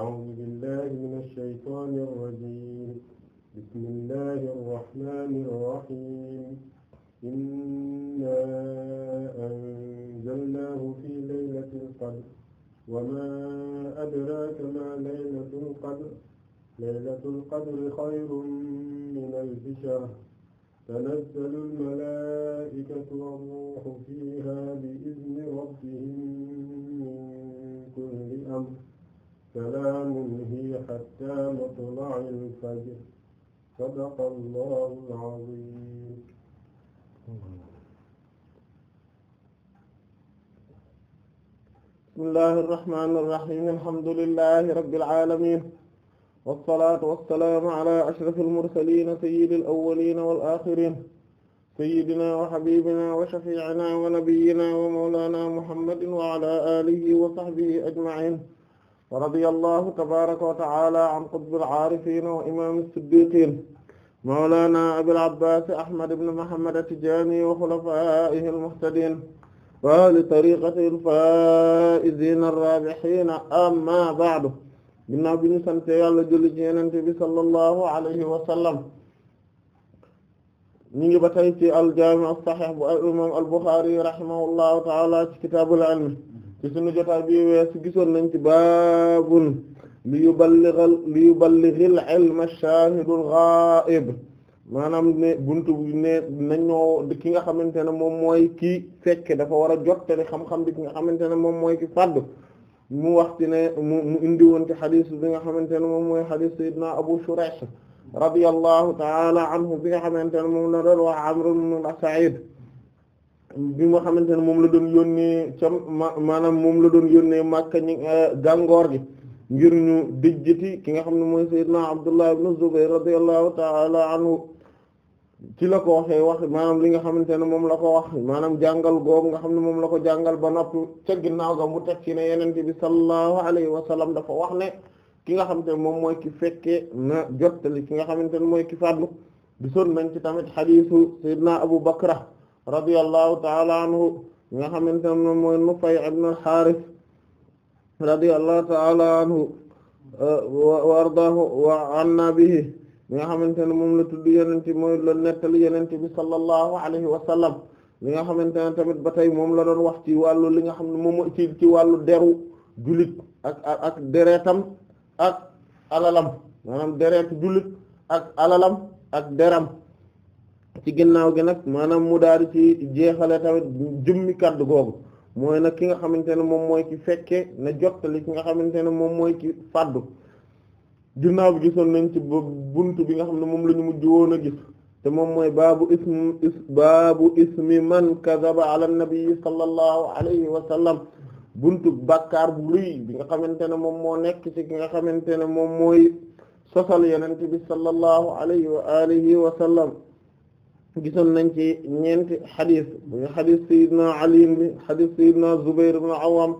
أعوذ بالله من الشيطان الرجيم بسم الله الرحمن الرحيم إنا أنزلناه في ليلة القدر وما أدراك ما ليلة القدر ليلة القدر خير من ألف شهر تنزل الملائكة والروح فيها بإذن ربهم من كل أمر سلام هي حتى مطلع الفجر صدق الله العظيم بسم الله الرحمن الرحيم الحمد لله رب العالمين والصلاة والسلام على أشرف المرسلين سيد الأولين والآخرين سيدنا وحبيبنا وشفيعنا ونبينا ومولانا محمد وعلى آله وصحبه أجمعين radiyallahu tabaraka wa taala an qutbil aarifin wa imam siddiqin mawlana abil abbas ahmad ibn muhammad at-tijani wa khulafaihi al-muhtadin wa li tariqatihi al-faizin ar-rabihin amma ba'du ginnaaw bi ñu sant yàlla julli ci Yonent bi sallallahu alayhi wa sallam ñu ngi ba tey ci al-jami' as-sahih bu imam al-Bukhari rahimahullahu taala ci kitabul ilm ci sunu jotaay bi weesu gisoon nañ ci baabun li yuballighal li yuballighil ilma shahidul ghaib maanaam ne buntu bi ne nañoo ki nga xamante ne moom mooy ki fekke dafa war a jottali xam-xam bi ki nga xamante ne moom mooy ki fàdd mu wax ci ne mu mu indi woon ci xadis bi nga xamante ne moom mooy xadis sayyidina Abu Shurayh radiyallahu ta'ala anhu bi nga xamante ne moom la doon wax Amr ibn Sa'id bi nga xamante ne moom la doon yónnee ca maanaam moom la doon yónnee Makka ñi euh, gàngoor gi ngir ñu dijjiti ki nga xam ne mooy Seydina Abdullah ibn Zubayr radiyallahu ta'ala anhu ci la ko waxee wax maanaam li nga xamante ne moom la ko wax maanaam jàngal googu nga xam ne moom la ko jàngal ba noppi ca ginnaaw ga mu teg ci ne yenente bi sallallahu alayhi wa sallam dafa wax ne ki nga xam ne moom mooy ki fekke na jottali ki nga xamante ne mooy ki fàddu gisoon nañ ci tamit xadiisu Seydina Abu Bakra radiyallahu taala anhu mi nga xamante ne moom mooy Nufay ibn al-Harith radiyallahu taala anhu wa ardaahu wa anna bihi mi nga xamante ne moom la tudd yenente mooy la nettali yenente bi sallallahu alayhi wa sallam li nga xamante ne tamit ba tey moom la doon wax ci wàllu li nga xam ne moom ci wàllu deru jullit ak ak deretam ak alalam maanaam deret jullit ak alalam ak deram ci ginnaaw gi nag maanaam mu daal ci jeexale tamit jëmmi kaddu googu mooy nag ki nga xamante ne moom mooy ki fekke na jottali ki nga xamante ne moom mooy ki ginnaaw bi nañ ci bunt bi nga xam ne moom la ñu mujj woon a gis te moom mooy baabu ismi is baabu ismi man kazaba ala nabi sallallahu alayhi wa sallam buntu bàkkaar bu luy bi nga xamante ne moom moo nekk ci ki nga xamante ne moom mooy sosal yenente bi sallallahu alayhi wa alihi wa sallam gisoon nañ ci ñeenti xadis muy xadis sayidna Ali bi xadis sayidna Zubayr ibn Awwam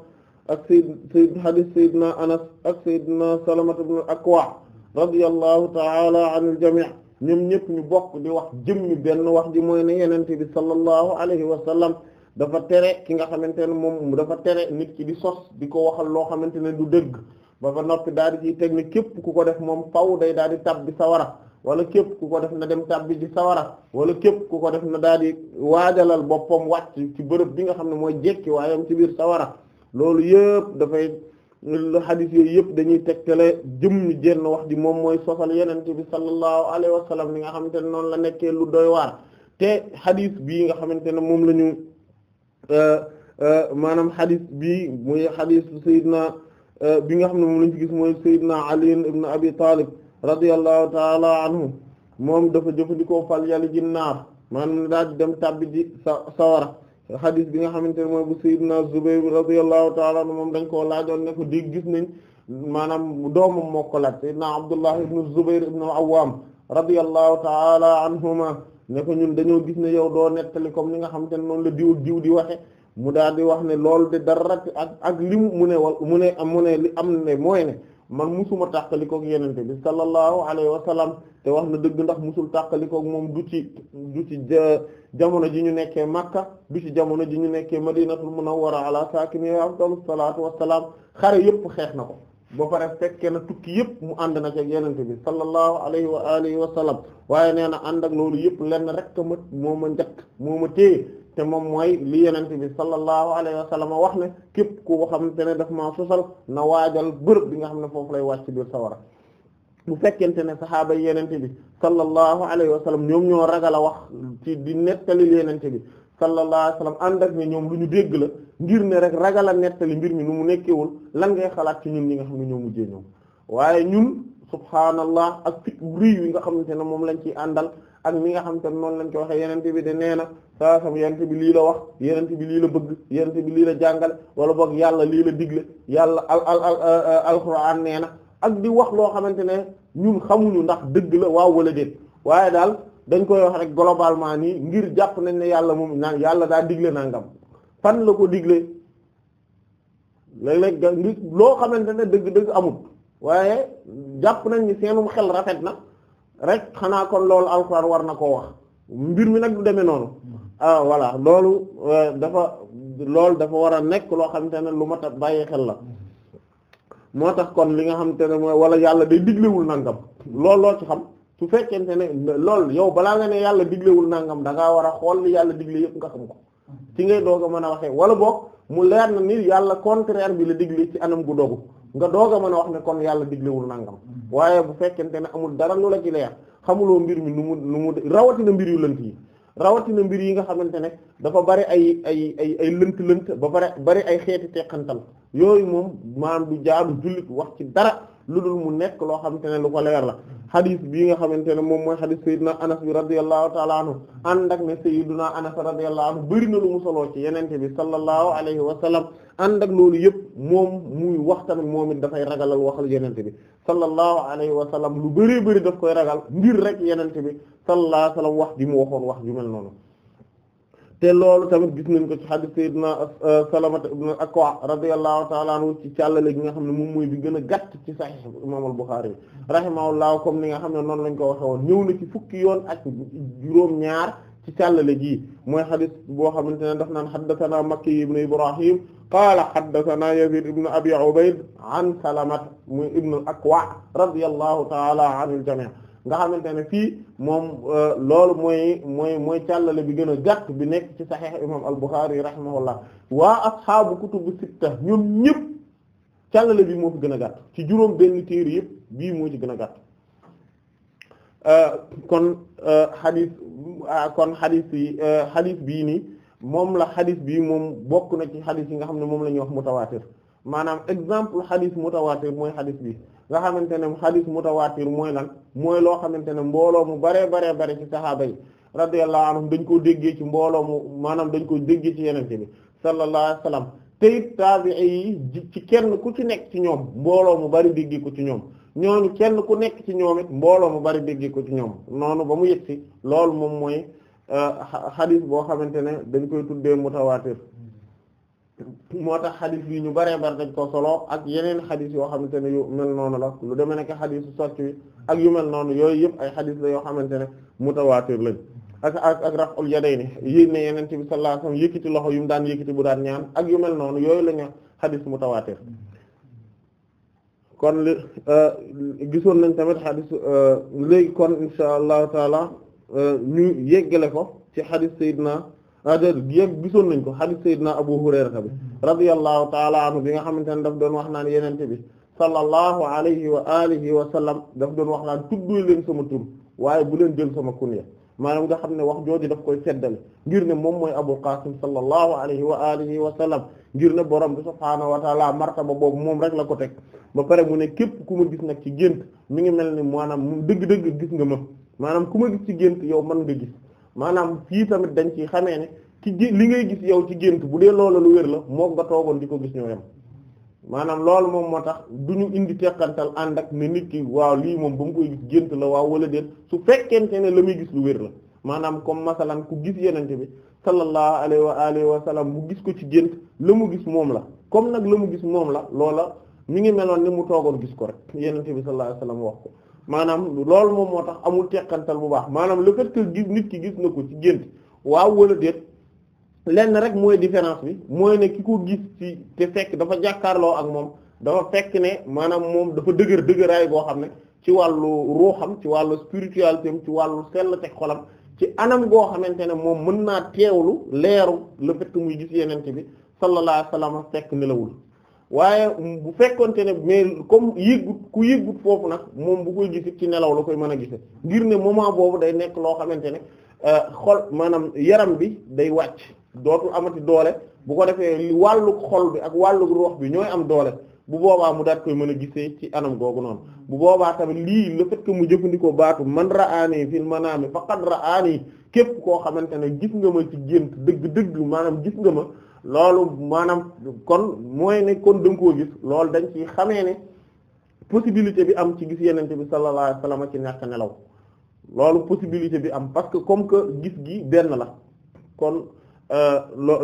ak sayd sayd xadis sayidna Anas ak sayidna Salamat ibn Akwa radiyallahu ta'ala anil jami' ñoom ñëpp ñu bokk di wax jëmmi benn wax ji mooy ne yenente bi sallallahu alayhi wa sallam dafa tere ki nga xamante ne moom dafa tere nit ki di sos di ko waxal loo xamante ne du dëgg ba ba noppi daal di ciy teg képp ku ko def moom faw day daal di tab bi sawara wala képp ku ko def na dem tàbbi ci sawara wala képp ku ko def na daal di waajalal boppam wàcc ci bërëb bi nga xam ne mooy jekki waayam ci biir sawara loolu yëpp dafay xadis yooyu yëpp dañuy tegtale jëmm jenn wax ji moom mooy sosal yeneen bi sallallahu alayhi wa sallam li nga xamante ne noonu la nekkee lu doy waar te xadis bi nga xamante ne moom la ñu euh, euh, maanaam bi bii muy xadis sayidna euh, bi nga xam ne moom lañu ci gis mooy sayidna Ali ibn Abi Talib radiyallahu taala anhu moom dafa jëfandikoo fal yali ji naar maanaam daal dem tabbi ji sa sawara xadis bi nga xamante ne mooy bu sayyidina Zubayr radiyallahu taala moom dañ koo laajoon ne ko di gis nañ maanaam doomam moo ko laaj sayyidina Abdullah ibnu Zubayr ibnu Awwam radiyallahu taala anhuma ne ko ñun dañoo gis ne yow doo nettali comme ni nga xamante ne moom la diw diw di waxe mu daal di wax ne loolu de dara ak ak limu mu ne wal mu ne ne li am ne mooy ne man musuma tàqalikoog yenente bi sallallahu alayhi wa sallam te wax na dëgg ndax musul tàqalikoog moom du ci du ci jamono ji ñu nekkee Makka du ci jamono ji ñu nekkee Madinatul Munawwara ala saakini afdalu salaatu wassalaam xare yëpp xeex na ko ba pare fekkee na tukki yëpp mu ànd na ak yenente bi sallallahu alayhi wa alihi wa sallam waaye nee na ànd ak loolu yëpp lenn rek ma moo ma njëkk moo ma téye te moom mooy li yenente bi sallallahu alayhi wa sallam wax ne képp ku xamante ne daf maa sosal na waajal bërëb bi nga xam ne foofu lay wàcc biir sawara bu fekkente ne saxaaba yi yenente bi sallallahu alayhi wa sallam ñoom ñoo ragal a wax ci di nettalil yenente bi sallallahu alayhi wa sallam ànd ak ñoom lu ñu dégg la ngir ne rek ragal a nettali mbir mi nu mu nekkewul lan ngay xalaat ci ñun ñi nga xam ne ñoo mujjee ñoom waaye ñun subhaanallah ak fit bu rëy yi nga xamante ne moom lañ ciy àndal ak mi nga xam te noonu lañ ko waxee yenente bi de nee na saa sam yenente bi lii la wax yenente bi lii la bëgg yenente bi lii la jàngale wala boog yàlla lii la digle yàlla al al alquran nee na ak di wax loo xamante ne ñun xamuñu ndax dëgg la waaw wala déet waaye daal dañ koy wax rek globalement nii ngir jàpp nañ ne yàlla moom naan yàlla daa digle nangam fan la ko digle léeg-léeg loo xamante ne dëgg-dëgg amul waaye jàpp nañ ni seenum xel rafet na rek xanaa kon loolu alxuraan war na koo wax mbir mi nag du demee noonu ah voilà loolu euh, dafa lool dafa war a nekk loo xamante ne lu ma a bàyyi xel la moo tax kon li nga xamante ne mooy wala yàlla day diglewul nangam loolu loo ci xam su fekkente ne lool yow balaa nga ne yàlla diglewul nangam da ngaa war a xool yàlla digle yëpp nga xam ko ci ngay doog a mën a waxee wala boog mu leer na ni yàlla contraire bi la digle ci anam gu dogu nga doog a mën a wax ne kon yàlla diglewul nangam waaye bu fekkente ne amul dara lu la ci leer xamuloo mbir mi nu mu nu mu rawatina mbir yu lënt yi rawatina mbir yi nga xamante ne dafa bari ay ay ay ay lënt lënt ba bari bari ay xeeti teqantal yooyu moom maanaam du jaadu jullit wax ci dara lu dul mu nekk loo xamante ne lu ko leer la xadis bii nga xamante ne moom mooy xadis sayyidina anas bi radiyallahu taala anhu ànd ak ne sayyidina anas radiyallahu anhu bëri na lu mu soloo ci yenente bi sallallahu alayhi wa sallam ànd ak loolu yëpp moom muy wax tamit moom it dafay ragalal waxal yenente bi sallallahu alayhi wa sallam lu bëree bëri daf koy ragal ngir rek yenente bi sallallahu alayhi wa wax ji mu waxoon wax ju noonu te loolu tamit gis nañ ko ci hadith sayyidina euh, Salamata ibn Akwa radiyallahu ta'ala anhu ci càllale gi nga xam ne moom mooy bi gën a gàtt ci sahih imam al-Bukhari rahimahullah comme ni nga xam ne noonu lañ ko waxe woon ñëw na ci fukki yoon ak juróom ñaar ci càllale gi mooy hadith boo xamante ne daf naan haddathana Makki ibn Ibrahim qaala haddathana Yazid ibn Abi Ubayd an Salamata muy ibn al-Akwa radiyallahu ta'ala anil jami' nga xamante ne fii moom euh, loolu mooy mooy mooy càllale bi gën a gàtt bi nekk ci saxiix imam al-Bukhari rahimahullah ak xaabu kutubu sitta ñoom ñëpp càllale bi moo fi gën a gàtt ci juróom benn téere yëpp bii moo ci gën a gàtt euh, kon euh, xadis kon xadis yi xadis bii nii moom la xadis bii moom bokk na ci xadis yi nga xam ne moom la ñuy wax mutawaatir maanaam exemple xadis mutawaatir mooy xadis bi nga xamante ne xadis mutawaatir mooy lan mooy loo xamante ne mbooloo mu baree baree bare ci saxaaba yi radiyallahu anhum dañ koo déggee ci mbooloo mu maanaam dañ koo déggee ci yenente bi sallallahu alayhi wasallam te it taabi'i yi ci kenn ku ci nekk ci ñoom mbooloo mu bari déggee ko ci ñoom ñoo ñooñu kenn ku nekk ci ñoom it mbooloo mu bari déggee ko ci ñoom noonu ba mu yegsi loolu moom mooy xadis euh, boo xamante ne dañ koy tuddee mutawaatir moo tax xadis bi ñu baree bari dañ ko solo ak yeneen xadis yoo xamante ne yu mel noonu la lu demee nekk xadisu socc bi ak yu mel noonu yooyu yëpp ay xadis la yoo xamante ne mutawaatir lañ ak ak ak raf'ul yadayni yéeg ne yeneen bi sallallahu alayhi wasallam yëkkati loxo yu mu daan yëkkati bu daan ñaan ak yu mel noonu yooyu la ñu xadis mutawaatir kon li euh, gisoon nañ tamit xadis euh, léegi kon insha allahu taala euh, ñu yeggale ko ci xadis sayyidina yéeg gisoon nañ ko hadith Seydina Abu Hurayra bi radiyallahu taala anhu bi nga xamante ne daf doon wax naan yenente bi sallallahu alayhi wa alihi wa sallam daf doon wax naan tuddu leen sama tur waaye bu leen jël sama kunya maanaam nga xam ne wax jooju daf koy seddale ngir ne moom mooy Abu Qasim sallallahu alayhi wa alihi wa sallam ngir ne borom bi subhaanahu wa taala martaba boobu moom rek la ko teg ba pare mu ne képp ku ma gis nag ci gént mi ngi mel ni maanaam dëgg-dëgg gis nga ma maanaam ku ma gis ci gént yow mën nga gis maanaam fii tamit dañ ci xamee ne ci li ngay gis yow ci gént bu dee loolu lu wér la moom nga toogoon di ko gis ñoo yem maanaam loolu moom moo tax du ñu indi teqantal ànd ak ne nit ki waaw lii moom ba mu koy gis gént la waaw wala déet su fekkente ne la muy gis lu wér la maanaam comme masalan ku gis yenente bi sallallahu alayhi wa alihi wa sallam mu gis ko ci gént la mu gis moom la comme nag la mu gis moom la loola mi ngi meloon ni mu toogoon gis ko rek yenente bi sallallahu alayhi wa sallam maanaam loolu moom moo tax amul teqantal bu baax maanaam le fait que gis nit ki gis na ko ci gént waaw wala déet lenn rek mooy différence bi mooy ne ki ko gis ci te fekk dafa jàkkaarloo ak moom dafa fekk ne maanaam moom dafa dëgër dëgëraay boo xam ne ci wàllu ruuxam ci wàllu spiritualité am ci wàllu sell teg xolam ci anam goo xamante ne moom mën naa teewlu leeru le fait muy gis ci bi sallallahu alayhi wasallam fekk nelawul waaye bu fekkonte ne mais comme yëggut ku yëggut foofu nag moom bu koy gisi ci nelaw la koy mën a gise ngir ne moment boobu day nekk loo xamante ne euh, xol maanaam yaram bi day wàcc dootul amati doole bu ko defee li wàllug xol bi ak wàllug ruux bi ñooy am doole bu boobaa mu daat koy mën a gisee ci anam googu noonu bu boobaa tamit lii le fait mu jëfandikoo baatu man ra'aani fil manaami faqad ra'aani képp koo xamante ne gis nga ma ci gént dëgg-dëgg maanaam gis nga ma loolu maanaam kon mooy ne kon danga gis loolu dañ ci xamee ne possibilité bi am ci gis yenente bi sallallahu alayhi wasallam ci ñàkk nelaw loolu possibilité bi am parce que comme que gis gi benn la kon euh,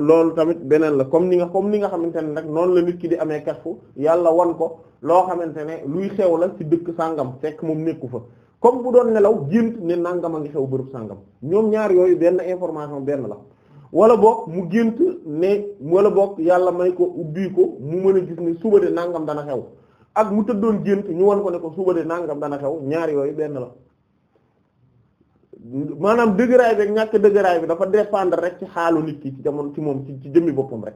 loolu tamit beneen la comme ni nga comme ni nga xamante ne nag noonu la nit ki di amee kasfu yàlla wan ko loo xamante ne luy xew la ci dëkk sàngam fekk moom nekku fa comme bu doon nelaw gént ne nangam a ngi xew bërëb sàngam ñoom ñaar yooyu benn information benn la wala boog mu gént ne wala boog yàlla may ko ubbi ko mu mën a gis ni suba de nangam dana xew ak mu tëddoon gént ñu won ko ne ko suba de nangam dana xew ñaar yooyu benn la maanaam dëgëraay bi ak ñàkk dëgëraay bi dafa dépendre rek ci xaalu nit ki ci jamono ci moom ci jëmmi boppam rek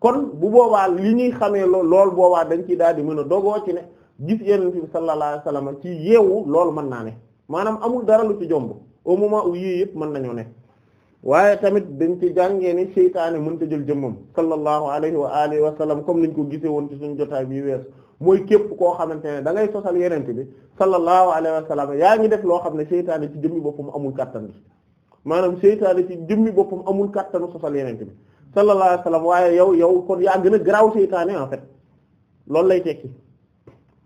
kon bu boobaa li ñuy xamee lool lool boobaa dañ ciy daal di mën a dogoo ci ne gis yeneen bi sallallahu alayhi wasallam ci yeewu loolu mën naa ne maanaam amul dara lu ci jomb au moment où yii mën nañoo ne. waaye tamit dañ ci jàngee ni seytaane mënta jël jëmmam sallallahu alayhi wa alihi wa sallam comme niñ ko gisee woon ci suñu jotaay bi weesu mooy képp koo xamante ne da ngay sosal yenente bi sallallahu alayhi wa yaa ngi def loo xam ne seytaane ci jëmmi boppam amul kàttan bi maanaam seytaane ci jëmmi boppam amul kàttanu sosal yenente bi sallallahu alayhi wa sallam waaye yaw yow kon yaa gën a garaaw seytaane en fait loolu lay tekki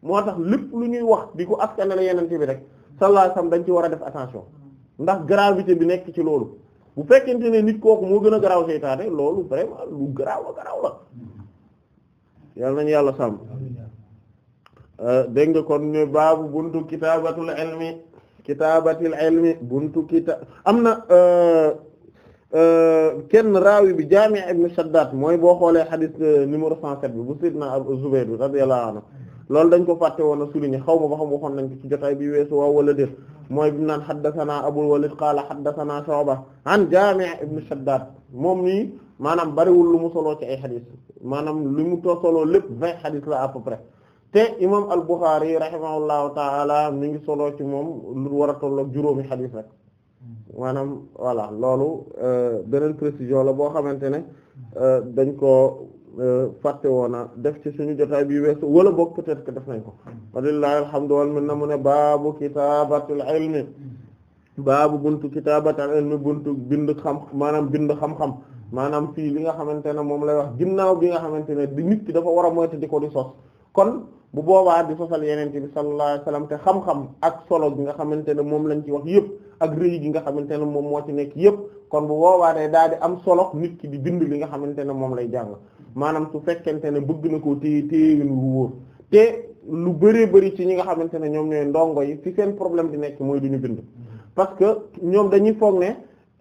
moo tax lépp lu ñuy wax di ko askanale yenente bi rek sallallahu alayhi wa dañ ci war a def attention ndax gravité bi nekk ci loolu bu fekkente ne nit kooku moo gën a garaaw seytaane loolu vraiment lu garaaw la garaaw la yàlla nañu yàlla euh, dégg nga kon ne baabu buntu kitaabatul ilmi kitaabatil ilmi buntu kita am na euh, euh, kenn raawi bi Jaami' ibn Shaddad mooy boo xoolee xadis numéro 107 bi bu sidna Abu Zubayr bi radiyallahu anhu loolu dañ ko fàtte woon a souligné xaw ma ba xam waxoon nañ ko ci jotaay bi weesu waaw wala déet mooy bi naan haddathana Abul Walid qaala haddathana Shu'ba an Jami' ibn Shaddad moom nii maanaam bariwul lu mu soloo ci ay xadis maanaam lu mu too soloo lépp vingt xadis la à te imam al-Bukhari rahimahullahu mi ngi soloo ci moom lu war a tolloog juróomi xadis rek maanaam voilà loolu euh, beneen précision la boo xamante ne euh, dañ ko fàtte woona def ci suñu jotaay bi weesu wala boog peut def nañ ko walillahi alhamdu wal minna mu ne baabu kitaabatul ilmi baabu buntu kitaabatul ilmi buntu bind xam maanaam bind xam maanaam fii li nga xamante ne moom lay wax ginnaaw bi nga xamante ne di dafa war a moytu di ko di sos kon bu boobaa di sosal yeneen bi sallallahu alayhi wasallam te ak solo gi nga xamante ne moom lañ ci wax yëpp ak rëy gi nga xamante ne moom moo ci nekk yëpp kon bu boobaa day daal di am solo nit ki di bind li nga xamante ne moom lay jàng maanaam su fekkente ne bëgg na ko téye téye lu wóor te lu bëree bëri ci ñi nga xamante ne ñoom ñooy ndongo yi fi seen problème di nekk mooy du ñu bind parce que ñoom dañuy foog ne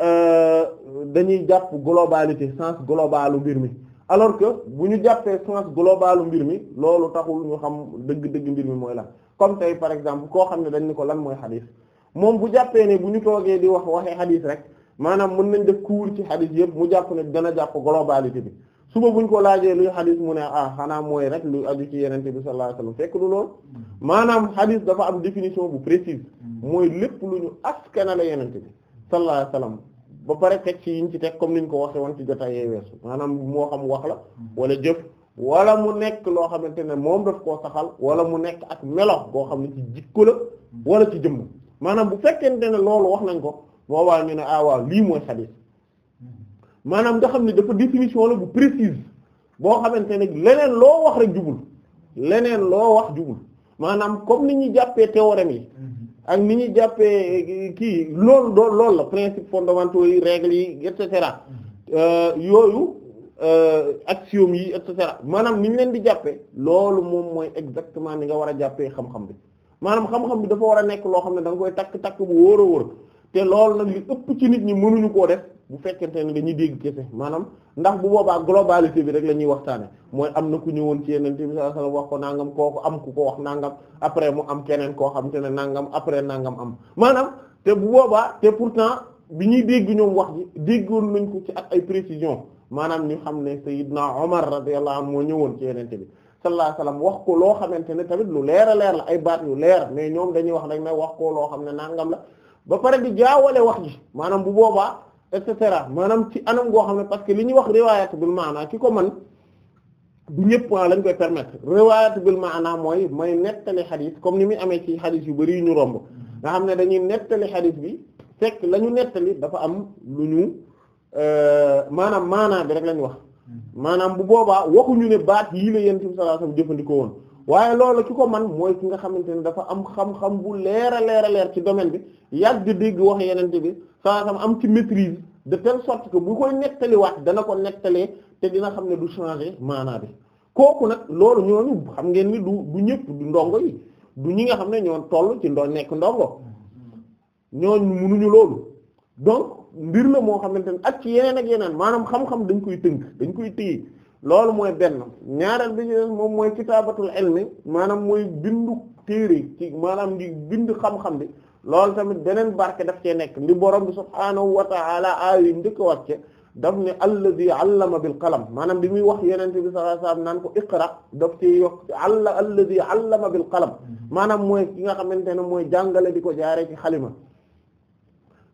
euh, dañuy jàpp globalité sens globalu mbir mi alors que bu ñu jàppee sens globalu mbir mi loolu taxul ñu xam dëgg-dëgg mbir mi mooy la comme tey par exemple koo xam ne dañ ni ko lan mooy xadis moom bu jàppee ne bu ñu toogee di wax waxee xadis rek maanaam mën nañ def cours ci xadis yëpp mu jàpp ne dana jàpp globalité bi suba buñ ko laajee luy xadis mu ne ah xanaa mooy rek lu aju ci yenente bi sallallahu alayhi wasallam fekk du loolu mm-hmm. maanaam xadis dafa am définition bu précise mm-hmm. mooy lépp lu ñu askanale yenente bi sallallahu alayhi wasallam ba pare teg ci yiñ ci teg comme niñ ko waxe woon ci jotaay yee weesu maanaam moo xam wax la mm-hmm. wala jëf wala mu nekk loo xamante ne moom daf koo saxal wala mu nekk ak melox boo xam ne ci jikko la wala ci jëmm maanaam bu fekkente ne loolu wax nañ ko boobaa ñu ne ah waaw lii mooy xadis maanaam nga xam ne dafa définition la bu précise boo xamante ne leneen loo wax rek jubul leneen loo wax jubul maanaam kom ni ñuy jàppee théorème yi mhm. ak ni ñuy jàppee eh, kii loolu doo loolu la principe fondamentaux yi règles yi et cetera mhm. euh, yooyu euh, axiomes yi et cetera maanaam ni ñu leen di jàppee loolu moom mooy exactement ni nga war a jàppee xam-xam bi maanaam xam-xam bi dafa war a nekk loo xam ne da koy takk takk bu wóor a wóor te loolu nag li ëpp ci nit ñi mënuñu koo def bu fekkente ne dañuy dégg kese maanaam ndax bu boobaa globalité bi rek la ñuy waxtaane mooy am na ku ñëwoon ci yeneen bi wax ko nangam kooku am ku ko wax nangam après mu am keneen koo xam te ne nangam après nangam am maanaam te bu boobaa te pourtant bi ñuy dégg ñoom wax ji déggoon nañ ko ci ak ay précision maanaam ñu xam ne Seydina Omar radiyallahu anhu moo ñëwoon ci yeneen bi sallallahu alayhi wasallam wax ko loo xamante ne tamit lu leer a leer la ay baat yu leer mais ñoom dañuy wax rek ne wax ko loo xam ne nangam la ba pare di jaawale wax ji maanaam bu boobaa. et cetera maanaam ci anam goo xam ne parce que li ñuy wax riwaayat bil maana ki ko man du ñëpp ah lañu koy permettre riwaayat bil anaa mooy mooy nettali xadis comme ni muy amee ci xadis yu bari yu ñu romb nga xam ne dañuy nettali xadis bi fekk lañu nettali dafa am lu ñu euh, maanaam maanaa bi rek lañ wax maanaam bu boobaa waxuñu ne baat yii la yonent bi sallallahu jëfandikoo woon waaye loolu ki ko man mooy ki nga xamante ne dafa am xam-xam bu leer a leer ci domaine bi yàgg dégg wax yonent bi saasam am ci maîtrise de telle sorte que bu koy nettaliwaat dana ko nettalee te dina xam ne du changer maanaa bi kooku nag loolu ñooñu xam ngeen ni du du ñëpp du ndongo yi ñi nga xam ne ñoo toll ci ndo nekk ndongo ñooñu munuñu loolu donc mbir la moo xam ne ak ci yeneen ak yeneen maanaam xam-xam dañ koy tënk dañ koy téye loolu mooy benn ñaaral bi ci moom mooy kitaabatul ilmi maanaam mooy bindu téere ci maanaam di bind xam-xam bi loolu tamit beneen barke daf cee nekk li borom bi subhaanahu wa ta'ala aayuy ndëkk wàcce daf ne alladi ma bil kalam maanaam bi muy wax yenente bi sallallahu alayhi wasallam naan ko iqra daf ci yokk alla alladi allama bil qalam maanaam mooy ki nga xamante ne mooy jàngale di ko jaaree ci xalima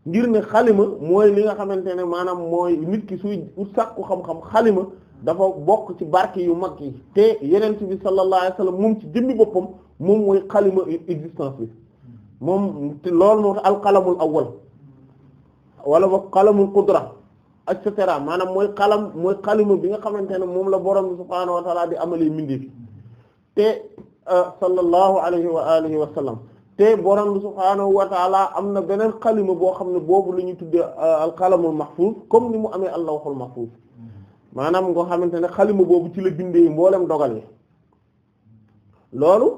ne xalima mooy li nga xamante ne maanaam mooy nit ki suy sàkku xam-xam xalima dafa bokk ci barke yu mag yi te yenente bi sallallahu moom ci jëmmi boppam moom mooy xalima existence bi moom loolu moo tax alqalamul awwal wala ba qalamul qudra et cetera maanaam mooy xalam mooy xalima bi nga xamante ne moom la boron bi subhaanahu di amalee mbindi fi te euh, sallallahu alayhi wa alihi wa sallam te borom bi subhaanahu am na beneen xalima boo xam ne boobu la ñuy tuddee euh, alqalamul mahfuz comme ni mu amee allahul mahfuz maanaam nga xamante ne xalima boobu ci la bindee mboolem dogal yi loolu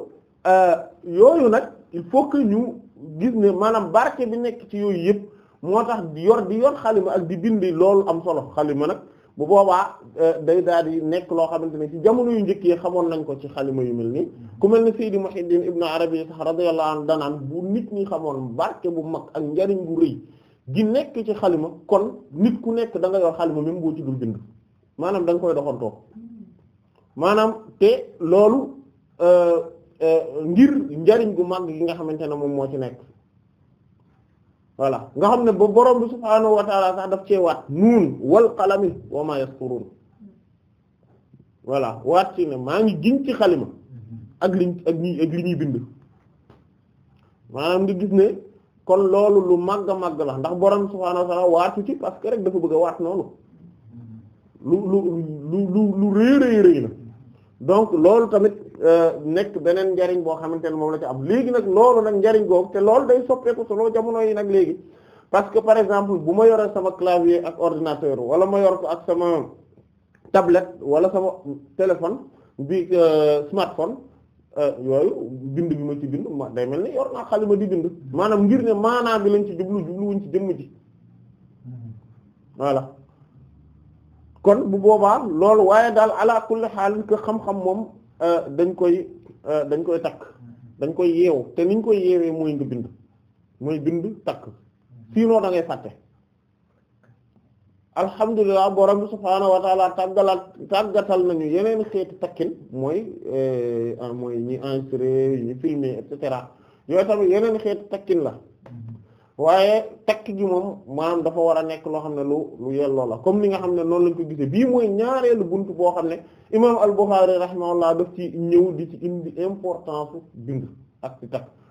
euh, yooyu nag il faut que ñu gis ne maanaam barke bi nekk ci yooyu yëpp moo tax di yor di yor xalima ak di bindi loolu am solo xalima nag bu boobaa euh, day daal di nekk loo xamante ne ci jamono yu njëkkee xamoon nañ ko ci xalima yu mel nii ku mel ne Seydi Muhiddin Ibn Arabi sax radiyallahu anhu danaan bu nit ñi xamoon barke bu mag ak njariñ bu rëy gi nekk ci xalima kon nit ku nekk da nga yor xalima même boo ci dul bind maanaam danga koy doxantoo maanaam te loolu euh, Euh, ngir njariñ gu mag gi nga xamante ne moom moo ci nekk voilà nga xam ne ba borom bi subhaanahu wa taala sax daf cee waat nuun wal qalami wa ma yasturun voilà maa ngi giñ ci xalima ak liñ ak bind maanaam nga gis ne kon loolu lu màgg a màgg la ndax borom subhaanahu wa taala waatu ci parce que rek dafa bëgg a waat noonu lu lu lu lu rëy rëy rëy la donc loolu tamit Euh, nekk beneen njariñ boo xamante ne moom la ci am léegi nag loolu nag njariñ googu te loolu day soppeeku solo jamono yi nag léegi parce que par exemple bu ma yoree sama clavier ak ordinateur wala ma yor ko ak sama tablet wala sama téléphone bi euh, smartphone euh, yooyu bind bi ma ci bind ma day mel ni yor naa xalima di bind maanaam ngir ne maanaam bi lañ ci jublu wuñ ci jëmm ji voilà kon bu boobaa loolu waaye daal ala kulli xaal xam-xam moom Euh, dañ koy euh, dañ koy takk dañ koy yeew te niñ koy yeewee mooy nga bind mooy bind takk sinon da ngay fàtte alhamdulilah borom bi subhaanahu wa taala tàggalaat tàggatal nañu yeneen xeeti takkin mooy euh, mooy ñi enregistré ñi filmer et cetera yooyu tamit yeneen xeeti takkin la waaye takk gi moom maanaam dafa war a nekk loo xam ne lu lu yelloo la comme ni nga xam ne noonu lañ ko gisee bii mooy ñaareelu buntu boo xam ne imaam al-Bukhârî rahimahullah ci ñëw ci indi importance bind ak ci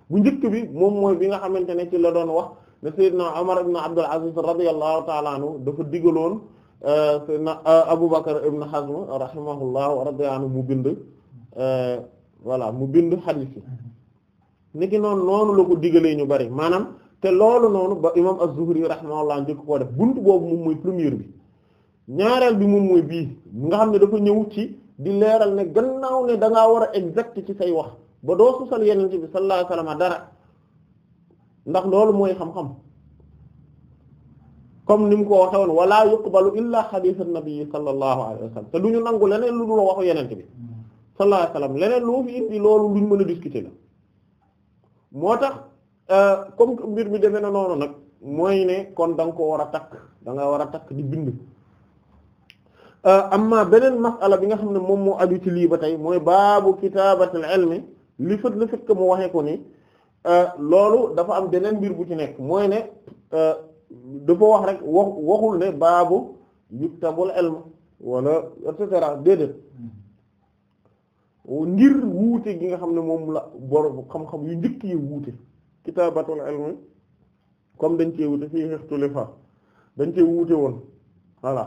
bu njëkk bi moom mooy bi nga xamante ne ci la doon wax ne Seydina Omar ibn Abdul Aziz radiyallahu ta'ala anhu dafa digaloon euh, Seydina euh, Abu Bakr ibn Hazm rahimahullahu mu bind euh, mu bind hadith yi niki noonu noonu la ko digalee ñu bari maanaam. te loolu noonu ba imam az-Zuhri rahimahullah njëkk koo def bunt boobu moom mooy première bi ñaareel bi moom muy bii nga xam ne dafa ñëw ci di leeral ne gannaaw ne danga war a exact ci say wax ba doo susal yeneen bi sallallahu alayhi dara ndax loolu mooy xam-xam comme ni mu ko waxee woon wala yuqbalu illa hadith an-nabi sallallahu alayhi wasallam te du ñu nangu leneen lu dul waxu yeneen bi sallallahu alayhi wasallam leneen loo fi indi loolu luñ mën a discuter la Euh, comme mbir mi defe na noonu nag mooy ne kon danga ko war a takk da nga war a takk di bind euh, amma beneen masala bi nga xam ne moom moo aju ci lii ba tey mooy baabu kitaabatul ilmi li fët li fët que mu waxee ko ni euh, loolu dafa am beneen mbir bu ci nekk mooy ne dafa wax rek wax waxul ne baabu yuktabul ilm wala et cetera déedéet ngir wuute gi nga xam ne moom la borom xam-xam yu njëkk yi wuute kitaabatul ilmi comme dañ cee wute fii ixtilaaf dañ cee wuute woon voilà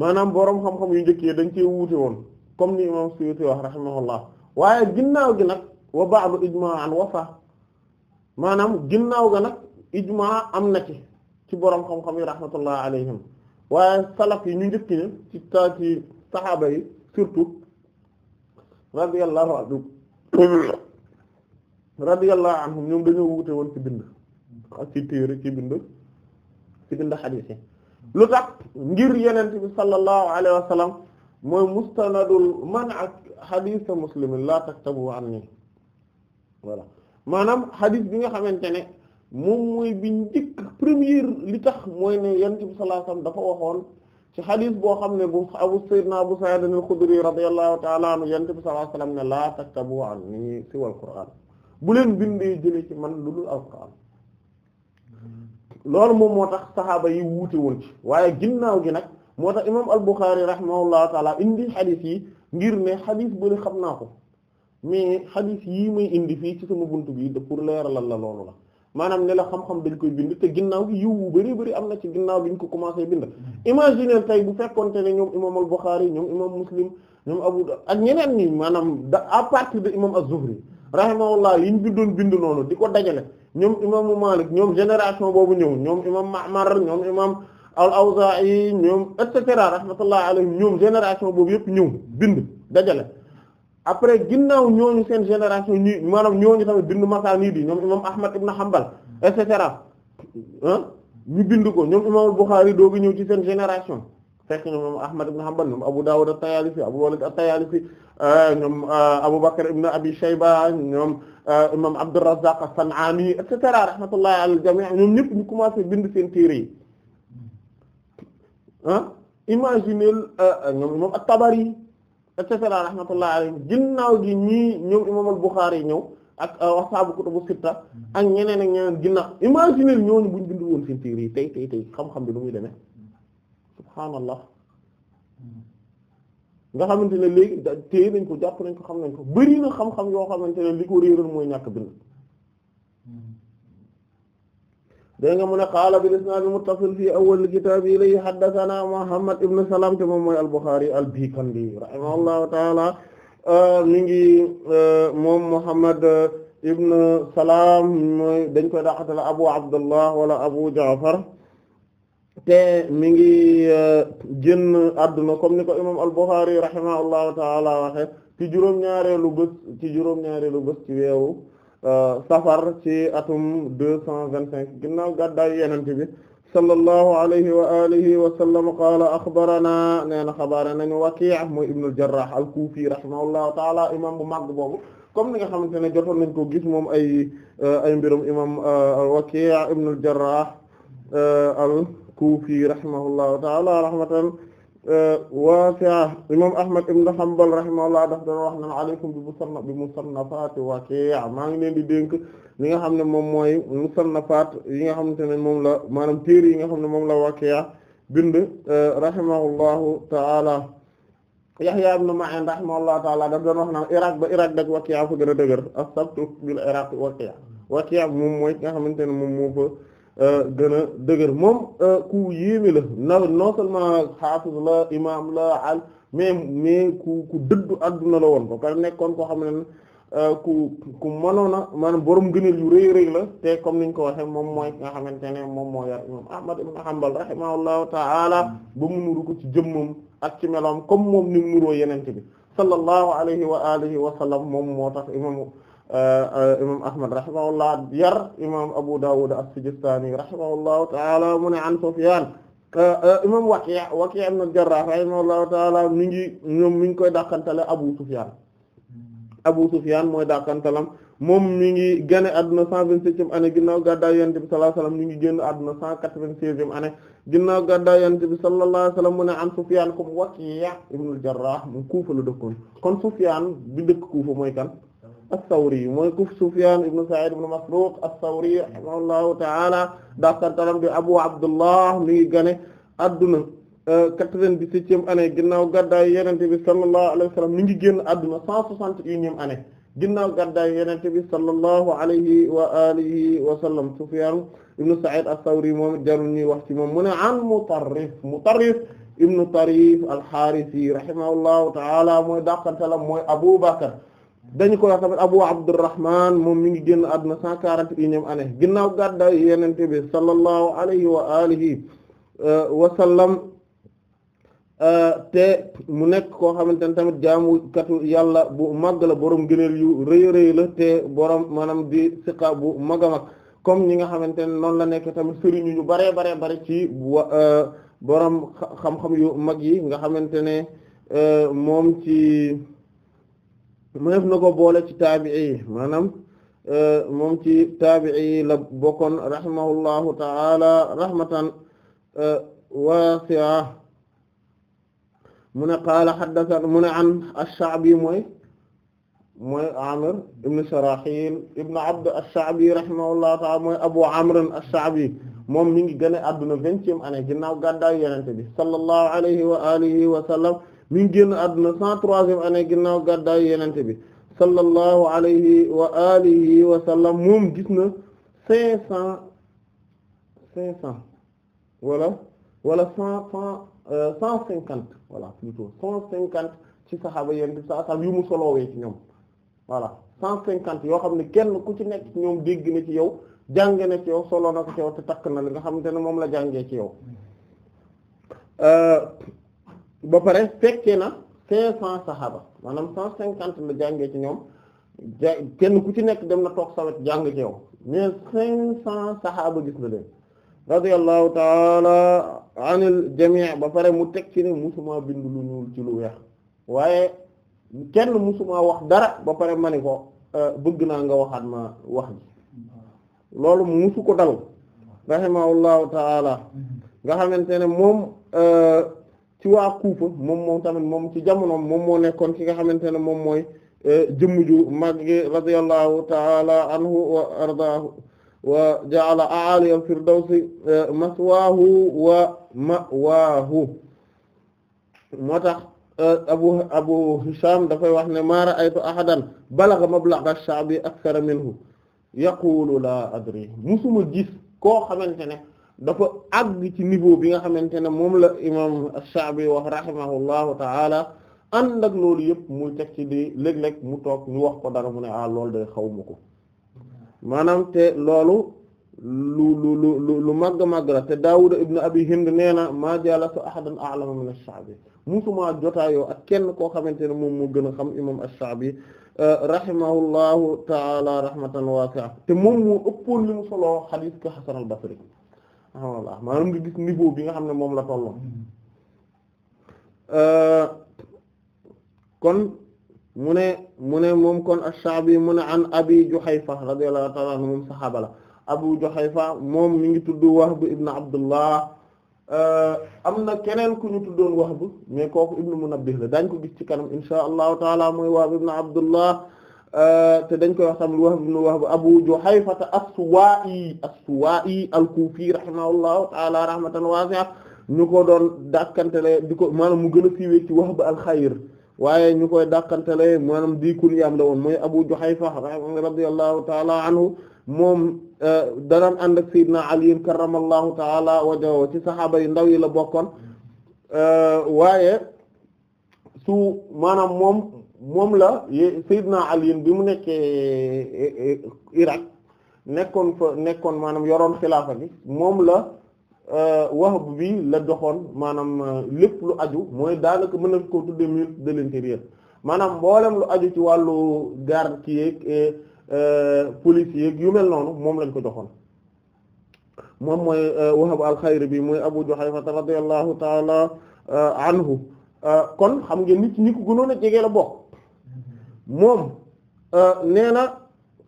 maanaam boroom xam-xam yu njëkkee dañ cee wuute woon comme ni imam Suyuti wax rahimahullah waaye ginnaaw gi nag wa ba'du ijma'an wa fa maanaam ginnaaw ga nag ijmaa am na ci ci boroom xam-xam yi rahmatullah alayhim waaye salaf yi ñu njëkk ñi ci saxaaba yi surtout radiyallahu anhu radiyallahu anhum ñoom dañoo wute woon ci bind ak ci téere ci bind ci bind xadiis yi lu tax ngir yenent bi sallallahu alayhi wa mooy mustanadul man ak xadiisa muslimin la taktabu anni voilà maanaam nga xamante ne moom mooy bi njëkk li tax mooy ne yenent bi sallallahu dafa waxoon ci xadiis boo xam ne bu abu sayyidina abu sa'id al-khudri radiyallahu ta'ala anhu bi sallallahu alayhi ne la taktabu anni siwal qur'an bu leen bindee jëlee ci man lu dul alxuraan loolu moom moo tax saxaaba yi wuute woon ci waaye ginnaaw gi nag moo tax imaam al-Bukhari rahimahullahu taala indi xadis yi ngir ne xadis bu xam naa ko mais xadis yii may indi fii ci sama buntu bi de pour leeralal la loolu la maanaam ne la xam-xam dañ koy bind te ginnaaw gi yiw bu bari bari am na ci ginnaaw bi ñu ko commencé bind imaginer tey bu fekkonte ne ñoom imaam al-Bukhari ñoom imaam Muslim ak ñeneen ñi maanaam da à partir de imaam az-Zuhri rahimahullah yi ñu doon bind noonu di ko dajale ñoom imaamu Malik ñoom génération boobu ñëw ñoom imaam Ma'mar ñoom imaam al-Awza'i ñoom et cetera rahmatullah alayhim ñoom génération boobu yëpp ñëw bind dajale après ginnaaw ñooñu seen génération ñi maanaam ñooñu tamit bind masaanid yi ñoom imaam Ahmad ibn Hanbal et cetera ah ñu bind ko ñoom imaamul Bukhari doogu ñëw ci seen génération fekk ñoom moom Ahmad ibn Hanbal ñoom Abu Dawud at-Tayalisi Abu Walid at-Tayalisi eh, ñoom eh, Abu Bakr ibn Abi Shayba ñoom eh, imam Abdurrazzaq as-San'ani et cetera rahmatullahi ala al-jami' ñoom ñëpp ñu commencé bind seen téere yi ah imaginer ñoom imam at-Tabari et cetera rahmatullahi alayhim ginnaaw gi ñii ñoom imam al-Bukhari ñëw ak ashaabu kutubu sitta ak ñeneen ak ñeneen ginnaaw imaginer ñooñu buñ bind woon seen téere yi tey tey tey xam-xam bi lu muy demee subhaanallah nga xamante ne léegi da nañ ko jàpp nañ ko xam nañ ko bari na xam-xam yoo xamante ne li ko réeral mooy ñàkk bind dégg nga mu ne qaala bil isnaad muttasil fii awwal kitaab ilayhi haddathana Muhammad ibn Salam te moom mooy al-Bukhari al-Bikandi rahimahullahu ta'ala euh, mi euh, moom Muhammad euh, ibn Salam mooy dañ koy daqatal Abu Abdullah wala Abu Ja'far te mi ngi euh, génn adduna comme ni ko imam al-Bukhari rahimahullahu taala waxe ci juróom-ñaareelu bés ci juróom-ñaareelu ci weewu euh, safar ci atum deux cent vingt-cinq ginnaaw gàddaay yenente bi sallallahu alayhi wa alihi wa sallam qaala axbarana nee na xabaare nañu Waki' mooy ibnu al-Jarrah al-Kufi rahimahullahu taala imam bu màgg boobu comme ni nga xamante ne jotoon nañ ko gis moom ay euh, ay mbirum imam Waki' ibnu al-Jarrah jarrah al-Kufi rahimahullahu ta'ala rahmatan euh, wasi'a imam Ahmad ibn Hanbal rahimahullah daf doon wax naan alaykum bi musannaf bi musannafat Waki' maa ngi leen di dénk li nga xam ne moom mooy musannafat yi nga xamante ne moom la maanaam téere yi nga xam ne moom la Waki' bind euh, rahimahullahu ta'ala Yahya ibn Ma'in rahimahullahu ta'ala daf doon wax naan Irak ba Irak dak Waki' fa gën a dëgër as-sabtu bil Iraq Waki' Waki' moom mooy nga xamante ne moom moo Euh, gën a dëgër moom euh, ku yéeme la na non seulement la imaam la al mais mais ku ku dëddu adduna la woon ko pare nekkoon koo xam ne euh, ku ku mënoon a maanaam borom gëneel yu rëy rëy la te comme niñ ko waxee moom mooy nga xamante ne moom moo yar imaam Ahmad ibn Hanbal rahimahullahu ta'ala ba mu nuru ko ci jëmmam ak ci meloom comme moom ni mu nuroo yenente bi sallallahu alayhi wa alihi wa sallam moom moo tax imaam imam ahmad rahimahullah yar imam abu dawud as-sijistani rahimahullahu taala mu ne an sufyan imam waqi' waqi' ibn al-jarrah rahimahullahu taala mi ngi ñoom koy dàkkantale abu sufyan abu sufyan mooy dàkkantalam moom mi ngi génn àdduna cent vingt-septième année ginnaaw gàddaay yonent bi sallallahu alayhi wasallam mi ngi génn àdduna cent quatre-vingt-seizième année ginnaaw gàddaay yonent bi sallallahu alayhi wasallam mu ne an sufyan comme waqi' ibn jarrah mu kuufa la dëkkoon kon sufyan bi dëkk kuufa mooy kan as-Sawri mooy ku Sufyaan ibn Sa'iid ibn Masruuq as-Sawri rahimahullahu ta'ala daakantalam bi Abu Abdullah mi ngi gane adduna euh, quatre-vingt-dix-septième année ginnaaw gàddaay Yonent bi sallallahu alayhi wa sallam mi ngi génn adduna cent soixante-et-unième année ginnaaw gàddaay Yonent bi sallallahu alayhi wa alihi wa sallam ibn Sa'iid as-Sawri moom jarul ñuy wax ci moom mu ne an Mutarrif Mutarrif ibn Tarif al-Haarisi rahimahullahu ta'ala mooy daakantalam mooy Abu Bakr dañu ko wax tamit Abu Abdurrahman moom mi ngi génn àdduna cent quarante et unième année ginnaaw gàddaay Yonent bi sallallahu alayhi wa alihi euh, wa sallam euh, te mu nekk ko xamante ne tamit jaamukatu yàlla bu màgg la borom gëneel yu rëy la te borom maanaam di siqa bu maga mag comme ñi nga xamante ne noonu la nekk tamit sëriñu yu bare bare bare ci euh, boroom xam-xam yu mag yi nga xamante ne moom ci. mëneef na ko boole ci taabi'i yi maanaam euh, moom ci taabi'i yi la bokkoon rahimahullahu ta'ala rahmatan euh, wasi'a mu ne qaala haddatha mu ne an ash-Sha'bi mooy mooy Amir ibn Sharahil ibn Abd ash-Sha'bi rahimahullahu ta'ala mooy Abu Amr ash-Sha'bi moom mi ngi gën a adduna vingtième année ginnaaw gàddaay Yonent bi sallallahu alayhi wa alihi wa sallam mi génn àdduna cent troisième année ginnaaw gàddaayu yenente bi sallallahu alayhi wa alihi wa sallam moom gis na cinq cent cinq cent voilà wala cent cent euh, cent cinquante voilà plutôt cent cinquante ci saxaaba yenente bi sa yu mu solowee ci ñoom voilà cent cinquante yoo xam ne kenn ku ci nekk ci ñoom dégg na ci yow jànge na ci yow solo na ko ci yow te takk na li nga xamante ne moom la jàngee ci yow euh, ba pare fekkee na cinq cent saxaaba maanaam cent cinquante la jàngee ci ñoom ja kenn ku ci nekk dem na toog sawet jàng ci yow mais cinq cent saxaaba gis na leen radiyallahu taala anil jamii ba pare mu teg ci ne musuma bind lu ñuul ci lu weex waaye kenn musuma wax dara ba pare ma ni ko euh, bëgg naa nga waxaat ma wax ji loolu musu ko dal rahimahullahu taala mm-hmm. nga xamante ne moom euh, ci waa Kuufa moom moom tamit moom ci jamono moom moo nekkoon ki nga xamante ne moom mooy eh, jëmm ju màgg radiyallahu ta'ala anhu wa ardaahu wa ja'ala a'ali al-firdawsi eh, maswaahu wa ma'waahu moo tax eh, abu abu Hisham dafay wax ne ma ra'aytu ahadan balagha mablagha shabi akthara minhu yaqulu la adri musuma gis koo xamante ne dafa àgg ci niveau bi nga xamante ne moom la imam Shaabi wax rahimahullahu taala ànd ak loolu yëpp mu teg ci di léeg-léeg mu toog ñu wax ko dara mu ne ah loolu day xaw ko maanaam te loolu lu lu lu lu màgg màgg la te Daawuda ibn Abi Hind nee na maa jalasu ahadan a'lama min ash-Sha'bi musuma jotaayoo ak kenn koo xamante ne moom moo gën a xam imam ash-Sha'bi euh, rahimahullahu taala rahmatan wasi'a te moom moo ëppoon li mu soloo xadiis ko Hasan al-Basri subhaanallah maanaam nga gis niveau bi nga xam ne moom la tolloon mm-hmm. euh, kon mu ne mu ne moom kon ash-Sha'bi mu ne an Abi Juhayfa radiyallahu ta'ala anhu moom saxaaba la Abu Juhayfa moom mi ngi tudd Wahb ibn Abdullah euh, am na keneen ku ñu tuddoon Wahb mais kooku ibn Munabbih la daañ ko gis ci kanam insha allahu taala mooy Wahb ibn Abdullah Euh, te dañ koy wax tamit Wahb ibn Wahb Abu Juhayfa as-Suwa'i as-Suwa'i al-Kufi rahimahullahu ta'ala rahmatan wasi'a ñu ko doon dàkkantele di ko maanaam mu gën a siiwee ci Wahb al-Khayr ñu koy dàkkantele maanaam di kunyaam la woon mooy Abu Juhayfa radiyallahu ta'ala anhu moom euh, danaan ànd ak Seydina Ali karramallahu ta'ala wajhahu ci saxaaba yi ndaw yi la bokkoon euh, waaye su maanaam moom moom la Seydina Ali bi mu nekkee e, e, Irak nekkoon fa nekkoon maanaam yoroon xilaafa bi moom la e, Wahb bi la doxoon maanaam lépp lu aju mooy daanaka mën na ko tuddee ministre de maanaam mboolem lu aju ci wàllu garde kii yeeg police yeeg yu mel noonu moom lañ ko joxoon moom mooy Wahb al-Khayri bi mooy Abu Juhayfa radiyallahu ta'ala anhu kon xam ngeen nit ñi ko gënoon a jege la bokk moom euh, nee na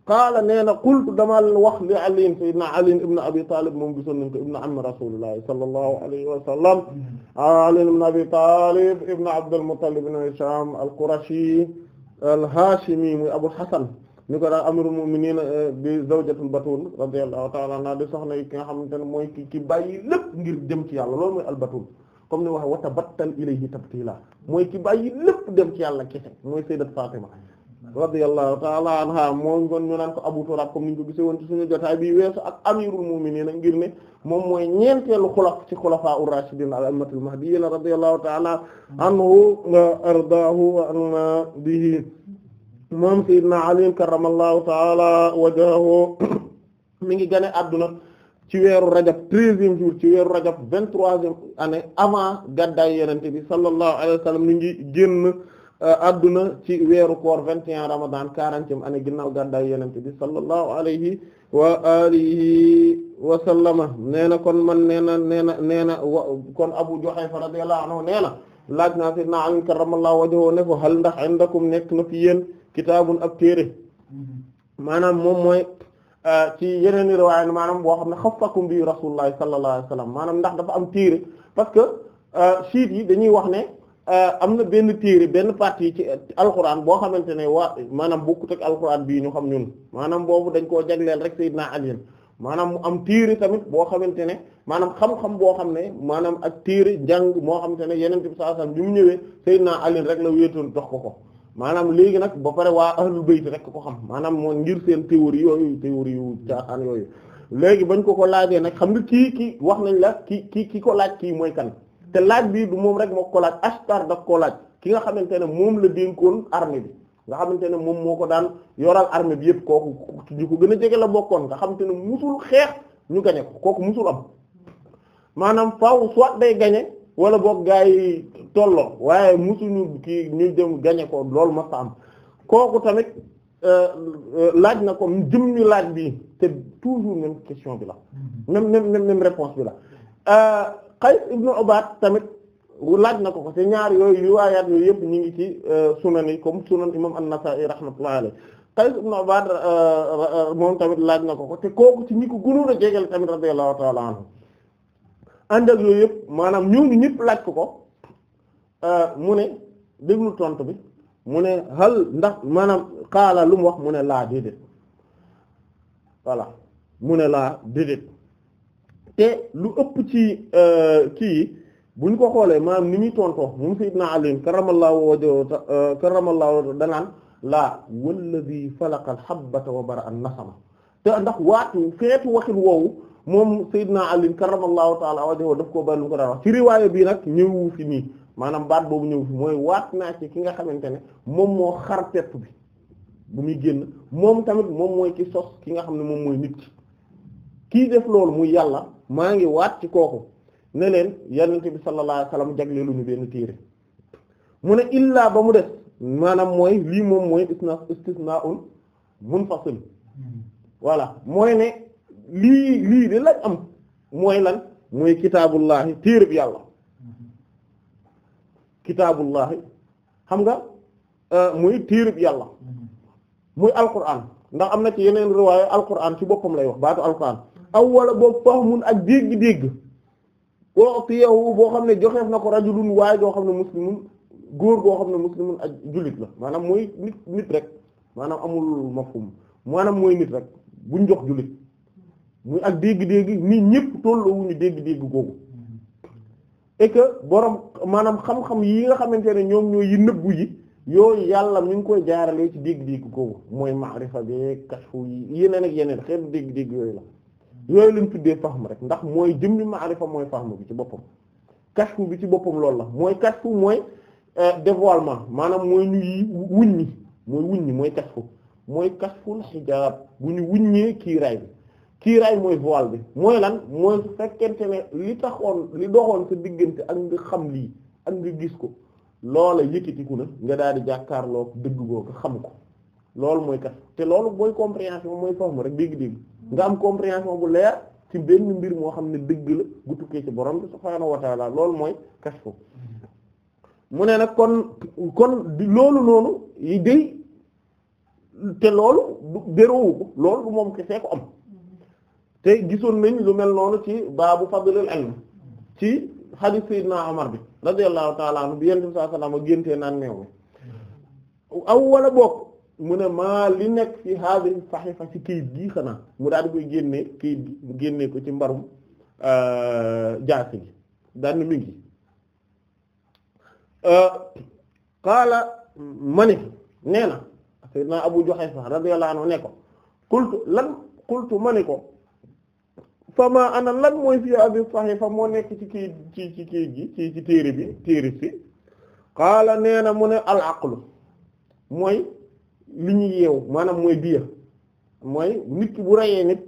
qaala nee na qultu dama wax li Ali sayyidina Ali ibn Abi Talib moom gisoon nañ ko ibn am Rasulullah sallallahu alayhi wa sallam Ali ibn Abi Talib ibn Abd al-Muttalib ibn Hisham al-Qurashi al-Hashimi muy Abu Hasan ñu ko daan amirul mu'minin euh, bi zawjatul batul radiyallahu ta'ala anha di soxna yi ki nga xamante ne mooy ki ki bàyyi lépp ngir jëm ci yàlla loolu mooy albatul comme ni wax wa tabattal ilayhi tabtila mooy ki bàyyi lépp dem ci yàlla kese mooy sayyidat Fatima radiyallahu ta'ala anha moom kon ñu naan ko Abu Turab ni ñu ko gisee woon suñu jotaay bi weesu ak amirul mu'minin ngir ne moom mooy ñeenteelu xulaf ci xulafaa ur-rashidin al-ummatul mahdiyyin radiyallahu ta'ala anhu ardaahu wa anna bihi moom sayyidina Ali karramallahu ta'ala wajhahu mi ngi gane adduna ci weeru rajab treizième jour ci weeru rajab vingt-troisième année avant gàddaay yonent bi sallallahu alayhi wa sallam ni ngi génn adduna euh, ci weeru koor 21 ramadan 40e année ginnaaw gàddaay yonent bi sallallahu alayhi wa alihi wa sallama nee na kon man nee na nee nee na kon Abu Juhayfa radiyallahu anhu nee na laaj a sayyidina Ali karramallahu wajhahu ne ko hal ndax nekk na fi yéen kitaabun ab téere maanaam moom mooy euh, ci yeneen i riwaaya maanaam boo xam ne xaffakum bi rasulullahi sallallahu alayhi wa ndax dafa am téere parce que siit euh, yi dañuy wax ne Euh, am na benn téere benn partie ci alquran boo xamante ne waa maanaam bokkut ak alquran bii ñu xam ñun maanaam boobu dañ koo jagleel rek sayyidina Ali maanaam mu am téere tamit boo xamante ne maanaam xam-xam boo xam ne maanaam ak téere njàng moo xamante ne yeneen bi sallallahu alayhi wasallam bi mu ñëwee sayyidina Ali rek la wéetoon dox ko ko maanaam léegi nag ba pare waa ahlul bayt rek ko xam maanaam moo ngir seen théorie yooyu théorie yu caaxaan yooyu léegi bañ ko ko laajee nag xam nga kii ki wax nañ la ki ki ki ko laaj kii mooy kan te laaj bii du moom rek moo ko laaj Ashtar daf koo ki nga xamante ne moom la dénkoon armée bi nga xamante ne moom moo ko daan yoral armée bi yëpp kooku ñu ko gën a jege la bokkoon nga xamante ne musul xeex ñu gañe ko kooku musul am maanaam faaw soit day gañe wala boog gaa yi tolloo waaye musuñu ki ñu dem gañe ko loolu ma fa am kooku tamit euh, laaj na ko jëm ñu laaj bi te toujours même question bi la mm-hmm. même même même réponse bi la euh, Qays ibnu Ubaad tamit laaj na ko ko te ñaar yooyu riwaayaat yooyu yëpp ñu ngi ci euh, sunan yi comme sunan imam an-Nasaa'i rahmatullahi alayhi Qays ibnu Ubaad euh, euh, moom tamit laaj na ko ko te kooku ci ñi ko gënoon a jegeel tamit radiyallahu ta'ala anhu ànd ak yooyu yëpp maanaam ñooñu ñëpp laaj ko ko mu ne déglu tontu bi mu ne hal ndax maanaam xaala lu mu wax mu ne laa déedéet voilà mu ne laa déedéet te lu ëpp ci euh, kii buñ ko xoolee maanaam ni muy tontoo moom sayyidna Ali karamallahu wajhu euh, karamallahu danaan laa walladi falaqa al-habbata wa bara'a an-nasama te ndax waatu feetu waxin woowu moom sayyidna Ali karamallahu ta'ala wajhu daf koo bari lu ko daan wax ci riwaaya bii nag ñëwu nii maanaam baat boobu ñëw mooy waat naa ci ki nga xamante ne moom moo xar pepp bi bu muy génn moom tamit moom mooy ki sos ki nga xam ne moom mooy nit kii def loolu muy yàlla maa ngi waat ci kooku ne leen yonent bi sallallahu alayhi wasallam jagleeluñu benn téere mu ne illaa ba mu def maanaam mooy lii moom mooy isna istisnaa'un munfasil voilà mooy ne lii lii de lañ am moy lan muy kitaabullahi téere bi yàlla kitaabullahi xam nga euh, muy téere bi yàlla muy mm-hmm. alquran ndax am na ci yeneen riwaaye alquran ci boppam lay wax baatu alquran aw wala boobu fahmun ak dégg-dégg utiyahu boo xam ne joxeef na ko rajulun waaye joo xam ne muslimun góor goo xam ne muslimun ak jullit la maanaam mooy nit nit rek maanaam amul mafhum maanaam mooy nit rek buñ jox jullit muy ak dégg-dégg nit ñëpp tolloowuñu dégg-dégg googu et que borom maanaam xam-xam yi nga xamante ne ñoom ñooy yi nëbbu yi yooyu yàlla mi ngi koy jaaralee ci dégg-dégg googu mooy maarifa bi kashfu yeneen ak yeneen xeetu dégg-dégg yooyu la yooyu lañ tuddee faham rek ndax mooy jëmmi maarifa mooy faham bi ci boppam kashfu bi ci boppam loolu la mooy kashfu mooy euh, dévoilement maanaam mooy ñuy wuññi mooy wuññi mooy kashfu mooy kashful xijaab bu ñu wuññee kiiraay bi kiiraay mooy voile bi mooy lan mooy su fekkente ne li taxoon li doxoon sa diggante ak nga xam lii ak nga gis ko loola ku na nga daal di jàkkaarloo dëgg boo nga xam ko loolu mooy kashfu te loolu booy compréhension mooy faham rek dégg-dégg nga am compréhension bu leer ci benn mbir moo xam ne dëgg la gu tukkee ci borom bi subhaanahu wa taala loolu mooy kashfu mu ne nag kon kon loolu noonu yi day te loolu dérowu ko loolu moom kesee ko am te gisoon nañ lu mel noonu ci baabu fadlul ilm ci hadith sayyidina Umar bi radiyallahu taala anhu bi yenn bi sallallahu alayhi wasallam géntee naan meew mi aw wala bokk mu ne maa li nekk fi hadhihi sahifa ci kayit gii xanaa mu daal di koy génne kayit gi mu génne ko ci mbarum euh, jaasi gi daan mi ngi euh, qaala mani nee na sayyidna Abu Juhayfa radiyallahu anhu ne ko qultu lan qultu mani ko fama ana lan mooy fi hadhihi sahifa moo nekk ci kayit ci ci kayit gi ci ci téere bi téere si qaala nee mu ne al aqlu mooy li ñuy yeew maanaam mooy diya mooy nit bu reyee nit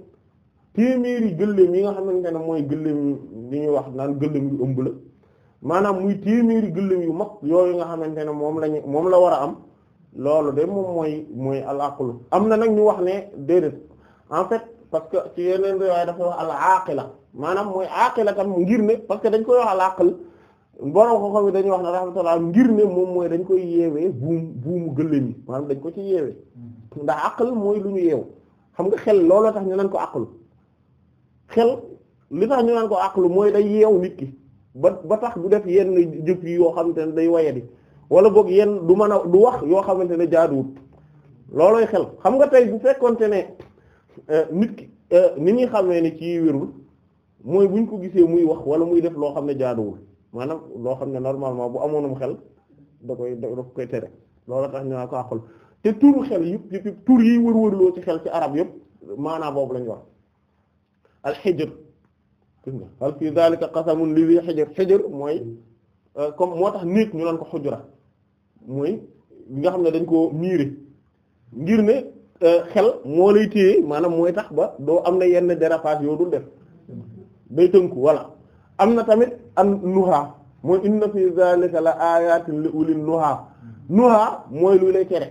téeméeri gëléem yi nga xamante ne mooy gëléem yi ñuy wax naan gëléem yu ëmb maanaam muy téeméeri gëléem yu mag yooyu nga xamante ne moom lañu moom la war a am loolu de moom mooy mooy alaqlu am na nag ñu wax ne déedéet en fait parce que ci yeneen riwaaya dafa wax al aqila maanaam mooy aqila kan ngir ne parce que dañ koy wax al aql borom ko xam dañuy wax ne rahmatullah ngir ne moom mooy dañ koy yeewee buum buumu gëléem yi maanaam dañ ko ci yeewee hmm. ndax aqal mooy lu ñu yeew xam nga xel looloo tax ñu naan ko aqalu xel li tax ñu naan ko aqalu mooy dañ yeew nit ki ba ba tax bu def yenn jëf yi yoo xamante ne day wayadi wala boog yenn du mën a du wax yoo xamante ne jaaduwut loolooy xel xam nga tey bu fekkonte ne euh, nit ki euh, nit ñuy xamee ne ci wérul mooy buñ ko gisee muy wax wala muy def loo xam ne jaaduwul maanaam loo xam ne normalement bu amoonum xel da koy da koy tere loolu tax naa ko àqul te turu xel yëpp yëpp yëpp tur yi wër ci xel ci arab yëpp maanaa boobu lañu wax alxijr hal fi zalika qasamun li xijr xijr mooy euh, comme moo tax nit ñu naan ko xujura mooy li nga xam ne dañ koo miire ngir ne euh, xel moo lay maanaam mooy tax ba doo am na yenn dérapage yoo dul def day tënku voilà am na tamit am nuha mooy inna fi zalika la ayatin li ulil nuha nuha mooy lu lay tere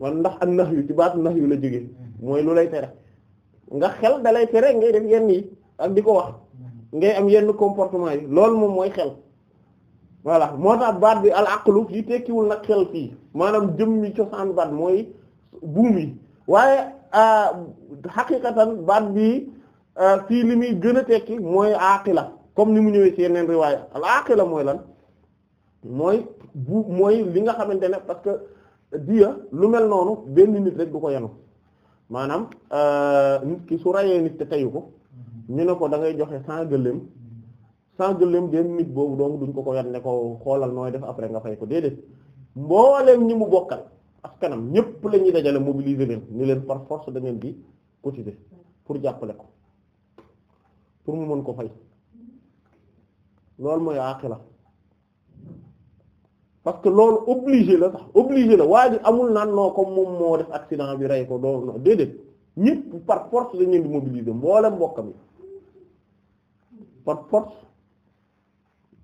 wan ndax an nax yu ci baatu nax yu la jógee mooy lu lay tere nga xel dalay lay tere ngay def yenn yi ak di ko wax ngay am yenn comportement yi loolu moom mooy xel voilà moo tax baat bi al aqlu fii tekkiwul nag xel fii maanaam jëmmi cosaan baat mooy buum yi waaye euh, xaqiqatan baat bi fii euh, li muy gën a tekki mooy aqila comme ni mu ñëwee ci yeneen riwaaya al aqila mooy lan mooy bu mooy li nga xamante ne parce que dia lu mel noonu benn nit rek du ko yenu maanaam euh, nit ki su rayee nit te teyu ko ñu ne ko da ngay joxe sans gëléem sans gëléem benn nit boobu donc duñ ko ko yan ne ko xoolal nooy def après nga fay ko déedéet mbooleem ñi mu bokkal askanam ñépp la ñuy dajale mobiliser leen ni leen par force dangeen ngeen di cotiser pour jàppale ko pour mu mën ko fay loolu mooy aqila parce que loolu obligé la sax obligé la waa ji amul naan noo comme moom moo def accident bi rey ko doo non déedéet ñëpp par force dañ leen di mobiliser mboolem mbokkam yi par force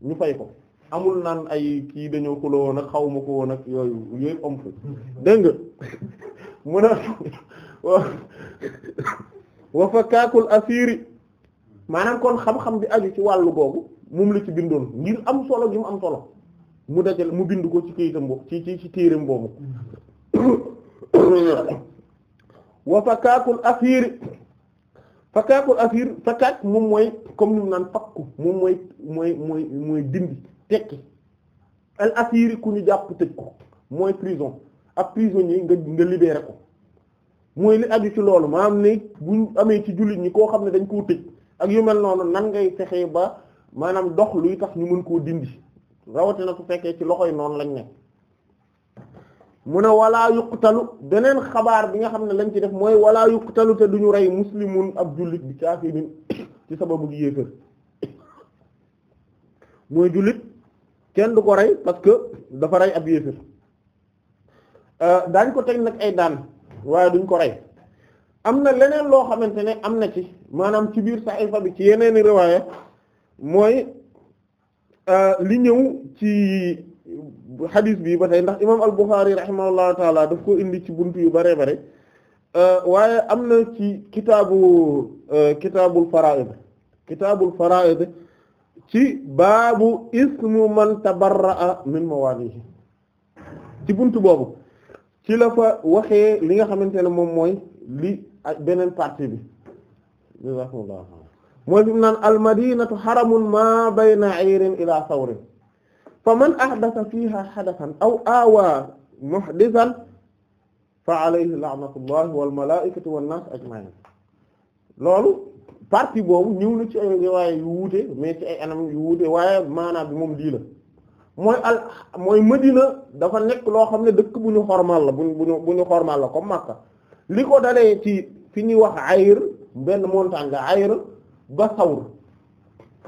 ñu fay ko amul naan ay kii dañoo xuloo nag xaw ma ko woon ak yooyu yooyu am ko dégg nga mu ne wa fakakul asiri maanaam kon xam-xam bi aju ci wàllu googu moom la ci bindoon ngir am solo gi mu am solo mu dajale mu bind ko ci këyitam boobu ci ci ci téeram boobu wa fakaakul asiir fakaakul asiir fakaak moom mooy comme nimu naan fakku moom mooy mooy mooy mooy dindi tekki al asiir ku ñu jàpp tëj ko mooy prison ak prisonnier nga nga libéré ko mooy li aju ci loolu maanaam ne buñ amee ci jullit ñi koo xam ne dañ koo tëj ak yu mel noonu nan ngay fexee ba maanaam dox luy tax ñu mën koo dindi rawatina su fekkee ci loxoy noonu lañ ne mu ne walaa yuqtalu beneen xabaar bi nga xam ne lañ ci def mooy walaa yuqtalu te duñu rey muslimun ab jullit bi kaafirin ci sababu gi yéefër mooy jullit kenn du ko rey parce que dafa rey ab yéefër euh, daañ ko teg nag ay daan waaye duñ ko rey am na leneen loo xamante ne am na ci maanaam ci biir saxiifa bi ci yeneen i mooy euh, li ñëw ci xadiis bi ba tey ndax imaam al-Bukhari rahimahullahu taala daf ko indi ci buntu yu bare bare euh, waaye am na ci kitaabu euh, kitaabul fara'id kitaabul fara'id ci baabu ismu man tabarra'a min mawaalihi ci buntu boobu ci la waxee li nga xamante ne moom mooy ak beneen partie bi jazakumullahu mooy fi mu naan al madinatu haramun ma bayna ayrin ila sawrin fa man ahdatha fiha hadathan aw awa muhdithan fa alayhi la'natullahi wal mala'ikati wan ajma'in loolu partie boobu ñëw na ci ay riwaaye yu wuute mais ci ay anam yu wuute waaye maanaam bi moom dii la mooy al mooy madina dafa nekk loo xam ne dëkk bu ñu xormal la buñ bu ñu xormal la Makka li ko dalee ci fi ñuy wax ayr benn montagne la ayr ba sawr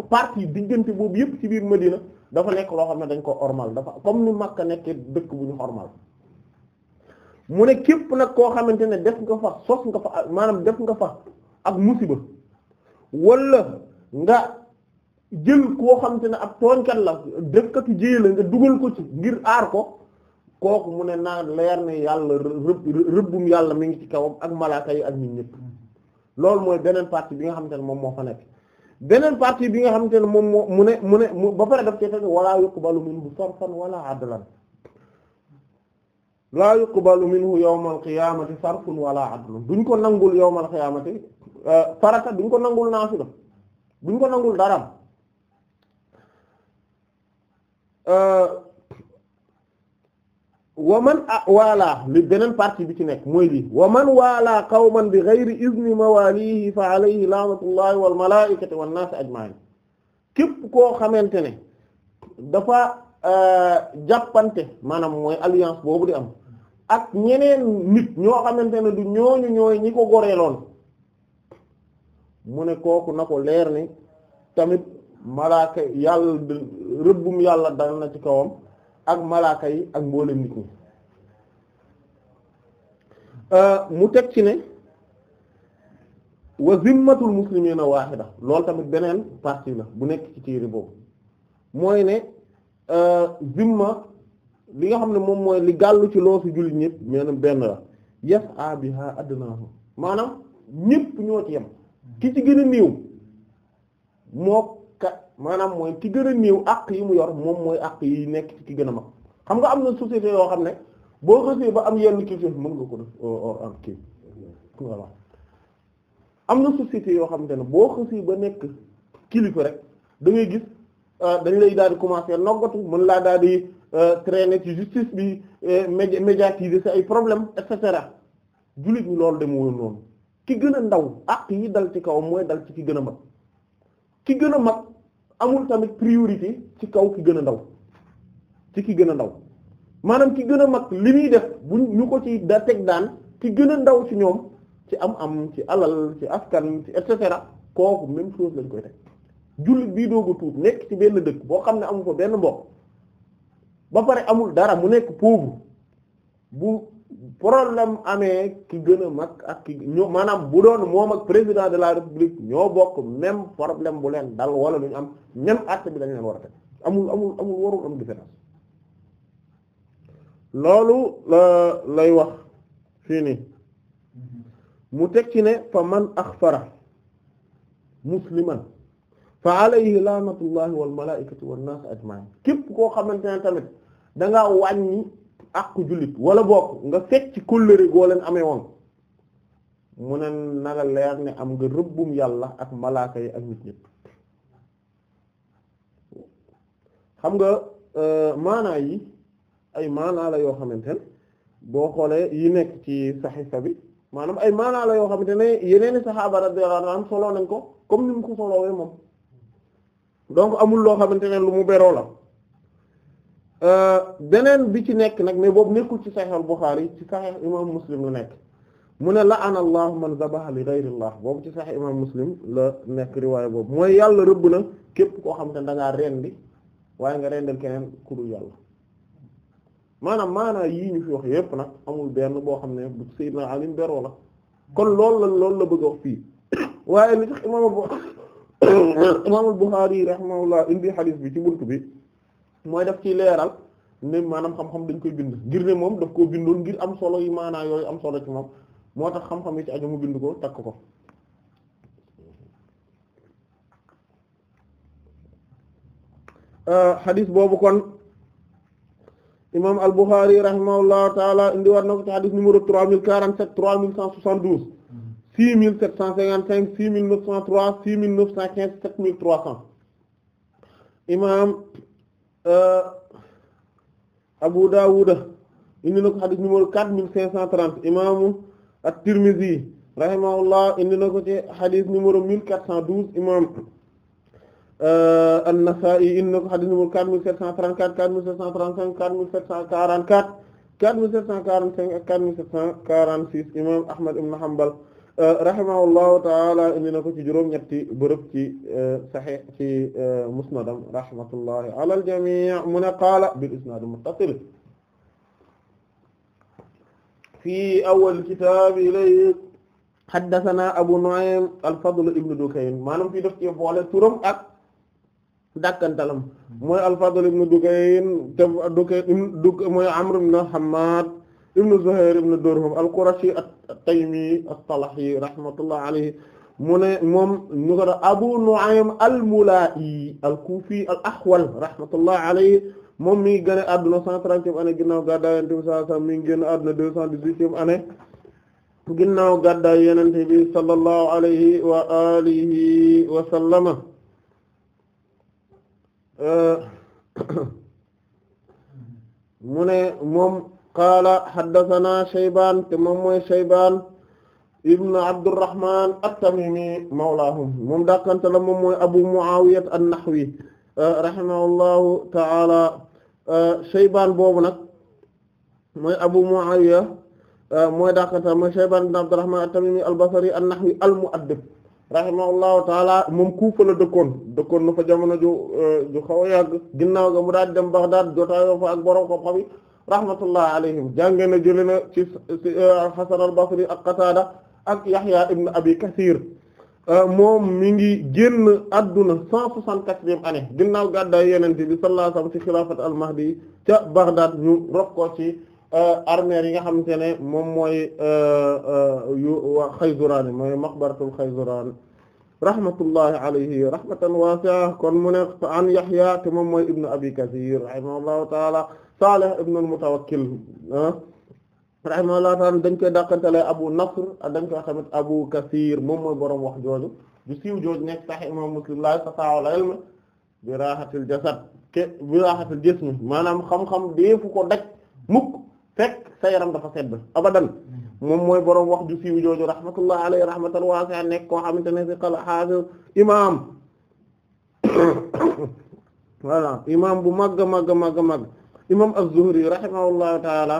partie diggante boobu yëpp ci biir Medina dafa nekk loo xam ne dañ ko ormal dafa comme ni Makka nekkee dëkk bu ñu ormal mu ne képp nag koo xamante ne def nga fa sos nga fa maanaam def nga fa ak musiba walla nga jël koo xamante ne ab tooñkat la defkatu jéy la nga dugal ko ci ngir aar ko kooku mu ne naa leer ne yàlla rëbb rëbbum yàlla mi ngi ci kawam ak malaaka yi ak nit ñëpp loolu mooy beneen partie bi nga xamante ne moom moo fa nekk beneen partie bi nga xamante ne moom moo mu ne mu ne ba pare daf ci teg wala yuqbalu minhu sarfan wala adlan laa yuqbalu minhu yawmal qiyaamati sarfun wala adlun duñ ko nangul yawmal qiyaamati euh, farata duñ ko nangul naafila duñ ko nangul dara euh, man a waalaa li beneen partie bi ci nekk mooy lii waman waalaa qawman bi ghayri izni mawalihi fa alayhi laanatullahi wal malaa'ikati wan naas ajma'in képp koo xamante ne dafa euh, jàppante maanaam mooy alliance boobu di am ak ñeneen nit ñoo xamante ne du ñooñu ñooy ñi ko goreeloon mu ne kooku na ko leer ni tamit malaaka yàlla rëbbum yàlla dal na ci kawam ak malaaka yi ak mboole nit ñi euh, mu teg ci ne wa zimmatul muslimina wahida lool tamit beneen partie la bu nekk ci téere boobu mooy ne euh, zimma li nga xam ne moom mooy li gàll ci loosu jullit ñëpp maanaam benn la yas'a àddina adnahu maanaam ñëpp ñoo ci yem ki ci gën a néew mook maanaam mooy ki gën a néew àq yi mu yor moom mooy àq yi nekk ci ki gën a mag xam nga am na société yoo xam ne boo xësee ba am yenn kii mën nga ko euh, euh, kii voilà am na société yoo xam ne boo xësee ba nekk kilifa rek da ngay gis euh, dañ lay daal di commencer noggatu mën laa daal di traîner ci justice bi médiatiser sa ay problème et cetera jullit loolu de mooy noonu ki gën a ndaw àq yi dal ci kawam mooy dal ci ki gën a mag ki gën a mag. amul tamit priorité ci kaw ki gën a ndaw ci ki gën a ndaw maanaam ki gën a mag li muy def bu ñu ko ci da teg daan ki gën a ndaw ci ñoom ci am am ci alal ci askan ci et cetera kooku même chose lañ koy teg jullit bii doogu tuut nekk ci benn dëkk boo xam ne amul fa benn mbokk ba pare amul dara mu nekk pauvre bu problème amee ki gën a mag ak ki maanaam bu doon moom ak président de la république ñoo bokk même problème bu leen dal wala lu ñu am même acte bi dañ leen war a teg amul amul amul warul am différence loolu la lay wax fii mu teg ci ne fa man axfara musliman fa alayhi laanatullahi wal malaikati wan nas ajma'in képp koo xamante tamit da wàññi àqu jullit wala bokk nga fecc ci kóllëre goo leen amee woon mu ne nanga leer ne am nga rëbbum yàlla ak malaaka yi ak nit ñépp xam nga euh, maanaa yi ay maanaa la yoo xamante ne boo xoolee yi nekk ci saxiifa bi maanaam ay maanaa la yoo xamante ne yeneeni saxaaba radiyallahu anhum soloo nañ ko comme ni mu ko solowee moom donc amul loo xamante ne lu mu beroo la Euh, beneen bi ci nekk nag mais boobu nekkul ci Sahih al-Bukhari ci Sahih imam Muslim la nekk mu ne la la'ana Allahu man zabaha li ghayri Allah boobu ci Sahih imam Muslim la nekk riwaaya boobu mooy yàlla rëbb na képp koo xam te ne da ngaa rendi waaye nga rendal keneen ku dul yàlla maanaam maanaa yii ñu fi wax yépp nag amul benn boo xam ne bu Sayyidina Ali beroo la kon lool la loolu la bëgg a wax fii waaye li tax imam Imam al-Bukhari rahimahullah indi hadith bi ci buntu bi mooy def ci leeral ne maanaam xam-xam dañ koy bind ngir ne moom daf koo bindoon ngir am solo yi maanaa yooyu am solo ci moom moo tax xam-xam yi ci aju mu bind ko takk ko euh, xadis boobu kon imam al-Bukhari rahimahullahu taala indi war na ko ci xadis numéro trois mille quarante-sept trois mille cent soixante-douze six mille sept cent cinquante-cinq six neuf cent trois six mille neuf cent quinze sept mille trois cents imam Euh, Abu Dawud indi na ko xadis quatre mille cinq cent trente imaamu at-Tirmidhi rahimahullah indi na ko ci xadis numéro mille quatre cent douze imaam euh, an-Nasa'i indi na ko xadis numéro quatre mille sept cent trente quatre quatre mille sept cent trente cinq quatre mille sept cent quarante quatre quatre mille cent quarante cinq quatre mille cent quarante six imaam Ahmad ibn Hanbal Euh, rahimahullahu taala indi na ko ci juróom-ñetti bërëb ci euh, saxi ci euh, musnadam rahmatullahi ala aljamii mu ne qaala bil isnaadi muttasil fii awal kitaab ilay haddathana abu nu'aym al ibn dukayn maanaam fii def ci boole turam ak dàkkantalam mooy al ibn dukayn te dukayn ibn hammad ibnu Zuhayr ibnu Durham al-Qurashi at-Taymi as-Salahi rahmatullah alayhi mu ne moom ñu ko def Abu Nu'aym al-Mula'i al-Kufi al-Ahwal rahmatullah alayhi moom mi ngi génn àdduna 130e année ginnaaw gàddaay Yonent bi sallallahu alayhi ginnaaw gàddaay Yonent bi sallallahu alayhi wa alihi wa sallama euh, mu ne qaala haddathana Shaybaan te moom mooy Shaybaan ibn Abdurrahman at-Tamimi mawlaahum moom dàqante la moom mooy Abu Muawiya an-Nahwi rahimahullahu ta'ala Shaybaan boobu nag mooy Abu Muawiya mooy dàqante mooy Shaybaan ibn Abdurrahman at-Tamimi al-Basri an-Nahwi al-Mu'addib rahimahullahu taala moom Kuufa la dëkkoon dëkkoon na fa jamono ju ju xaw a yàgg ginnaaw ga mu daal dem Baghdad jotaayoo fa ak borom ko xam rahmatullah alayhim jànge na jële na ci euh, Hasan al-Basri ak Qatada ak Yahya ibn Abi Kathir euh, moom mi ngi génn adduna cent soixante-quatrième année ginnaaw gàddaay yenente bi sallallahu alayhi wasallam ci xilaafat al-Mahdi ca Baghdad ñu rof ko ci euh, armeer yi nga xamante ne moom mooy yu waa Xayzuraan mooy maqbaratul Xayzuraan rahmatullahi alayhi rahmatan waasi'a kon mu ne an Yahya te moom mooy ibn Abi Kathir rahimahullahu ta'ala Salih ibn al-Mutawakkil ah, rahimahullah ta'ala dañ koy dàqantele Abu Nasr ak dañ koy xamit Abu Kathir moom mooy borom wax jooju du siiw jooju nekk Sahih imam Muslim la tasawul ilm bi rahatil jasad bi rahatil jism maanaam xam-xam deefu ko daj mukk fekk sa yaram dafa sedd abadan moom mooy borom wax ju siiw jooju rahmatullah alayhi rahmatan wasi'a nekk koo xamante ne si xal xaafis imam voilà imam bu màgg màgg màgg màgg imam az-Zuhri rahimahullahu taala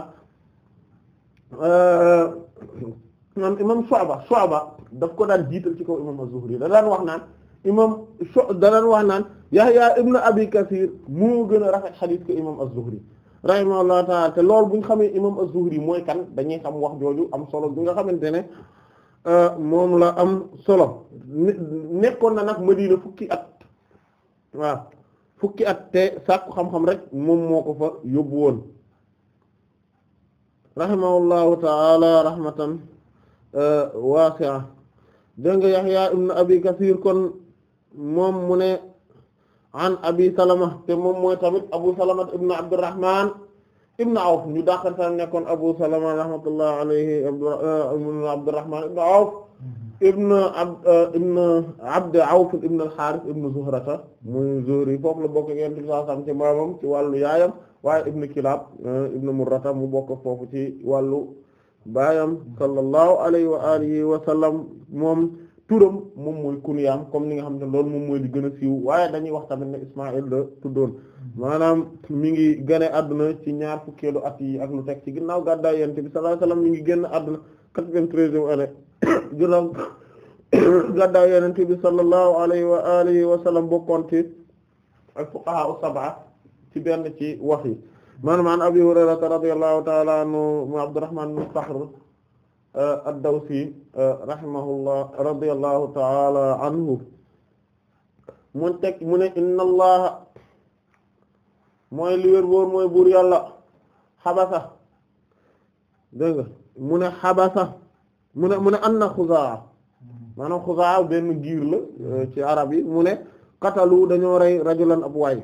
man euh, imam Shu'ba Shu'ba daf ko daan jiital ci kaw imam az da daan wax naan imam da daan wax naan Yahya ibn Abi Kathir moo gën a rafet xadiis ko imam az-Zuhri rahimahullahu te lool bu xamee imam az-Zuhri mooy kan dañuy xam wax jooju am solo bi nga xamante ne euh, moom la am solo nekkoon na nag Madina fukki at waaw fukki at te sàkku xam-xam rek moom moo ko fa yóbbu woon rahimahullahu taala rahmatan euh, waasi'a dégg nga Yahya ibn Abi Kasir kon moom mu ne an Abi Salama te moom mooy tamit Abu Salama ibn Abdurrahman ibn Awf ñu daaxal sax nekkoon Abu Salama rahmatullahi alayhi euh, Abdurrahman ibn Awf ibn Abd euh, ibn Abd Awf ibn al-Harith ibn Zuhrata muy Zuhri foofu la bokk Yonent bi sallallahu alayhi wasallam ci maamam ci wàllu yaayam waaye ibn Kilab euh, ibn Murrata mu bokk foofu ci wàllu baayam sallallahu alayhi wa alihi wa sallam moom turam moom mooy kunyaam comme ni nga xam ne loolu moom mooy li gën a siiw waaye dañuy wax tamit ne la tuddoon maanaam mi ngi gane àdduna ci ñaar fukkeelu at yi ak lu teg ci ginnaaw gàddaay yonent bi sallallahu alayhi wasallam mi ngi génn àdduna quatre-vingt-treizième année ginnaaw gàddaay yonent bi sallallahu alayhi wa alihi wa sallam bokkoon ci ak fuqaha ci benn ci wax yi maanaam an Abi Hurayrata radiyallahu ta'ala anhu Abdurrahman ibn Saxr Euh, ad-Dawsi euh, rahimahullah radiyallahu ta'ala anhu mu teg mu ne inna allaha mooy li wér wóor mooy buur yàlla xabasa dégg nga mu ne xabasa mu ne mu ne anna Xuzaa maanaam Xuzaa benn giir la euh, ci arab yi mu ne qatalu dañoo rey rajulan ab waay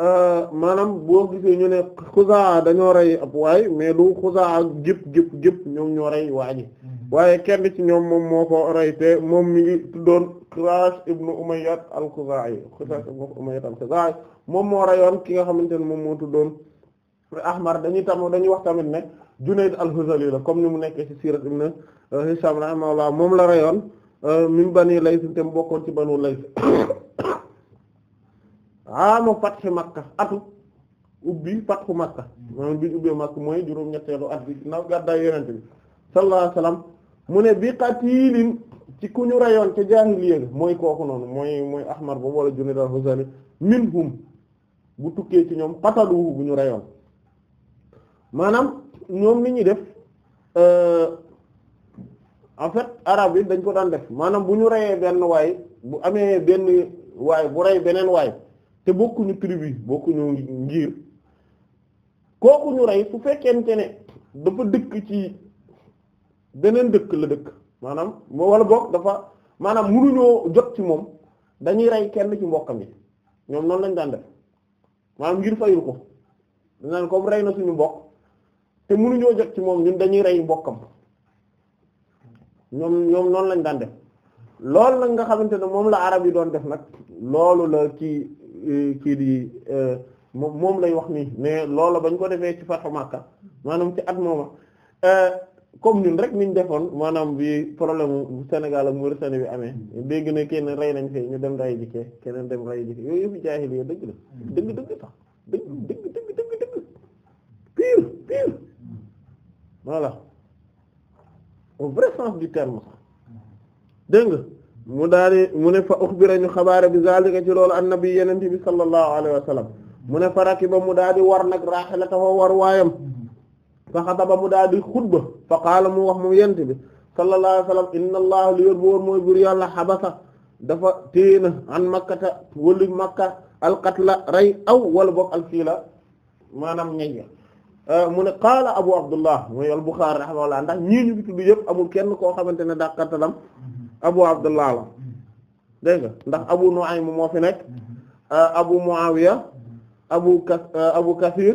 Euh, maanaam boo gisee ñu ne Xuzaa dañoo rey ab waay mais du Xuzaa gépp gépp gépp ñoom ñoo rey waa ji mm-hmm. waaye kenn ci ñoom moom moo ko rey te moom mi ngi tuddoon Xuraas ibnu Umayyad al-Xuzaa'i Xuraas ibnu Umayyad al-Xuzaa'i moom moo reyoon ki nga xamante ne moom moo tuddoon Ahmar dañuy tam dañuy wax tamit ne Junayd al-Huzali la comme ni mu nekkee ci Siirat ibnu Hishaam rahimahullah moom la reyoon euh, min Bani Layth te bokkoon ci Banu Layth aama ah, fatxi makka atu ubbi fatxu makka maanaam bi ñu ubbee mooy juróom ñetteelu at bi ginnaaw gàddaay yonent bi sallallahu alayhi mu ne bi qatiilin ci ku ñu rayoon ca jaahiliya mooy kooku noonu mooy mooy ahmar boobu wala junayd al-huzali minhum bu tukkee ci ñoom qataluhu bu ñu rayoon maanaam ñoom li ñuy def euh, en fait arab yi dañ ko daan def maanaam bu ñu reyee benn waay bu amee benn waay bu rey beneen waay te bokkuñu tribu bokkuñu ngir kooku ñu rey su fekkente ne dafa dëkk ci beneen dëkk la dëkk maanaam wala boog dafa maanaam munuñoo jot ci moom dañuy rey kenn ci mbokkam yi ñoom noonu lañ daan def maanaam ngir ko danaan comme rey na suñu mbokk te munuñoo jot ci moom dañuy rey mbokkam ñoom ñoom noonu lañ daan def loolu nag nga xamante ne moom la arab yi doon def nag loolu la ci Eh, kii di eh, moom moom lay wax nii mais loola bañ ko defee ci Fathu Makka maanaam ci at mooma eh, comme ñun rek niñ defoon maanaam bi problème Sénégal ak Mauritanie bi amee dégg na kenn rey nañ fee ñu dem rey jikee keneen dem rey jikee yooyu yëpp jaahiliya dëgg la dëgg dëgg sax dëgg dëgg dëgg dëgg dëgg pire au vrai sens du sax dégg mu daal di mu ne fa uxbira ñu xabaare bi zalika ci loolu annabi yenente bi sallallahu alayhi mu ne fa rakiba mu daal war nag raxilatafa war waayam fa xataba mu daal di xutba fa qaala mu wax mu yent bi sallallahu alayhi inna allaha li yoon bowoon mooy bur yàlla xabasa dafa téena an makkata wali makka alqatla rey aw wala boog alfiila maanaam ñeñña euh, mu ne qaala abu abdullah mooy al Bukhari rahimahullah ndax ñii ñu ngi yëpp amul kenn koo xamante ne dàqartalam abu abdullah la dégg nga ndax abu nu'aym moo fi nekk euh, abu muawiya abu kas euh, abu kasir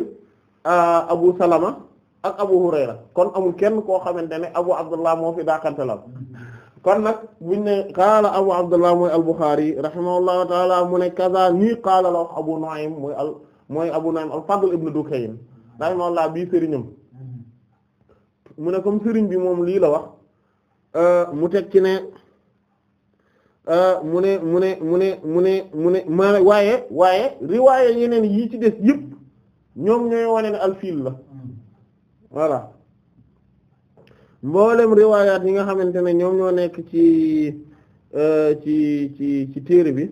euh, abu salama ak abu hurayra kon amul kenn koo xamante ne abu abdullah moo fi daakantalal kon nag buñ ne qaala abu abdullah mooy al-Bukhari rahimahullahu taala mu ne kaza nii qaala la wax abu nu'aym mooy abu nu'aym al-Fadl ibn Dukayn rahimahullah bii sëriñam mu ne comme sëriñ bi moom lii la wax mu teg ne Euh, mu ne mu ne mu ne mu ne mu ne ma waaye waaye riwaaya yeneen yii ci des yëpp ñoom wane ne alfiil la voilà mboolem riwaayaat yi nga xamante ne ñoom ñoo nekk ci euh, ci ci ci téere bi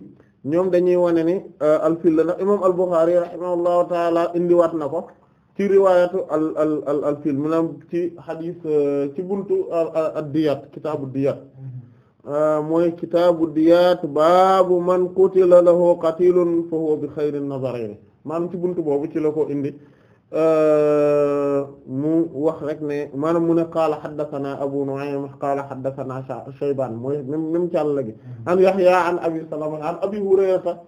ñoom dañuy wane ni euh, alfiil la ndax imaam al-Bukhari rahimahullahu taala indiwaat na ko ci riwaayatu al al al alfiil maanaam ci xadiis ci buntu ad-Diyaat kitaabu ad-Diyaat Ah, mooy kitaabu diyaat baabu man qutila lahu qatilun fa huwa bi xayrin nazarayn maanaam ci buntu boobu ci la ko indi ah, mu wax rek ne maanaam mu ne qaala haddathana abu nu'aym qaala haddathana shaybaan mooy même même càlla gi an yahya an abi salama an abi hurayrata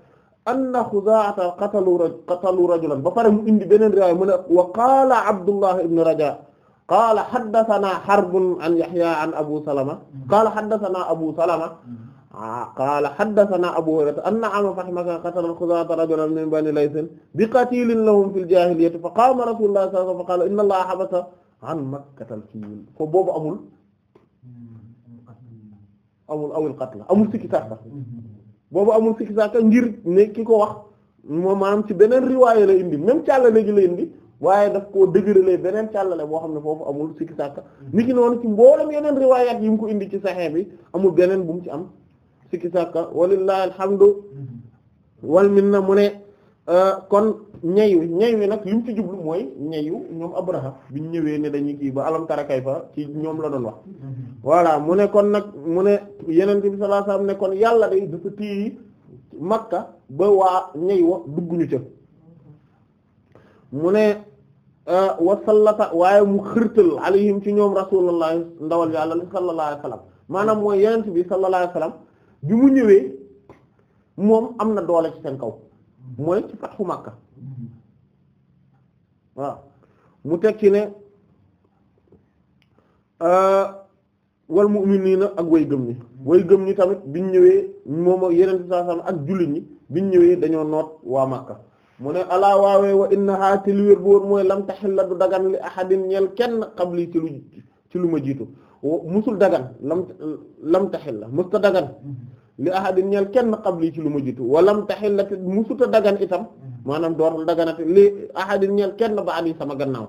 anna xuzaata qatalu qatalu rajulan ba pare mu indi beneen riwaaya mu ne wa qaala abdullah ibn raja qaala haddasanaa Harbun an Yahyaa an Abu Salama mm-hmm. qaala haddasanaa Abu Salama mm-hmm. ah, qaala haddasanaa Abu Hurayrata anna Amran Fahmaka qatala Xuzaata rajulan min Banii Layth biqatiilin lahum fil jaahiliyyati fa qaama Rasuulullaah sallallaahu alayhi wa sallam fa qaala inna Allaaha habasa an Makkatal fiil foofu boobu amul mm-hmm. amul awil qatl amul sikki sàkka boobu amul sikki sàkka ngir ne ki ko wax moom maanaam ci beneen riwaaya la indi même càllale gi la indi. waaye daf koo dëgëralee beneen càllale boo xam ne foofu amul sikki sàkka ki noonu ci mboolem yeneen riwaayaat yi mu ko indi ci saxee bi amul beneen bu mu ci am sikki sàkka walillahi alhamdu wal na mu ne euh, kon ñey wi ñey wi nag li mu ci jublu mooy ñeyu ñoom abraha biñ ñëwee ne dañu kii ba alam tarakay fa ci ñoom la doon wax voilà mu ne kon nag mu ne yeneen bi sallallahu ne kon yàlla day dafa téyi makka ba waa ñey wa dugguñu ca mu ne ah, wasallata waaye mu xërtal alayhim ci ñoom rasulullah ndawal yàlla sallallahu alayhi wasallam maanaam mooy yenent bi sallallahu alayhi wasallam bi mu ñëwee moom am na doole ci kaw mooy Makka mu tekki ne ah, wal mu'minina ak way gëm ñi gëm ñi tamit biñ ñëwee moom yeneen sallallahu ak jullit ñi biñ ñëwee dañoo noot waa Makka mu ne alaa waawee wa innaha te liwér bu woon mooy lam taxilla du dagan li ahadin ñeel kenn qabli ci lu ci lu ma jiitu musul dagan lam lam taxilla musta dagan li kenn qabli ci lu ma jiitu wa lam taxilla te musuta dagan itam maanaam dootul daganati li ahadin ñeel kenn baadi sama gannaaw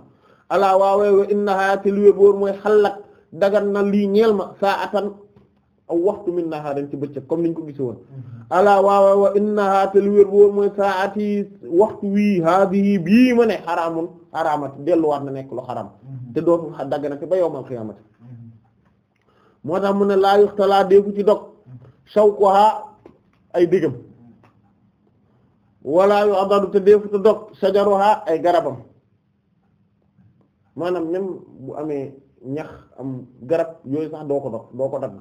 alaa waawee wa innaha te liwér bu woon mooy xallat dagan na lii ñeel ma saa atan aw waxtu min naharin ci bëccëg comme niñ ko gis woon mm-hmm. alaa waawa wa innaha te lu wér bu wóor mooy saati waxtu wii haadihi bii ma ne xaraamun xaraamati delluwaat na nekk lu mm-hmm. te ba yawmal qiyaamati mm-hmm. moo tax mu ne laa yuxtalaa deefu ci dog shawkuha ay digam wala yu ay garabam maanaam même bu amee ñax am garab yooyu sax doo ko dog doo ko dagg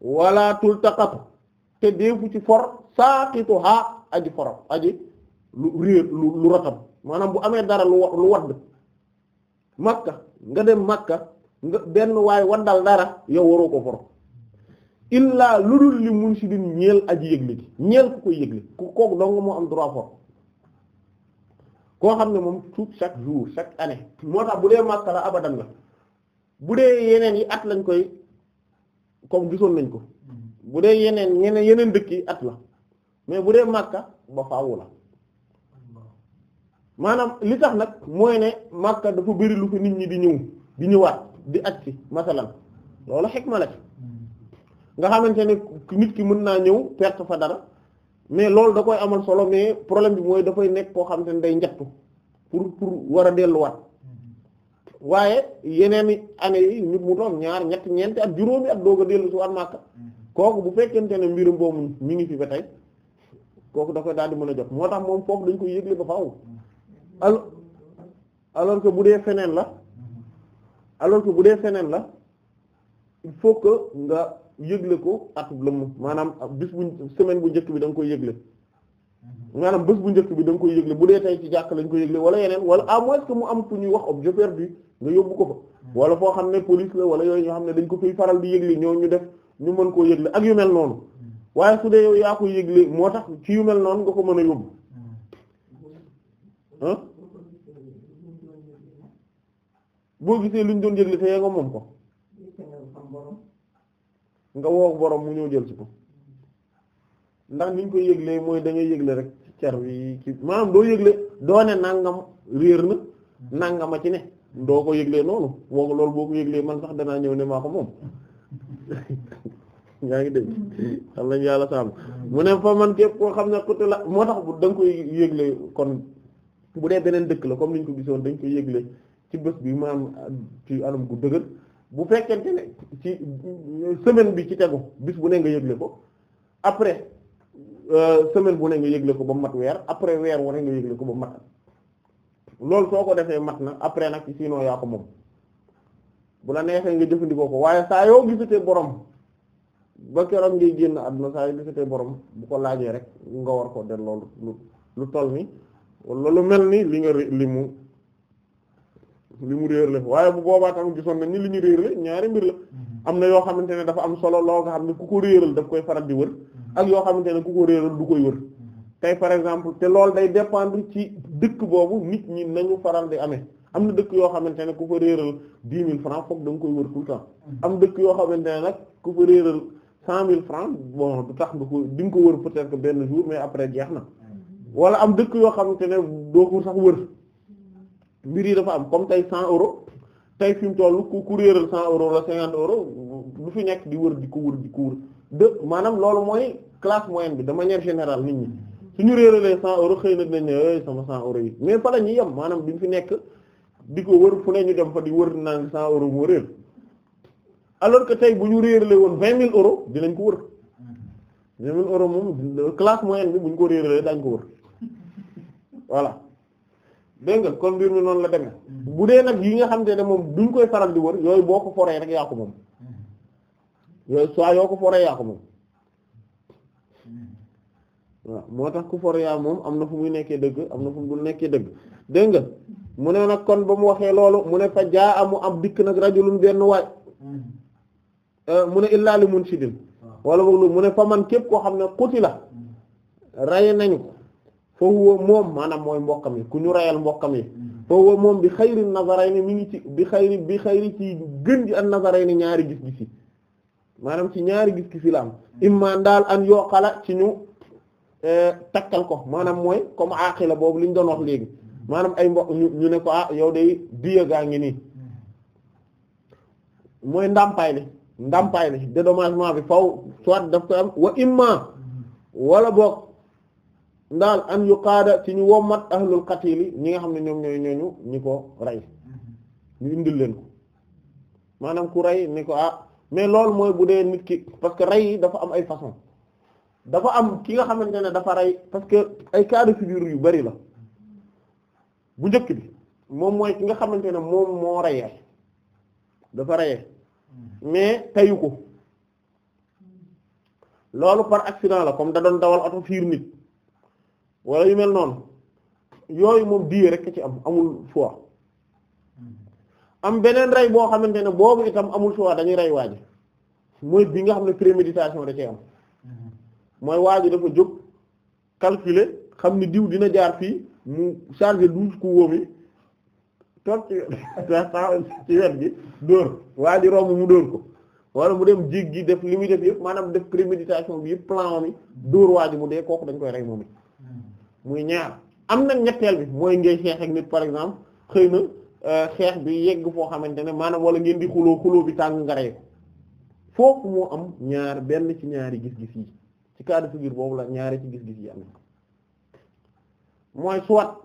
wala tultaqatu te deefu ci for saaqituha aji foram aji lu réer lu ratam maanaam bu amee dara lu lu wadd makka nga dem makka nga benn waay waddal dara yow waroo ko for illaa lu dul li munsidin ñeel aji yëgle gi ñeel ku koy yëgle ku kooku dong moo am droit for koo xam ne moom tout chaque jour chaque année moo tax bu dee makka la abadan la bu dee yeneen yi at lañ koy comme gisoon nañ ko bu dee yeneen yeneen yeneen dëkk at la mais bu dee màkka ba faawu la maanaam li tax nag mooy ne Makka dafa bari lu fi nit ñi di ñëw di ñëwaat di at ci masalan loolu xikma ma ci nga xamante ne nit ki mën naa ñëw perte fa dara mais loolu da koy amal solo mais problème bi mooy dafay nekk koo xam xamante ne day njattu pour pour war a delluwaat waaye yeneen i année yi ñu mu doon ñaar ñett ñeenti at juróomi at doog a dellu si waat mhm. kooku bu fekkente ne mbirum boobu mi ngi fi ba tey kooku da koy daal di mën a jot moo tax moom foofu dañ koy yëgle ba faaw mhm. alors alors que bu dee feneen la mhm. alors que bu dee feneen la il faut que nga yëgle ko at lëmm maanaam bis bu semaine bu njëkk bi danga koy yëgle. maanaam bés bu njëkk bi da koy yëgle bu dee tey ci jàkk lañ koy yëgle wala yeneen wala à moins mu am fu ñuy wax objet perdu nga yóbbu ko fa hmm. wala foo xam ne police la wala yooyu ñoo xam ne dañ ko fiy faral di yëgle ñoo ñu def ñu mën koo yëgle ak yu mel noonu hmm. waaye su dee yaa koy yëgle moo tax ci yu mel noonu nga ko mën a yóbbu ah doon yëgle moom ko nga woo borom mu ñëw jël ci ko koy yëglee mooy da ngay yëgle rek cer wi kii maanaam doo yëgle doo ne nangam réer na nangam a ci ne doo ko yëglee noonu boo ko loolu boo ko yëglee man sax danaa ñëw ne maa ko moom yaa ngi dégg xam nañ yàlla sàmm mu ne fa man képp koo xam ne ku la moo tax bu da nga koy yëgle kon bu dee beneen dëkk la comme niñ ko gisoon dañ koy yëgle ci bés bi maanaam ci anam ku dëgër bu fekkente ne ci semaine bi ci tegu bis bu ne nga yëgle ko après Euh, semaine bu ne nga yëgle ko ba mat weer après weer wu ne nga yëgle ko ba mat loolu soo ko defee mat na après nag sinon yaa ko moom bu la neexee nga jëfandikoo ko waaye saa yoo gisatee borom ba keroog ngay génn àdduna saa yoo gisatee borom bu ko laajee rek nga war ko del loolu lu lu toll ni wala lu mel ni li nga mu li mu réer la waaye bu boobaa tamit gisoon nañ ni li ñu réer la ñaari mbir la mm-hmm. am na yoo xamante ne dafa am solo loo nga xam ne ku ko réeral daf koy faral di wër mm-hmm. ak yoo xamante ne ku ko réeral du koy wër mm-hmm. tey par exemple te lool day dépendre ci dëkk boobu nit ñi nañu faral di ame am na dëkk yoo xamante ne ku fa réeral mille francs foog da nga koy wër tout le mm-hmm. am dëkk yoo xamante nag ku fa réeral cent mille francs bon du tax nga ko di nga ko wër peut benn jour mais après jeex na mm-hmm. wala am dëkk yoo xamante ne doo ko sax wër mbir yi dafa am comme tey cent euro tey fi mu toll ku ku réeral cent euros la cinquante euros du fi nekk di wër di ko wër di ku wër de maanaam loolu mooy classe moyenne bi de manière générale nit ñi suñu réeralee cent euros xëy na dinañ ne eh, sama cent yi mais fa la ñuy yem maanaam duñ fi nekk di ko wër fu ne ñu dem fa di wër naan cent euros moo réer que tey bu ñu réerale woon vingt mille euros dinañ ko wër vingt mille euros moom classe moyenne bi bu ñu ko réeralee daañ ko wër voilà dégg nga kon mbir mi noonu la demee bu dee nag yi nga xam te ne moom duñ koy faral di wër yooyu boo ko foree rek yaa ko moom yooyu soit yoo ko foree yaa moom waaw moo tax ku for moom am na fu muy nekkee dëgg am na fu mu nekkee dëgg dégg nga mu ne nag kon ba mu waxee loolu mu ne fa jaa amu am dikk nag rajulun benn waay eh, mu ne illaa li munshidin wala boog lu mu ne fa man képp koo xam ne xuti la rey nañu ko fa huwa moom maanaam mooy mbokkam yi ku ñu reyal mbokkam yi mm-hmm. fa huwa moom bi xayri nazarayni mi ngi ci bi xayri bi xayri ci gën ji an nazarayni ñaari gis-gis maanaam ci ñaari gis-gis la am mm-hmm. imma daal an yoqala ci ñu Euh, takkal ko maanaam mooy comme aqila boobu li ñu doon wax léegi maanaam ay mbokk ñu ne ko ah yow day diya gaa ngi nii mooy ndàmpaay li ndàmpaay li dédommagement bi faw soit daf koy am wa imma wala boog ndaal an yu qaada ci ñu wommat ahlul qatili ñi nga xam ne ñoom ñooñu ñi ko rey ñu indil leen ko maanaam ku rey ni ko ah mais loolu mooy bu dee nit ki parce que rey yi dafa am ay façon dafa am ki nga xamante ne dafa rey parce que ay cas de yu bari la bu njëkk bi moom mooy ki nga xamante ne moom moo reyee dafa reyee mais tayu ko loolu par accident la comme da doon dawal oto fiir nit wala yu mel noonu yooyu moom diye rek ci am amul choix am beneen rey boo xamante ne boobu itam amul choix dañuy rey waaji mooy bi nga xam ne préméditation da ci am mooy waa ji dafa jóg calculer xam ni diw dina jaar fii mu charger du coups wóom yi toog ci ci wet bi dóor waa ji romb mu dóor ko wala mu dem gi def li muy def yëpp maanaam def préméditation bi yëpp plan mi dóor waa ji mu dee kooku dañ koy rey moom it muy ñaar am na ñetteel bi mooy ngay xeex ak nit par exemple xëy na euh, xeex bi yegg foo xamante ne maanaam wala ngeen di xuloo xuloo bi tàng nga rey foofu moo am ñaar benn ci ñaari gis-gis yi ci cas de boobu la ñaari ci gis-gis yi am mooy soit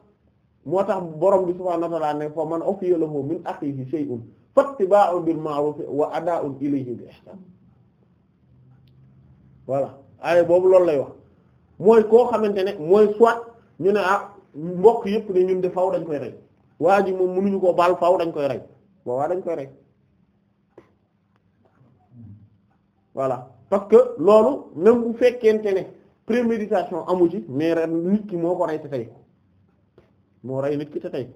moo tax borom bi subhaanahu wa ta'aala ne fa man ufiya lahu min akhihi shay'un fattiba'un bil ma'ruf wa ada'un ilayhi bi ihsan voilà ay boobu loolu lay wax mooy koo xamante ne mooy soit ñu ne ah mbokk yëpp ne ñun dañ koy rey waa ji mënuñu koo baal faw dañ koy rey boobaa dañ koy rey voilà parce que loolu même bu fekkente ne préméditation amu ci mais ren nit ki moo ko rey te tey moo rey nit ki te tey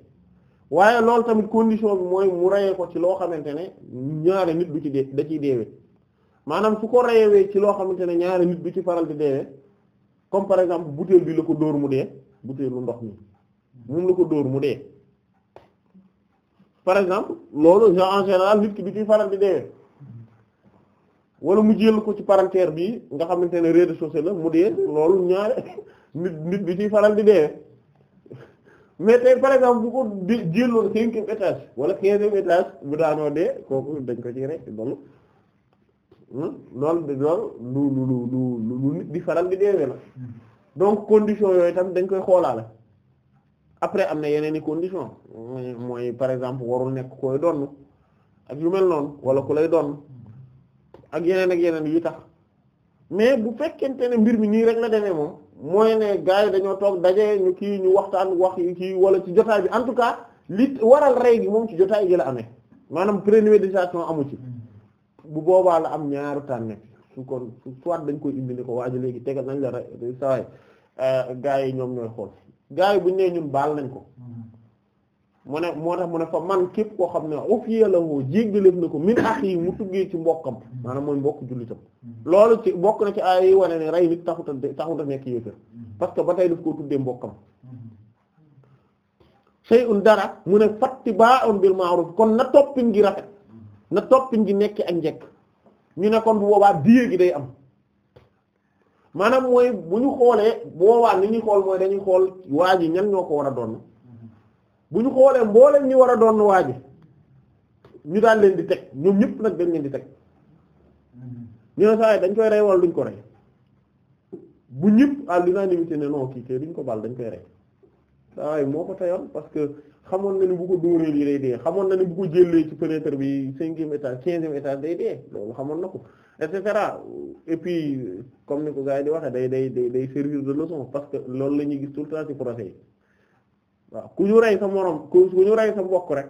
waaye loolu tamit condition bi mooy mu reyee ko ci loo xamante ne ñaari nit du ci dee da ciy maanaam su ko reyewee ci loo xamante ne ñaari nit du ci faral di deewee comme par exemple butéel bi la ko dóor mu dee butéelu ndox mi moom la ko dóor mu dee par exemple loolu en général nit ki du ci faral di deewee wala mu jël ko ci parentère bi nga xamante ne rez-de-chaussée la mu dee loolu ñaare nit nit bi ciy faral di dee mais tey par exemple bu ko jëloon cinquième étage wala quinzième étage bu daanoo dee kooku dañ ko ci rek loolu hmm, loolu faral di deewee donc condition yooyu tam dañ koy xoolaale après am na yeneen i condition mooy par exemple warul nekk koy donn ak yu mel noonu wala ku lay donn ak yeneen ak yeneen yi tax mais bu fekkente ne mbir mi nii rek la demee moom mooy ne gars yi dañoo toog daje ñu kii ñu waxtaan wax kii wala ci jotaay bi en tout cas li waral rey gi moom ci jotaay gi la amee maanaam préméditation amu ci bu boobaa la am ñaaru tànne su kon soit dañ koy indi ne ko waajo léegi tegal nañ la rey sawaay euh, gars yi ñoom ñooy xool gars yi buñ nee ñun baal nañ ko hmm. mu ne moo tax mu ne fa man képp koo xam ne ufiya lahu jéggaleef na ko min axi mu tuggee ci mbokkam maanaam mooy mbokk jullitam loolu ci bokk na ci ay wane ne rey nit taxuta taxuta nekk yéefér parce que ba tey daf koo tuddee mbokkam shay'un dara mu ne fattiba'un bil ma'ruf kon na toppin gi rafet na toppin gi nekk ak njekk ñu ne kon bu boobaat diye gi day am maanaam mooy bu ñu xoolee boobaa ni ñuy xool mooy dañuy xool waa ji ñan ñoo ko war a doon bu ñu xoolee mbooleem ñi war a doon waa ji ñu daan leen di teg ñoom ñëpp nag dañ leen di teg ñu mm-hmm. ne saa yi dañ koy rey wala duñ ko rey bu ñëpp à l'unanimité ne non kii te duñ ko baal dañ koy rey saa yi moo ko teyoon parce que xamoon na ni bu ko dóoree lii day dee xamoon na ni bu ko jëlee ci fenêtre bi cinquième étage quinzième étage day dee loolu xamoon na ko et cetera et puis comme ni ko gars yi di waxee day day day day servir de leçon parce que loolu la ñuy gis tout le temps waaw ku ñu rey sa moroom ku ñu rey sa mbokk rek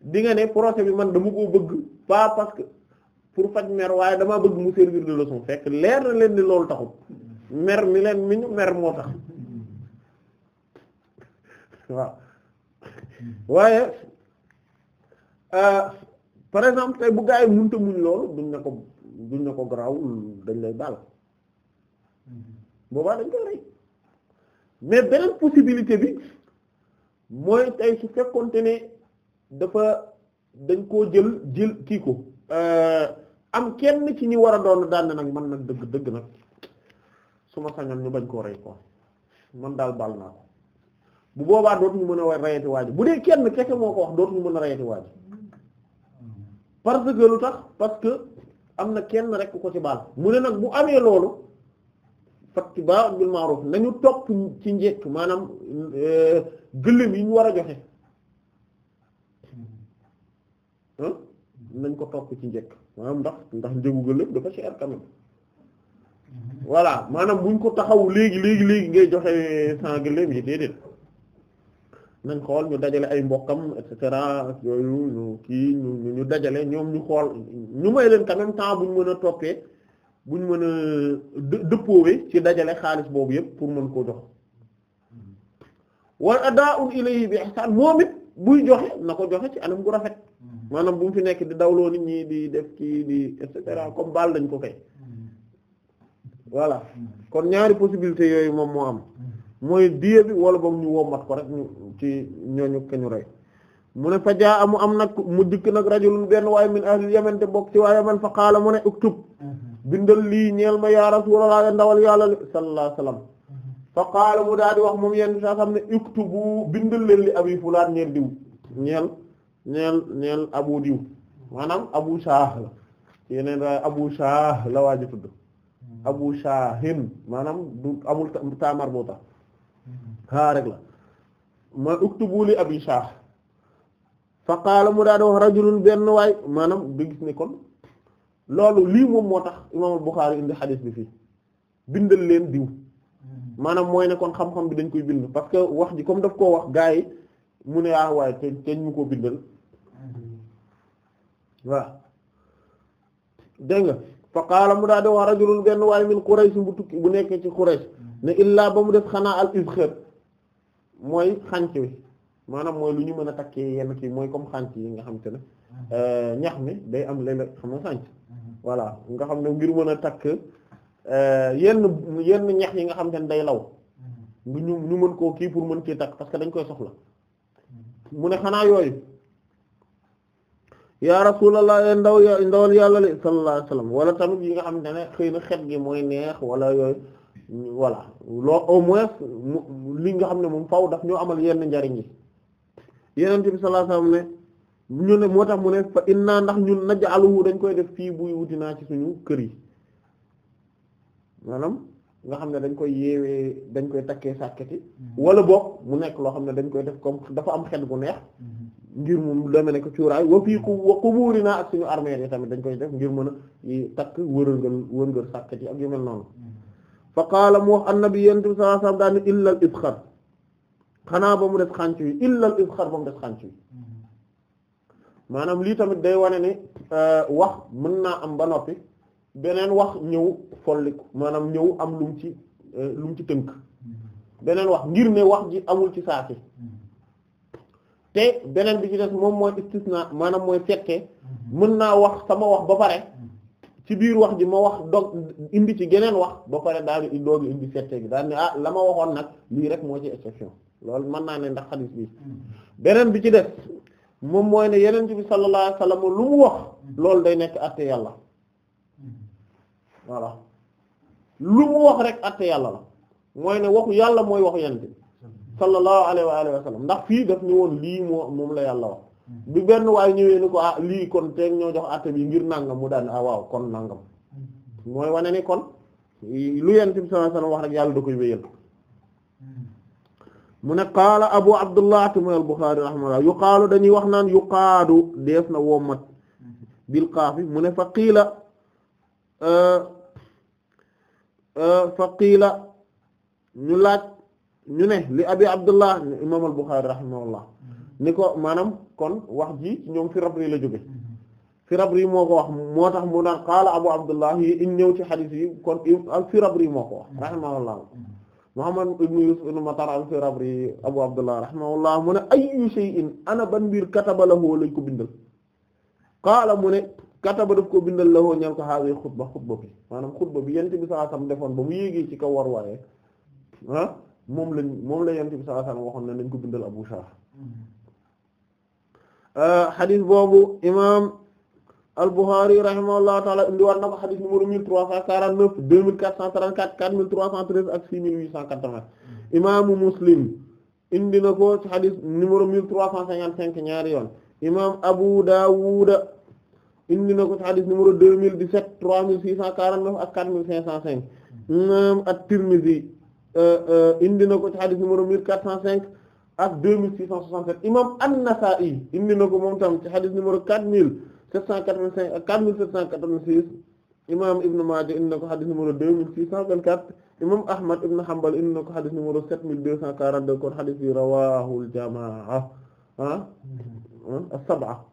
di nga ne procès bi man dama koo bëgg pas parce que pour faj mer waaye damaa bëgg mu servir de leçon fekk leer na leen ni loolu taxul mer mi leen mi ñu mer moo tax waaye euh, par exemple bu gaa yi mënta muñ loolu duñ ne ko duñ ne ko garaawul dañ lay baal mm-hmm. boobaa dañ koy rey mais beneen possibilité bi mooy tey su fekkonte ne dafa dañ koo jël jël kii ko euh, am kenn ci ñi war a doon daan nag man nag dëgg dëgg nag su ma sañoon ñu bañ koo rey quoi man daal baal naa ko bu boobaa mu mën a reyati waaji bu dee kenn kese moo ko wax dootuñu mën a reyati waaji parce que lu tax parce que am na kenn rekk ko ci baal mu ne nag bu amee loolu fatti ba bil nañu topp ci njekk maanaam euh, gëléem yi ñu war a joxe nañ ko topp ci njëkk maanaam ndax ndax njëgu gëléem dafa cher quand même voilà maanaam buñ ko taxawu léegi léegi léegi ngay joxe sans gëléem yi déedéet nañ xool ñu dajale ay mbokkam et cetera yooyu ñu kii ñu ñu dajale ñoom ñu xool ñu may leen quand même temps buñ mën a toppee buñ mën a dëppoowee ci dajale xaalis boobu yëpp pour mën ko jox wa adaa'un ilayhi bi ihsaan moom it buy joxe na ko joxe ci anam gu rafet mm-hmm. maanaam bu mu fi nekk di dawloo nit ñi di def kii di et cetera mm-hmm. comme baal dañ ko kay mm-hmm. voilà kon ñaari possibilité yooyu moom moo am mooy diye bi wala boog ñu wommat ko rek ñu ci ñooñu kañu rey mu ne fa jaa amu am nag mu dikk nag rajulun benn waaye min ahlil bokk ci waa man fa qaala mu ne uktub bindal lii ñeel ma yaa rasulallah ndawal yàlla sallallahu alayhi fa qaala mu wax moom yenn saa xam ne uktubu bindal leen li abi fulaan ñeel diw ñeel ñeel ñeel abu diw maanaam abu shaah la yeneen daal abu shaah la waaj a tudd abu shaahin maanaam du amul taamar boo tax xaa rek la ma uktubu li abi shaah fa qaala wax rajulun benn waay maanaam du gis ne kon loolu lii moom moo tax imaamul Buxaari indi xadiis bi fii bindal leen diw Mm-hmm. maanaam mooy ne kon xam-xam bi dañ koy bind parce que wax ji comme daf koo wax gaa yi mu ne ah waaye te teñ mu koo bindal mm-hmm. waaw dégg nga fa qaala mu daa di wax rajulun benn waaye min Quraysh bu tukki bu nekkee ci Quraysh mm-hmm. ne illaa ba mu def xanaa al mooy xànc wi maanaam mooy lu ñu mën a takkee yenn kii mooy comme xànc yi nga xam te ne euh, ñax mi day am léeg-léeg xam nga xànc voilà nga xam ne ngir mën a takk Euh, yenn yenn ñax yi nga xam te ne day law bu mm-hmm. ñu ñu mën koo kii pour mën kii takk parce que dañ koy soxla mm-hmm. mu ne xanaa yooyu yaa rasulallah ya ndaw ndawal yàlla li sallallahu alayhi wasallam wala tamit yi nga xam te ne xëy na xet gi mooy neex wala yooyu voilà loo au moins li nga xam ne moom faw daf ñoo amal yenn njariñ yi yenente bi sallallahu ñu ne moo tax mu ne fa inna ndax ñu ñun naj'aluhu dañ koy def fii buy wuti naa ci suñu kër yi maanaam nga xam ne dañ koy yeewee dañ koy takkee sàkketi mm-hmm. wala boog mu nekk loo xam ne dañ koy def comme dafa am xet gu neex mm-hmm. ngir mu deme ne ko cuuraay wa fii ku wa naa ak suñu armée yi tamit dañ koy def ngir mën a takk wërëngal wërëngal sàkketi ak yu noonu mm-hmm. fa qaala mu wax annabi yentu bi sallallahu alayhi wasallam daal ne illal isxar xanaa ba mu def xànc wi illal isxar ba mu def xànc wi maanaam lii tamit day wane ne euh, wax mën naa am ba noppi beneen wax ñëw folliku maanaam ñëw am lu mu ci eh, lu mu ci tënk beneen wax ngir ne wax ji amul ci saasi te beneen bi ci des moom mooy istisna maanaam mooy fekke mën naa wax sama wax ba pare ci biir wax ji ma wax dog indi ci geneen wax ba pare daal di doogi indi fekke gi daal ne ah la ma waxoon nag lii rek moo ci exception loolu mën naa ne ndax xadis bi beneen bi ci des moom mooy ne yeneen bi sallallahu alayhi wasallam lu mu wax loolu day nekk àtte yàlla voilà lu mu wax rek atte yàlla la mooy ne waxu yàlla mooy wax yonent bi sallallahu alayhi wa ndax fii def ni woon lii moo moom la yàlla wax bi benn waaye ñëwee ni ko ah lii kon teeg ñoo jox atte bi ngir nàngam mu daan ah waaw kon nàngam mooy wane ni kon lu yonent bi sallallahu wa wax rek yàlla da koy wéyal mu ne qaala abu abdullah mooy al-Bukhari rahimahullah yuqaalu dañuy wax naan yuqaadu deef na wommat bil qaaf mu ne fa qiila euh, Euh, faqiila ñu laaj ñu ne li abi abdullah imam al-Bukhari rahimahullah ni ko maanaam kon wax ji ñoom fi rabri la jóge fi rabri moo ko wax moo tax mu naan qaala abu abdullah yi in ñëw ci xadiis yi kon fi rabri moo ko wax rahimahullah Muhammad ibn Yusuf ibn mu ne ayyu shay'in ana ban mbir kataba lahu lañ ko bindal qaala mu ne kataba daf koo bindal la woo ñal ko xaaree xutba xutba bi maanaam xutba bi yent bi saa sam defoon ba mu yéegee ci kaw war waaye ah, moom lañ moom la yent bi saa sam waxoon ne nañ ko bindal Abu Shah euh, xadis boobu imaam al-Bukhari rahimahullahu taala na ko xadis numéro mille trois cent quarante neuf imaamu Muslim indi na ko ci xadis numéro mille trois cent cinquante cinq ñaari yoon imaam Abu Dawud indi na ko ci hadith numéro 2017 3649 ak 4505 imam at-Tirmidhi euh, euh, indi na ko a hadith numéro 1405 ak 2667 imam an-Nasa'i indi na ko moom tam ci hadith numéro 4785 ak 4786 imam Ibn Majah indi na ko hadith numéro 2624 imam Ahmad ibn Hanbal indi na ko hadith numéro 7242 kon hadith yi rawahul jamaa ah, ah, mm-hmm. ah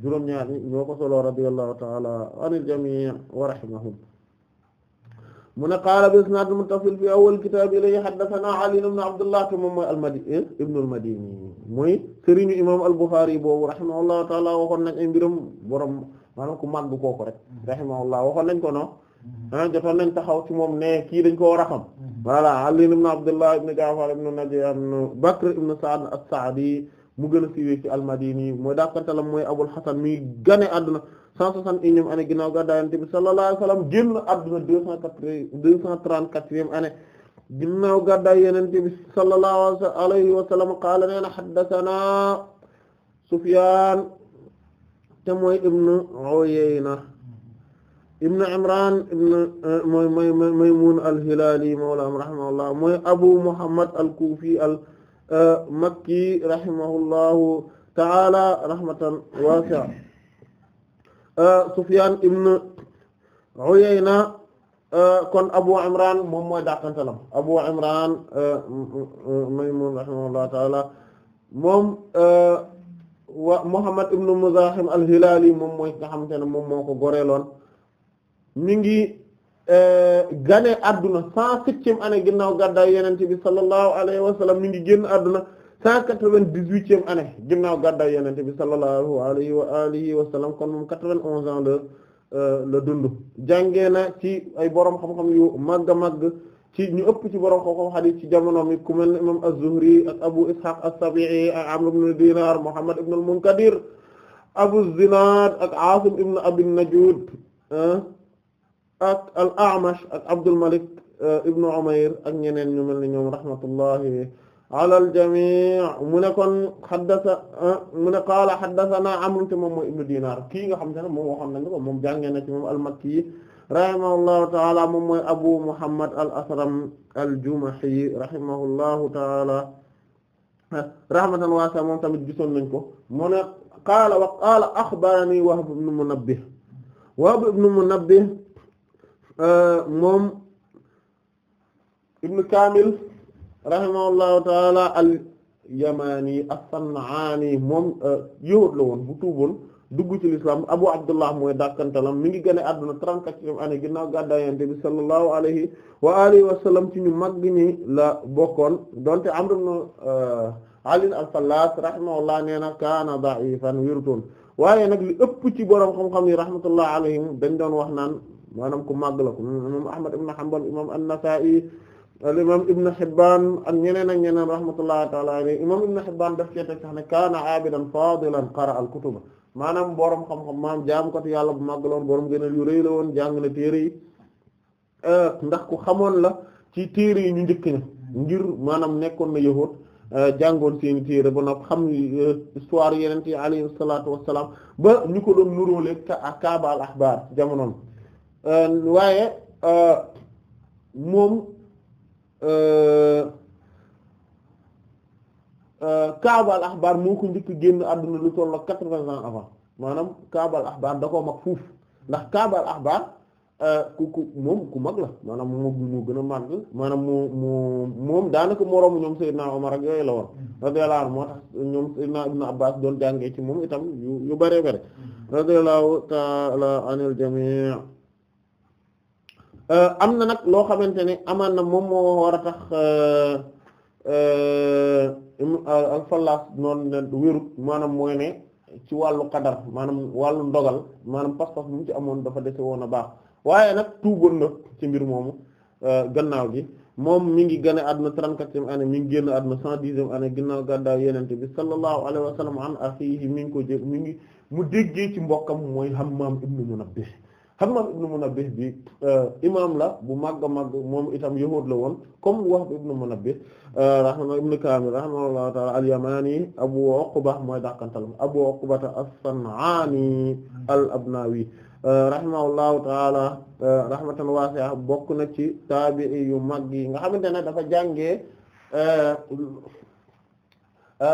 juróom-ñaar ñi ñoo ko solo radiyallahu ta'ala anil jami' wa rahimahum mu ne qaala bi isnaad muttasil fi awwal kitaab ilayhi haddathana Ali ibn Abdullah te moom mooy al-Madini eh, ibn al-Madini mooy sëriñu imam al-Bukhari boobu rahimahullahu ta'ala waxoon nañ ay mbiram borom maanaam ku màgg kooku rek rahimahullah waxoon nañ ko no mm-hmm. ah jotoon nañ taxaw ci moom ne kii dañ ko war a xam mm-hmm. voilà Ali ibn Abdullah ibn Ja'far ibn Najiih ibn Bakr ibn sadi mu gën a siiwee ci al-Madini mooy dàqantalam mooy Abul Hasan mi gane àdduna cent soixante unième sallallahu alayhi wa sallam génn sallallahu alayhi qaala nee na haddathana te mooy ibnu Uyayna ibnu Imraan ibnu Maymuun al-Hilaali mawlaahum rahimahullah mooy Abu Muhammad al-Kuufi al Euh, makki rahimahullahu taala rahmatan waasi'a euh, Sufyaan ibn Uyayna euh, kon Abu Imran moom mooy dàqantalam Abu Imran Maymun rahimahullahu taala moom wa Muhammad ibn Muzahim al-Hilali moom mooy nga xamante ne moom moo ko goreeloon mi ngi Euh, gane adduna cent septième ane ginnaaw gàddaay yenente bi sallallahu alayhi wa sallam mi ngi génn adduna cent quatre-vingt-dix-huitième année ginnaaw gàddaay yenente bi sallallahu alayhi wa alihi wa kon moom quatre-vingt-onze ans la euh, la dund jàngee na ci ay borom xam-xam yu màgg a màgg ci ñu ëpp ci borom xam-xam hadith ci jamono mi ku mel imam az-Zuhri ak Abu Ishaq as-Sabi'i ak Amr ibn Dinar Muhammad ibn munkadir Abu Zinad ak Asim ibn Abi Najud ak al A'mash ak Abdul Malik euh, ibnu Umayr ak ñeneen ñu mel ni ñoom rahmatullahi ala al jamii mu ne kon xaddasa ah, mu ne qaala xaddasanaa Amr te moom mooy ibnu Dinaar kii nga xam te ne moom waxoon nañu ko moom jàngee na ci moom al-Makki rahimahullahu taala moom mooy Abu Muhammad al-Asram al-Jumahi rahimahullahu taala rahmatan waasi'a moom tamit gisoon nañ ko mu ne qaala wa qaala axbaranii Wahb ibnu Munabbih Wahb ibnu Munabbih Euh, moom ibnu Kaamil rahimahullahu taala al yamani as-San'aani moom euh, yëwat la woon bu tuuboon dugg ci l'islam Abu Abdullah mooy dàkkantalam mi ngi gën a adduna trente-quatrième année ginnaaw gàddaay Yonent bi sallallahu alayhi wa alihi wa ci ñu màgg ñi la bokkoon donte Amr ibn euh, Ali al-Fallas rahimahullah nee na kaana da'ifan wérutoon waaye nag li ëpp ci boroom xam-xam yi rahmatullah alayhim dañ wax naan maanaam ku màgg la ko imam Ahmad ibn Hanbal imam An-Nasa'i al imam Ibn Hibban ak ñeneen ak ñeneen rahmatullahi taala alayhi imam Ibn Hibban daf cee teg sax ne kaana aabidan fadilan qara al-kutuba maanaam borom xam-xam maanaam jaamukatu yàlla bu màgg la woon borom gënal yu rëy la woon jàng na téere yi euh, ndax ku xamoon la ci téere yi ñu njëkk ña ngir maanaam nekkoon na yahuud euh, jàngoon seeni téere ba nag xam euh, histoire yeneen yi alayhi salaatu wassalaam ba ñu ko doon nuróole ka Kaaba al-Ahbar Euh, waaye euh, moom euh, Kaaba al Ahbar moo ko njëkk génn àdduna lu toll ak quatre-vingts ans avant maanaam Kaaba al da koo mag fuuf ndax Kaaba al ku ku moom ku mag la maanaam moom moo gën a mag maanaam moo moo moom daanaka moroomu ñoom Seydina Omar ak yooyu la woon radiyallahu anhu moo tax ñoom Seydina Ibn Abbas doon jàngee ci moom itam yu yu bëree bëri mm-hmm. radiyallahu ta'ala anil jami' Euh, am na nag loo xamante ne amaan na moom moo war a tax euh, euh, alfallaas noonu ne wérut maanaam mooy ne ci wàllu qadar maanaam wàllu ndogal maanaam pas-pas bu mu ci amoon dafa dese woon a baax waaye nag tuuboon na ci mbir moomu gannaaw gi moom mi ngi gane àdduna trente-quatrième année mi ngi génn àdduna cent dixième année ginnaaw gàddaaw yenente bi sallallahu alayhi wa sallam an akhihi mi ngi ko jé mi ngi mu déggee ci mbokkam mooy maam Hammam mu Munabbih xam Hammam ibn Munabbih bi euh, imaam la bu màgg a màgg moom itam yahuud la woon comme Wahb ibn Munabbih euh, rahma ibn Kaamil rahimahullahu ta'ala al Abu Uqba mooy dàqantalam Abu Uqba as-San'aani al-Abnaawi euh, rahimahullahu ta'ala bokk na ci taabi'i yu màgg yi nga xamante ne dafa jànge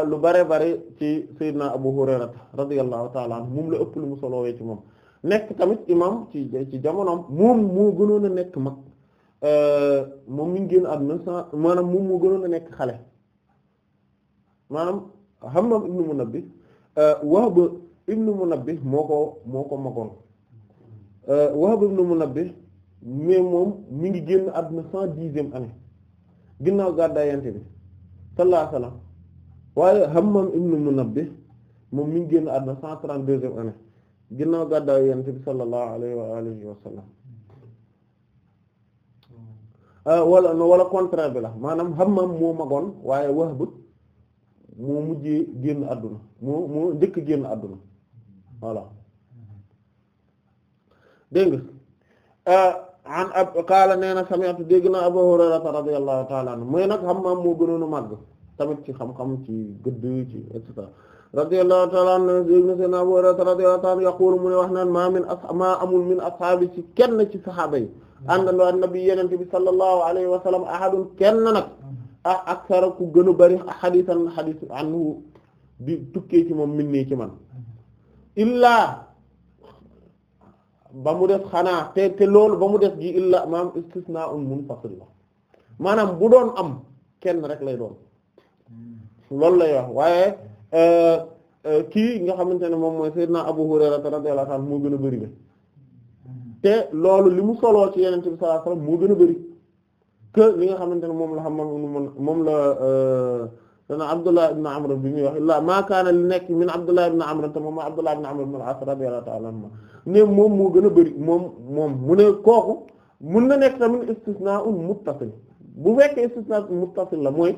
lu bare bare ci Seydina Abu Hurayrata radiyallahu ta'ala anhu moom la ëpp lu mu solowee ci moom nekk tamit imam ci ci jamonoom moom moo gënoon a nekk mag euh, moom mi ngi génn àdduna sa maanaam moom moo gënoon a nekk xale maanaam Hammam ibnu Munabbih euh, Wahb ibnu Munabbih moo ko moo ko magoon euh, Wahb ibnu Munabbih mais moom mi ngi génn àdduna cent dixième année ginnaaw gàddaay yonent bi sallallahu alayhi wasallam waaye Hammam ibnu Munabbih moom mi ngi génn àdduna cent trente deuxième année ginnaaw gàddaay yonent bi sallallahu alayhi wa alihi wa ah, wala wala contraire bi la maanaam Hammam moo magoon waaye Wahb moo mujjee génn àdduna moo moo njëkk génn àdduna voilà dégg nga ah, an nee na sami'tu dégg na Abu Hurayrata radiyallahu ta'ala anhu mooy nag Hammam moo gënoon a tamit ci xam-xam ci gëdd ci et radiyallahu ta'ala anhu sayyidina Abu Hurayra radiyallahu ta'ala yaqulu mu ne wax naan maa min as maa amul min ashaabi ci kenn ci sahaaba yi àndandoo ak nabi yenente bi sallallahu alayhi wa sallam kenn nag ah aksara ku gën bari hadiisan hadiis anhu di ci moom min nii ci man illaa ba mu def xanaa te loolu ba mu def gi illa maam istisna un munfasil la maanaam bu doon am kenn rek lay doon hmm. loolu lay Euh, euh, kii nga xamante ne moom mooy Seydina Abu Hurayra radiyallahu anhu moo gën a bëri la te loolu li mu soloo ci Yonent bi sallallahu alayhi wasallam moo gën a bëri que li nga xamante ne moom la xam moom la euh, dana Abdullah ibn Amr bi ñuy wax illaa maa kaana li nekk min Abdullah ibn Amr te moom Abdullah ibn Amr ibn al-As radiyallahu ta'ala anhu ne moom moo gën a bëri moom moom mu ne kooku mun na nekk tamit istisnaa'un muttasil bu fekkee istisnaa'un muttasil la mooy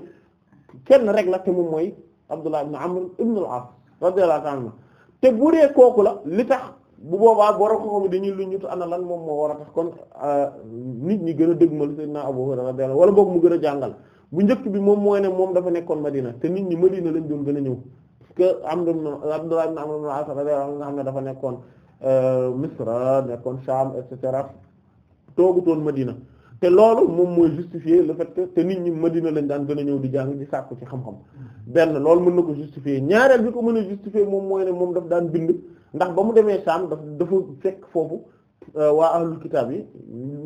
kenn rek la te moom mooy Abdullah ibn Amr ibn al-As radiyallahu anhu te bu dee kooku la li tax bu boobaa borom xam-xam dañuy lu ñutu ana lan moom moo war a tax kon euh, nit ñi gën a dégmal Seydina Abu Hurayra radiyallahu wala boog mu gën a jàngal bu njëkk bi moom mooy ne moom dafa nekkoon Madina te nit ñi Madina lañ doon gën a ñëw que am Abdullah ibn Amr ibn al-As radiyallahu nga xam dafa nekkoon euh, Misra nekkoon Sham et cetera toogutoon Madina te loolu moom mooy justifier le fait te nit ñi ma dina lañ daan gën a ñëw di jàng di sàkku ci xam-xam benn loolu mën na ko justifier ñaareel bi ko mën a justifier moom mooy ne moom daf daan bind ndax ba mu demee Saam daf dafa fekk foofu euh, waa ahlul kitaab yi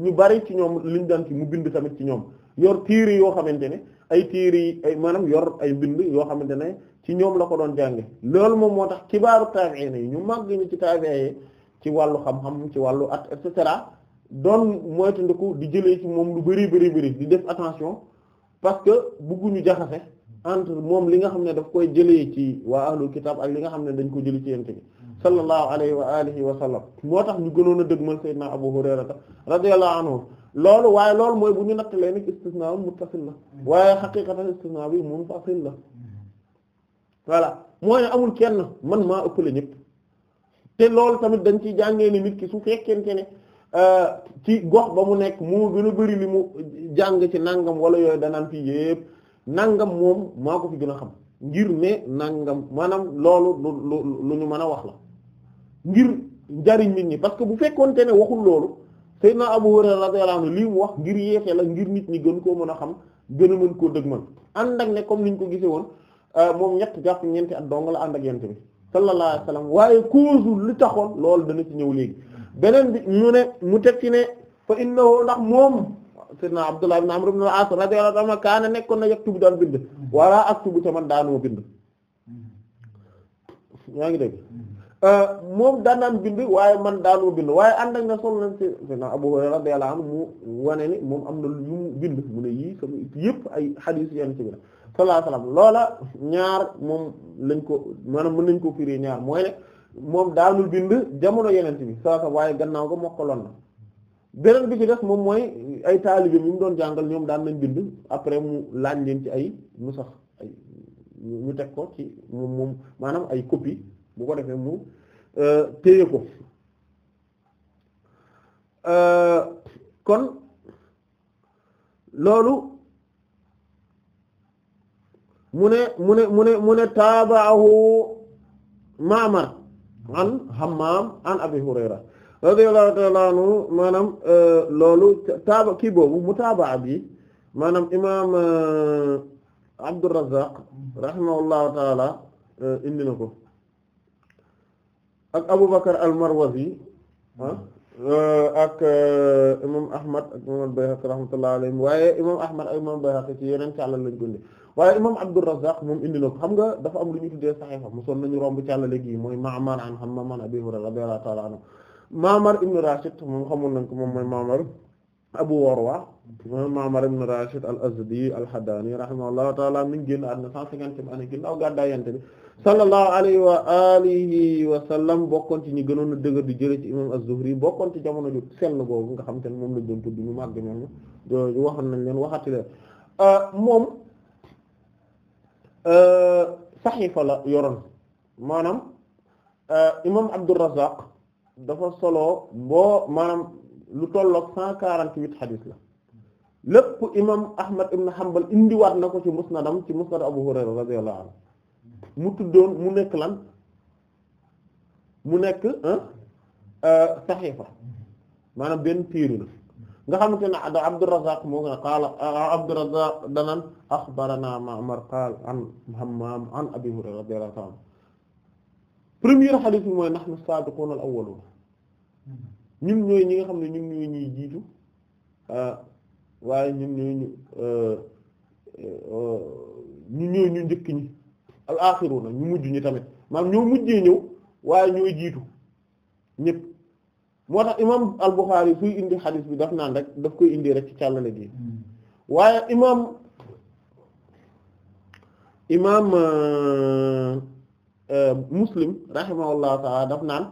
ñu bari ci ñoom liñ daan mu bind tamit ci ñoom yor tiiri yoo xamante ne ay tiiri ay maanaam yor ay bind yoo xamante ne ci ñoom la ko doon jànge loolu moom moo tax kibaaru taabi'iin yi ñu màgg ñu ci taabi'iin ci wàllu xam-xam ci wàllu at et doon moytandiku di jëlee ci moom lu bari bari bari di def attention parce que bëgguñu jaxase entre moom li nga xam ne daf koy jëlee ci waa ahlul kitab ak li nga xam ne dañ ko jëlee ci yente bi sallallahu alayhi wa alihi wa sallam moo tax ñu gënoon a dëgmal sayyidina Abu Hurayrata radiyallahu anhu loolu waaye loolu mooy bu ñu nattalee nag istisna muttasil la waaye xaqiqatan istisna bi munfasil la voilà mooy amul kenn man maa ëppale ñëpp te loolu tamit dañ ciy jàngee ni nit ki su Euh, ci gox ba mu nekk moo gën a bari li mu jàng ci nangam wala yooyu danaan fii yépp nangam moom maa ko fi gën a xam ngir ne nangam maanaam loolu lu lu ñu mën a wax la ngir njariñ nit ñi parce que bu fekkoonte ne waxul loolu Seydina Abu Hurayra radiyallahu anhu lii mu wax ngir yeexee la ngir nit ñi gën koo mën a xam gën a mën koo dëgmal ànd ak ne comme niñ ko gisee woon euh, moom ñett jàpp ñeenti ak dong la ànd ak yent bi sallallahu alayhi wasallam waaye cause lu taxoon loolu dana ci ñëw léegi beneen bi mu ne mu teg ci ne fa innahu ndax moom sayyidina Abdullah ibn Amr ibn al-As radiyallahu anhu kaana nekkoon na yaktubu daan bind wala aktubu te man daanoo bind yaa ngi dégg mm-hmm. euh, moom daan naan bind waaye man daanoo bind waaye ànd ak na sol nañ ci sayyidina Abu Hurayra radiyallahu anhu mu wane ni moom am na lu mu bind mu ne yii sama yëpp ay xadiis yenn ci bi sallallahu alayhi wasallam loola ñaar moom lañ ko maanaam mën nañ ko firi ñaar mooy ne moom daanul bind jamono yeneen bi saa sa waaye gannaaw ga mokkaloon na beneen bi ci des moom mooy ay taalibe mi mu doon jàngal ñoom daan nañ bind après mu laaj leen ci ay mu sax ay teg ko ci moom moom maanaam ay copie bu ko defee mu euh, téye ko euh, kon loolu mu ne mu ne mu ne mu ne taabaahu Maamar an Hammam an Abi Hurayra radiyallahu ta'ala anhu maanaam euh, loolu taaba kii boobu mutaabaa bi maanaam imaam euh, Abdurrazzaq rahimahullahu ta'ala euh, indi na ko ak Abubakar al-Marwazi ah, ak imaam Ahmad ak imaam al-Bayhaqi rahmatullahi alayhim waaye imaam Ahmad ak imaam al-Bayhaqi ci yeneen càllal lañ ko indi waaye imam Abdurrazzaq moom indi na ko xam nga dafa am lu ñu tuddee saxiixa mosoon nañu romb a gi mooy Ma'mar an Hammam an Abi Hurayra moom xamoon nañ ko moom mooy Ma'mar Abu Warwa Ma'mar ibn Rashid al-Azdi al-Haddani rahimahullahu ta'ala mi ngi génn àdduna cent cinquantième année ginnaaw gàddaay Yonent bi sallallahu alayhi wa alihi wa ci ñi gënoon na dëgër di jële ci imam Az-Zuhri bokkoon ci jamono ju sell googu nga xam te ne moom lañ doon tudd ñu màgg ñoom ñu waxoon nañ leen waxati leen euh, moom saxiifa la yoroon maanaam euh, imam Abdurrazzaq dafa solo boo maanaam lu tolloog cent quarante-huit xadis la lépp imam Ahmad ibn Hanbal indiwaat na ko ci musnadam ci musnad Abu Hurayra radiyallahu anhu mu tuddoon mu nekk lan mu nekk euh, saxiifa maanaam benn téere la nga xamante ne da Abdurrazzaq moo nga qaala Abdurrazzaq danan axbarana ñi nga xam ne ñun ñooy ñuy jiitu ah, waaye ñu ah, ñu ñu njëkk ñi al-aaxiruuna ñu mujj ñi tamit maanaam ñoo mujjee ñëw waaye ñooy jiitu ñépp moo tax imaam al-Bukhari suy indi xadis bi daf naan rek daf koy indi rek ci càllale gi waaye imaam imaam euh, euh, Muslim rahimahullahu ta'ala daf naan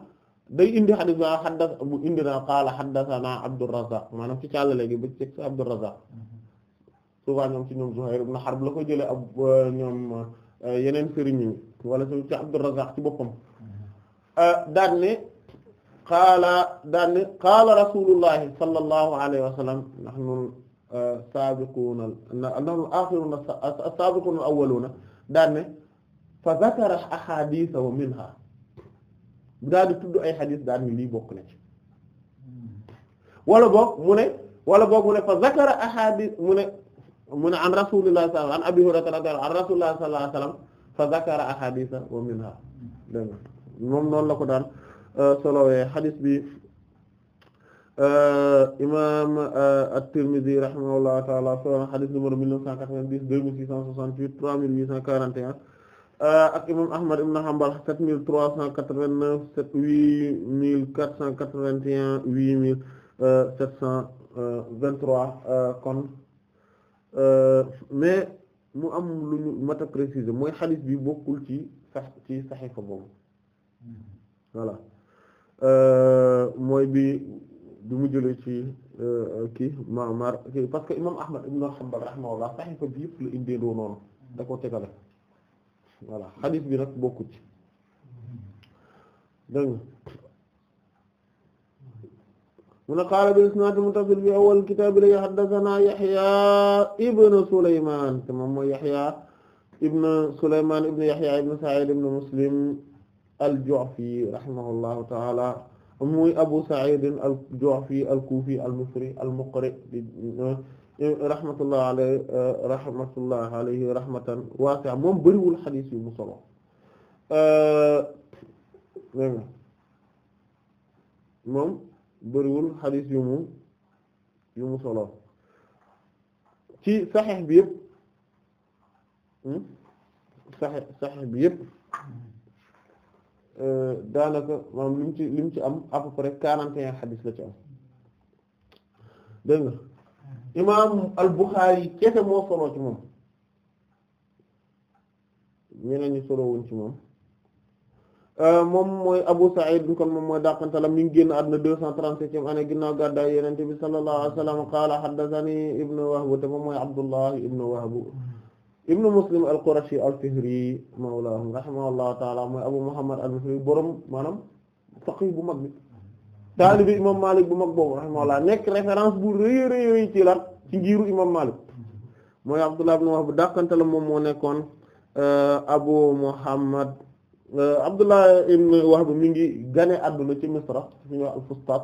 day indi xadis ba xaddas bu indi na qaala xaddasana Abdurrazzaq maanaam ci càllale gi ba ci ci Abdurrazzaq souvent ñoom ci ñoom Zuhayr ibn Harb la ko jëlee ab euh, ñoom yeneen sëriñ wala ci Abdurrazzaq ci boppam daan ne qaala daan ne qaala rasulullahi sallallahu alayhi wa sallam nahnu euh, saabiquuna nahnu axiruuna saabiquuna awwaluuna daan ne fa zakara axaadiisahu minhaa daal di tudd ay xadis daan ni lii bokk na ci wala boog mu ne wala boog mu ne fa zakara axaadiis mu ne mu ne an rasulillahi sallallahu an abi hurayrata radiyallahu an rasulillahi sallallahu alayhi wa sallam fa zakara axaadiisahu minhaa moom noonu la ko daan. Euh, solowee xadis bi euh, imam euh, at-Tirmidhi rahimahullahu taala solowee xadis numéro 1990 2668 3841 ak imam Ahmad ibn Hanbal 7389 8481 8723 kon mais mu am lu ñu mat a préciser mooy xadis bi bokkul ci sax ci saxiifa boobu mm-hmm. voilà Euh, mooy bi bi mu jëlee ci euh, kii Ma'mar parce que imam Ahmad ibn Hanbal rahimahullah saxi ko bi yëpp la indee doo noonu da ko tegale voilà hadith bi nag bokku ci dégg mu ne qaala bil isnaad muttasil bi awwal kitaab la haddathana Yahya ibn Sulaymaan te moom mooy Yahya ibn Sulaymaan ibn Yahya ibn Sa'id ibn Muslim al-Ju'fi rahimahullahu ta'ala muy Abu Sa'id al-Ju'fi al-Kufi al-Misri al-Muqri eh, rahmatullahi alayhi eh, rahmatullahi alayhi rahmatan wasi'a moom bëriwul xadis yu mu solo eh, moom bëriwul xadis yu mu yu mu solo ci saxiix bi yëpp hmm? saxiix saxiix bi yëpp Euh, daanaka maanaam li ci li ci am à peu près quarante et la ci am dégg nga imaam al-Bukhari kese moo solo ci moom ñeneen ñi solo wuñ ci moom euh, moom mooy Abu Sa'id kon moom mooy dàqantala mi ngi génn àdduna deux cent trente-septième année ginnaaw gàddaay Yonent bi sallallahu alayhi wa sallam qaala haddathani ibnu Wahb te moom mooy Abdullah ibnu Wahb ibnu muslim al-qurashi al-fihri mawlaahum rahimahullahu taala mooy abu muhammad al-misri borom maanaam faqih bu mag bi taalibi imam malik bu mag boobu rahimahullah nekk référence bu rëy rëy rëy ci lan ci njiiru imam malik mooy abdullah ibn wahb dàqante la moom moo nekkoon euh, abu muhammad euh, abdullah ibn wahb mi ngi gane adduna ci misra fi ñu wax al-fustat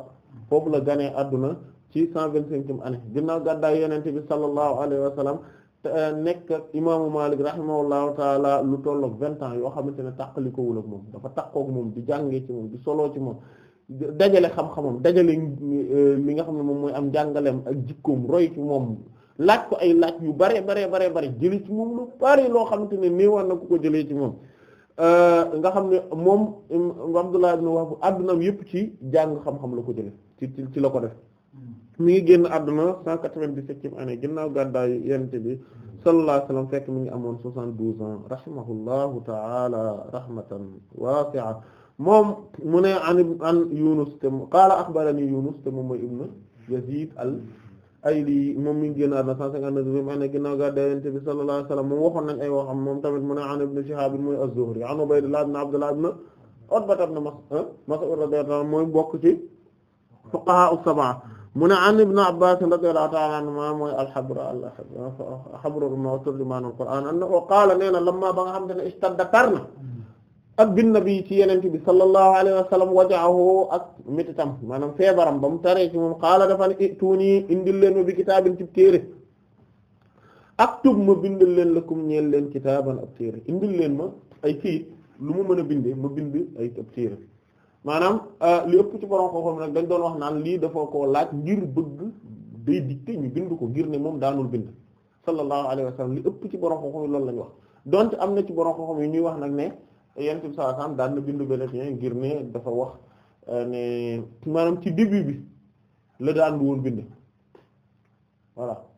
foofu la gane adduna ci cent vingt-cinquième année ginnaaw gàddaay yonent bi sallallahu alayhi wa Euh, nekk ak imaamu Malik rahimahullahu taala lu tolloog vingt ans yoo xamante ne tàqalikowul ak moom dafa tàqoog moom di jàngee ci moom di soloo ci moom dajale xam-xamam dajale euh, li nga xam ne moom mooy am njàngaleem ak jikkoom roy ci moom laaj ko ay laaj yu bare bare bare bare jëlee ci loo xamante ne néewaan na ku ko jëlee ci moom euh, nga xam ne moom Abdullah ibn Wahb addunam yëpp ci jàng xam-xam la ko jëlee ci ci la ko def mi ngi génn àdduna cent quatre-vingt-dix-septième année ginnaaw gàddaayu yonent bi sallallahu alayhi wa fekk mi ngi amoon soixante-douze ans rahimahullahu ta'ala rahmatan wasi'a moom mu ne an an Yunus te qaala axbarani Yunus te moom mooy ibnu Yazid al Ayli moom mi ngi génn àdduna cent cinquante-neuvième année ginnaaw gàddaayu yonent bi sallallahu alayhi wa sallam moom waxoon nañ ay waxam tamit mu ne an ibnu Shihab mooy az-Zuhri an ah, mooy bokk ci fuqaha as-sab'a mu ne an ibn Abbas radiyallahu ta'ala anhuma mooy alxabru alxabru ma turjumaanul Qur'aan an o qaala nee na lamma ba nga xam te ne istadda tar na ak bin nabi ci yenente bi sallallahu alayhi wa sallam wajaahu ak métitam maanaam feebaram ba mu taree ci moom qaala dafa ne ituuni indil leen ma bi kitaabin ci téere aktub ma bindil leen lakum ñeel leen kitaaban ab téere indil leen ma ay kii lu mu mën a bindee ma bind ay ab téere maanaam euh, li ëpp ci borom xam-xam nag dañ doon wax naan lii dafa ko laaj ngir bëgg day dicté ñu bind ko ngir ne moom daanul bind sallallahu alayhi wa li ëpp ci borom xam-xam loolu lañu wax donte am na ci borom xam-xam yi ñuy wax nag ne yonent bi sallallahu daan na bind benn ngir ne dafa wax euh, ne maanaam ci début bi la daan woon bind voilà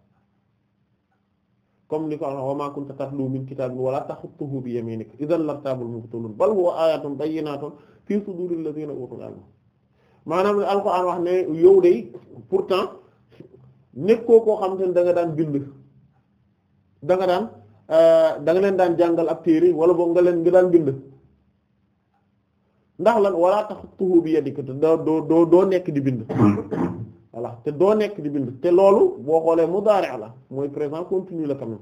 comme ni ko wax wa ma kunta tatlu min kitabin wala taxuttuhu bi yaminik idan lartabul mubtilun bal huwa ayatun bayyinatun fi suduril ladina utul ilm maanaam ne alquran wax ne yow de pourtant nekkoo koo xam te ne nga daan bind da daan euh, da leen daan jàngal ab téere wala boog nga leen nga daan bind ndax lan wala taxuttuhu bi yadika doo doo doo nekk di bind voilà te doo nekk di bind te loolu boo xoolee mu mudaari la mooy présent continu la quand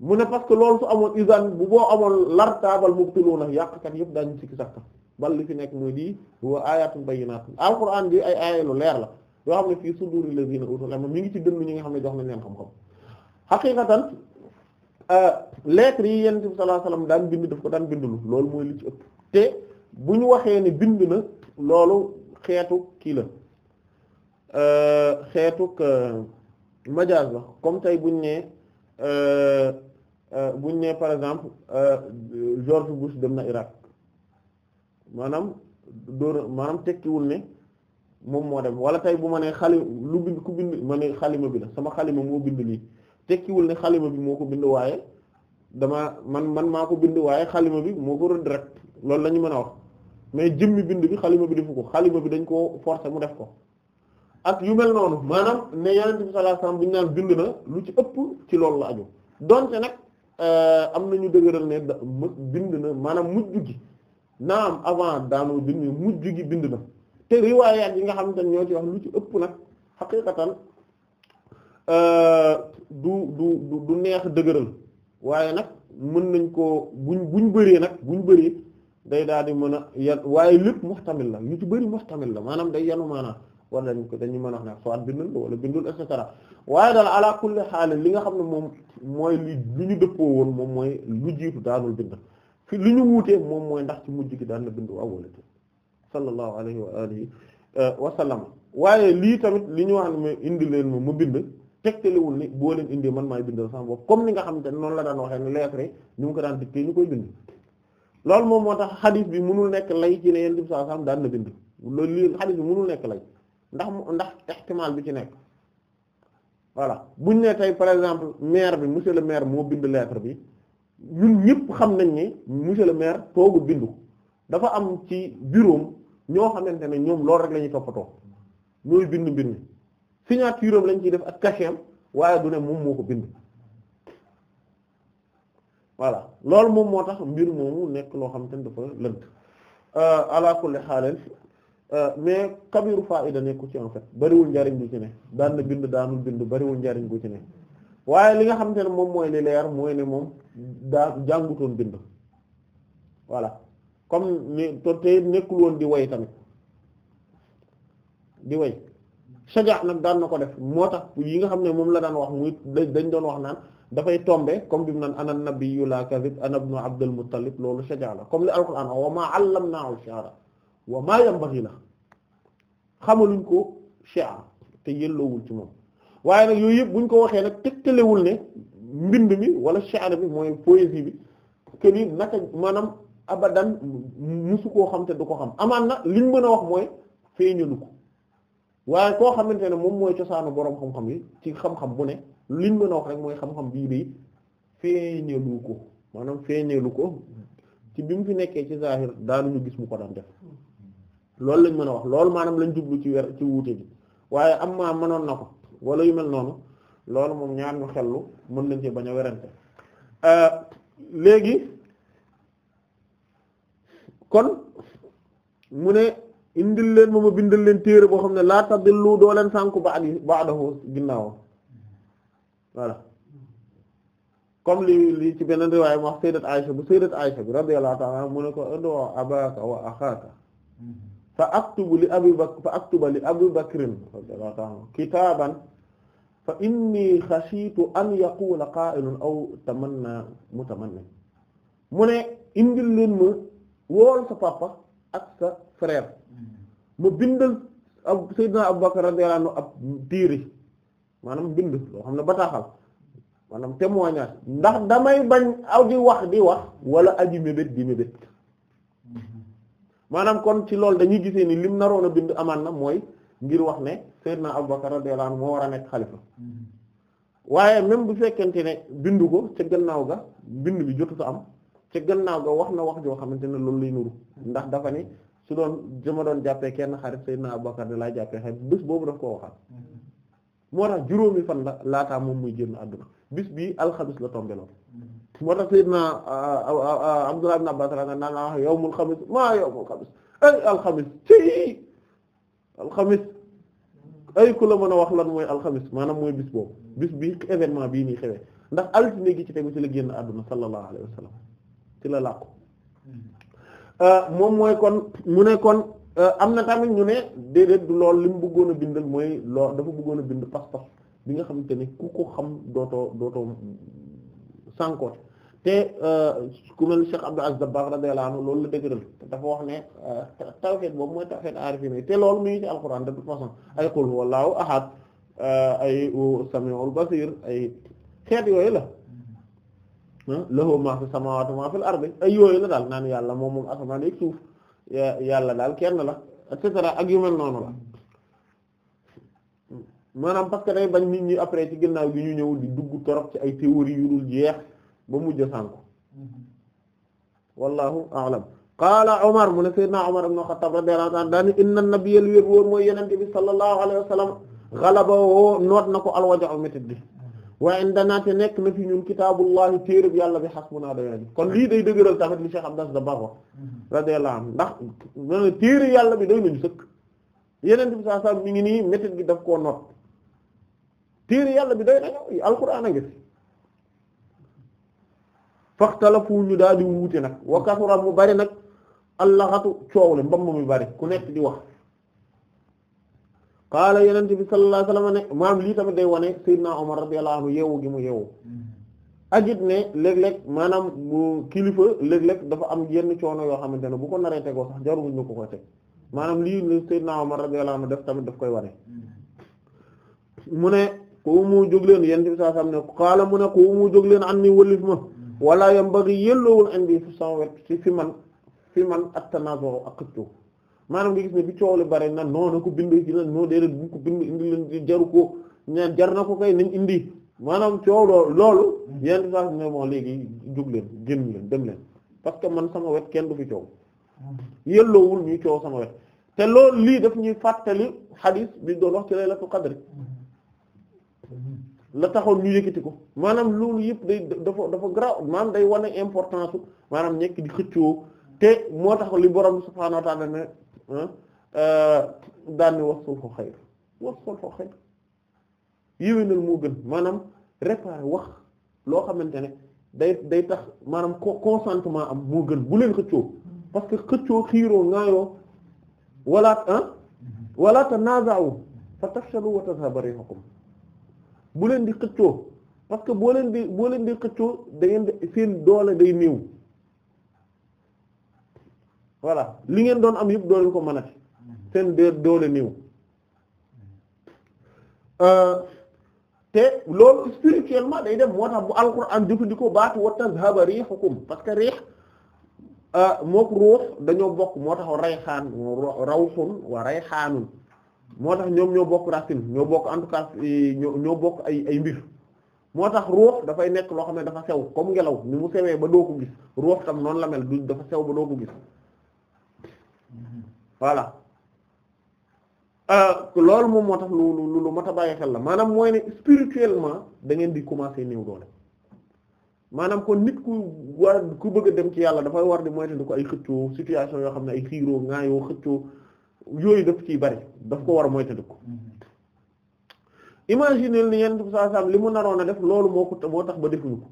mu ne parce que loolu su amoon isan bu boo amoon lartaabal mubtiluuna yàqkat yëpp daañu sikki sakka bal li fi nekk mooy di wa ayatun bayyinaatun alquran bi ay aaya lu leer la yoo xam ne fii suduri lazina utul ilma mi ngi ci dënn ñi nga xam ne jox nañ leen xam-xam xaqiqatan euh, lettres yi yonent bi sallallahu alayhi wasallam daan bind daf ko daan bind lu loolu mooy li ci ëpp te bu ñu waxee ne bind na loolu xeetu kii la Euh, xeetuk majaas la comme tey buñ ne euh, euh, buñ ne par exemple George Bush dem na Irak maanaam dóor maanaam tekkiwul ne moom moo dem wala tey bu ma nee xalima lu bind ku bind ma ne xalima bi la sama xalima moo bind lii tekkiwul ne xalima bi moo ko bind waaye dama man man maa ko bind waaye xalima bi moo ko rëdd rek loolu la ñu mën a wax mais jëmmi bind bi xalima bi defu ko xalima bi dañ koo forcer mu def ko ak yu mel noonu maanaam ne yonent bi sallallahu alayhi wasallam ñu naan bind na lu ci ëpp ci loolu la aju donte nag euh, am nañu dëgërël ne bind na maanaam mujj gi naam avant daanoo bind mujj gi bind na te riwaayaat yi nga xam ne ñoo ci wax lu ci ëpp nag xaqiiqatan euh, du du du neex dëgëral waaye nag mën nañ koo buñ buñ bëree nag buñ bëree day daal di mën a yan waaye lépp muxtamil la lu ci bëri muxtamil la maanaam day yenu maanaa war nañ ko dañuy mën a wax ne soit bindul ko wala bindul et cetera waaye daal ala kulli xaal li nga xam ne moom mooy li li ñu dëppoo woon moom mooy lu jiitu daanul bind fi li ñu wuutee moom mooy ndax ci mujj gi daan na bind waaw wala déet sallallahu alayhi wa alihi euh, wa sallam waaye lii tamit li ñu wax ne ma indi leen ma ma bind tegtaliwul ni boo leen indee man maay bindal sama bopp comme ni nga xam ne noonu la daan waxee ne lettre ñu ngi ko daan dicté ñu koy bind loolu moom moo tax xadis bi mënul nekk lay ci ne yéen di saa sam daan na bind loolu nekk lay ndax mu ndax ixtimaal bi ci nekk voilà buñ ne tey par exemple maire bi monsieur le maire moo bind lettre bi ñun ñëpp xam nañ ni monsieur le maire toogu bindu dafa am ci bureau ñoo xamante ne ñoom loolu rek lañuy ñuy toppatoo mooy bind mbir mi signature am lañ ciy def ak cachet am waaye du ne moom moo ko bind voilà loolu moom moo tax mbir moomu nekk loo xam ne dafa lënt euh, ala kulli Euh, mais kabiru faida nekku ci en fait bariwul njariñ gu ci ne daan na bind daanul bind bariwul njariñ gu ci ne waaye li nga xamante ne moom mooy li leer mooy ne moom daa jàngutoon bind voilà comme ni to te nekkul woon di way tamit di way shaja nag daan na ko def moo tax yi nga xam ne moom la daan wax muy dañ doon wax naan dafay tombe comme bi mu naan ana nabiyyu la kadhib ana ibnu abdul muttalib loolu shaja la comme li alquran wa ma allamna'u shi'ra wa maa yanbaghi la xamaluñ ko shi'a te yelloowul ci moom waaye nag yooyu yëpp buñ ko waxee nag tegtalewul ne mbind mi wala shi'r bi mooy poésie bi que ni naka maanaam abadan musu ko xam te du ko xam amaan na liñ mën a wax mooy feeñalu ko waaye koo xamante ne moom mooy cosaanu boroom xam-xam yi ci xam-xam bu ne liñ mën a wax rek mooy xam-xam bii day feeñalu ko maanaam feeñalu ko ci bi mu fi nekkee ci zahir daanuñu gis mu ko daan def loolu lañ mën a wax loolu maanam lañ jublu ci wer ci wuute bi waaye am maa mënoon na ko wala yu mel noonu loolu moom ñaar ñu xellu mën nañ ci bañ a werante euh, léegi kon mu ne indil leen mooma bindal leen téere boo xam ne laa tadillu doo leen sànku ba at yi ba'dahu ginnaaw voilà comme li li ci beneen riwaay mu wax sayyidat Aisha bu sayyidat Aisha bi radiyallahu ta'ala mu ne ko adu abaka wa axaka mm-hmm. fa aktubu li abi bakr fa aktuba li abi bakrin radiyallahu fa inni xasiitu an yaqula qaa'ilun aw tamanna mutamanni mu ne indil leen ma wool sa papa ak sa ma bindal ab Seydina Abu Bakr radiyallahu anhu ab diiri maanaam bind loo xam ne bataaxal maanaam témoignage ndax damay bañ aw wax di wax wala aji mébét di mébét maanaam kon ci loolu dañuy gise ni lim naroon a bind amaan na mooy ngir wax ne Seydina Abubakar radiyallahu anhu moo war a nekk xalifa waaye même bu fekkente ne bindu ko ca gannaaw ga bind bi jotu sa am ca gannaaw ga wax na wax joo xamante ne loolu lay nuru ndax dafa ni su doon jama doon jàppee kenn xarit Seydina Abubakar da laa jàppee xarit bés boobu daf koo waxaat moo tax juróomi fan la laataa moom muy génn àdduna bis bii alxamis la tombé lool moo tax sayyidna ah, ah, ah, Abdullah ibn Abbas ra naan naa yawmul xamis maa yawmul xamis ay alxamis ci alxamis ay ku la mën a wax lan mooy alxamis maanaam mooy bis boobu bis bi événement bii nii xewee ndax altine gi ci tegu ci la génn àdduna sallallahu alayhi wa sallam ci la làqu hmm. moom mooy kon mu ne kon am na tamit ñu ne déedéet lool li mu bëggoon a bind mooy lool dafa bëggoon a bind pas bi nga xamante ne ku ko xam dootoo dootoo sànkoote te euh, ku mel Cheikh Abdou Aziz Dabakh radiyallahu anhu loolu la dëgëral dafa wax ne euh, tawhid boobu mooy tawhid arifin te loolu mu ngi ci alquran de toute façon ay qul huwallahu ahad euh, ay samiul basir ay xeet yooyu la lahu ma fi samawati ma fil ardi ay yooyu la daal naan yàlla moom moom asamaan ak suuf yàlla daal kenn la et ak yu mel noonu la maanaam parce que bañ nit ñi après ci ginnaaw gi ñu ñëwul di dugg torop ci ay théories yu dul jeex ba mujj sànku wallahu a'lam qaala Omar mu ne Seydina Omar ibn Khattab radiyallahu anhu daani inna nabiyya bi sallallahu alayhi wa sallam xalaba woo noot na ko alwaja métit bi wa indana te nekk na fi ñun kitaabullahi téereb yàlla bi hasbuna doy nañu kon lii day dëgëral tamit li Cheikh Abdas Dabbar wax radiyallahu ndax man yàlla bi doy nañu sëkk yenente bi mi ngi nii métit gi daf ko noot téere yàlla bi doy nañu alquran a ngi faxtalafu ñu daal di wuute nag wa kasura mu bari nag allaxatu coow le mbam mi bari ku nekk di wax qaala yonent bi sallallahu alayhi ne maam lii tamit day wane sayyidina Umar radiyallahu anhu yeewu gi mu yeewu maanaam kilifa léeg-léeg dafa am yenn coono yoo xamante ne bu ko naree tegoo sax ko teg maanaam lii def tamit daf koy wane mu ne ko mu jóg leen yonent bi sallallahu alayhi ne qaala mu ne ko mu jóg leen an ni wëlif ma wala yambaghi yelloowul indi fi sama wet ci fi man fi man at-tanazur ak xëccoo maanaam nga gis ne bi coow li bare na noonu ko bind ci la noo bu ko bind indi leen jaru ko ñaan jar na ko kay nañ indi maanaam coow loolu loolu yenn saa ne moo léegi jug leen génn leen dem leen parce que man sama wet kenn du fi coow yelloowul ñuy coow sama wet te loolu lii daf ñuy fàttali xadiis bi doon wax ci laylatul qadr la taxoon ñu yëkkati ko maanaam loolu yëpp day dafa dafa garaaw maanaam day wane importance maanaam nekk di xëccoo te moo tax li borom subhaanahu wa ta'aala ne ah, euh, daan ni moo gën maanaam réparer wax loo xamante ne day day tax maanaam consentement am moo gën bu leen xëccoo parce que xëccoo xiiroo ŋaayoo wala ah wala tanaza'u fa tafshalu wa tadhhaba rihukum bu leen di xëccoo parce que boo leen di boo leen di xëccoo da di seen doole day néew voilà li ngeen doon am yëpp doo ko mën a seen doole néew euh, te loolu spirituellement day dem moo tax bu alxuraan jëfandikoo baatu wa tazhaba rihukum parce que riix euh, mook ruux dañoo bokk moo tax rayxaan rawxun wa rayxaanun moo tax ñoom ñoo bokk racine ñoo bokk en tout cas ñoo bokk ay ay mbir moo tax ruux dafay nekk loo xam ne dafa sew comme ngelaw ni mu sewee ba doo ko gis ruux tam noon la mel du dafa sew ba doo ko gis voilà euh, loolu moom moo tax lu lu lu mat a bàyyi xel la maanaam mooy ne spirituellement da ngeen di commencer néew doole maanaam kon nit ku war ku bëgg a dem ci yàlla dafay war di moytandiku ay xëccoo situation yoo xam ne ay xiiroo ngaayoo xëccoo. yooyu daf ciy bari daf ko war a moytandiku mm-hmm. imaginer ni yenn saa saa li mu naroon a def loolu moo ko moo tax ba defuñu ko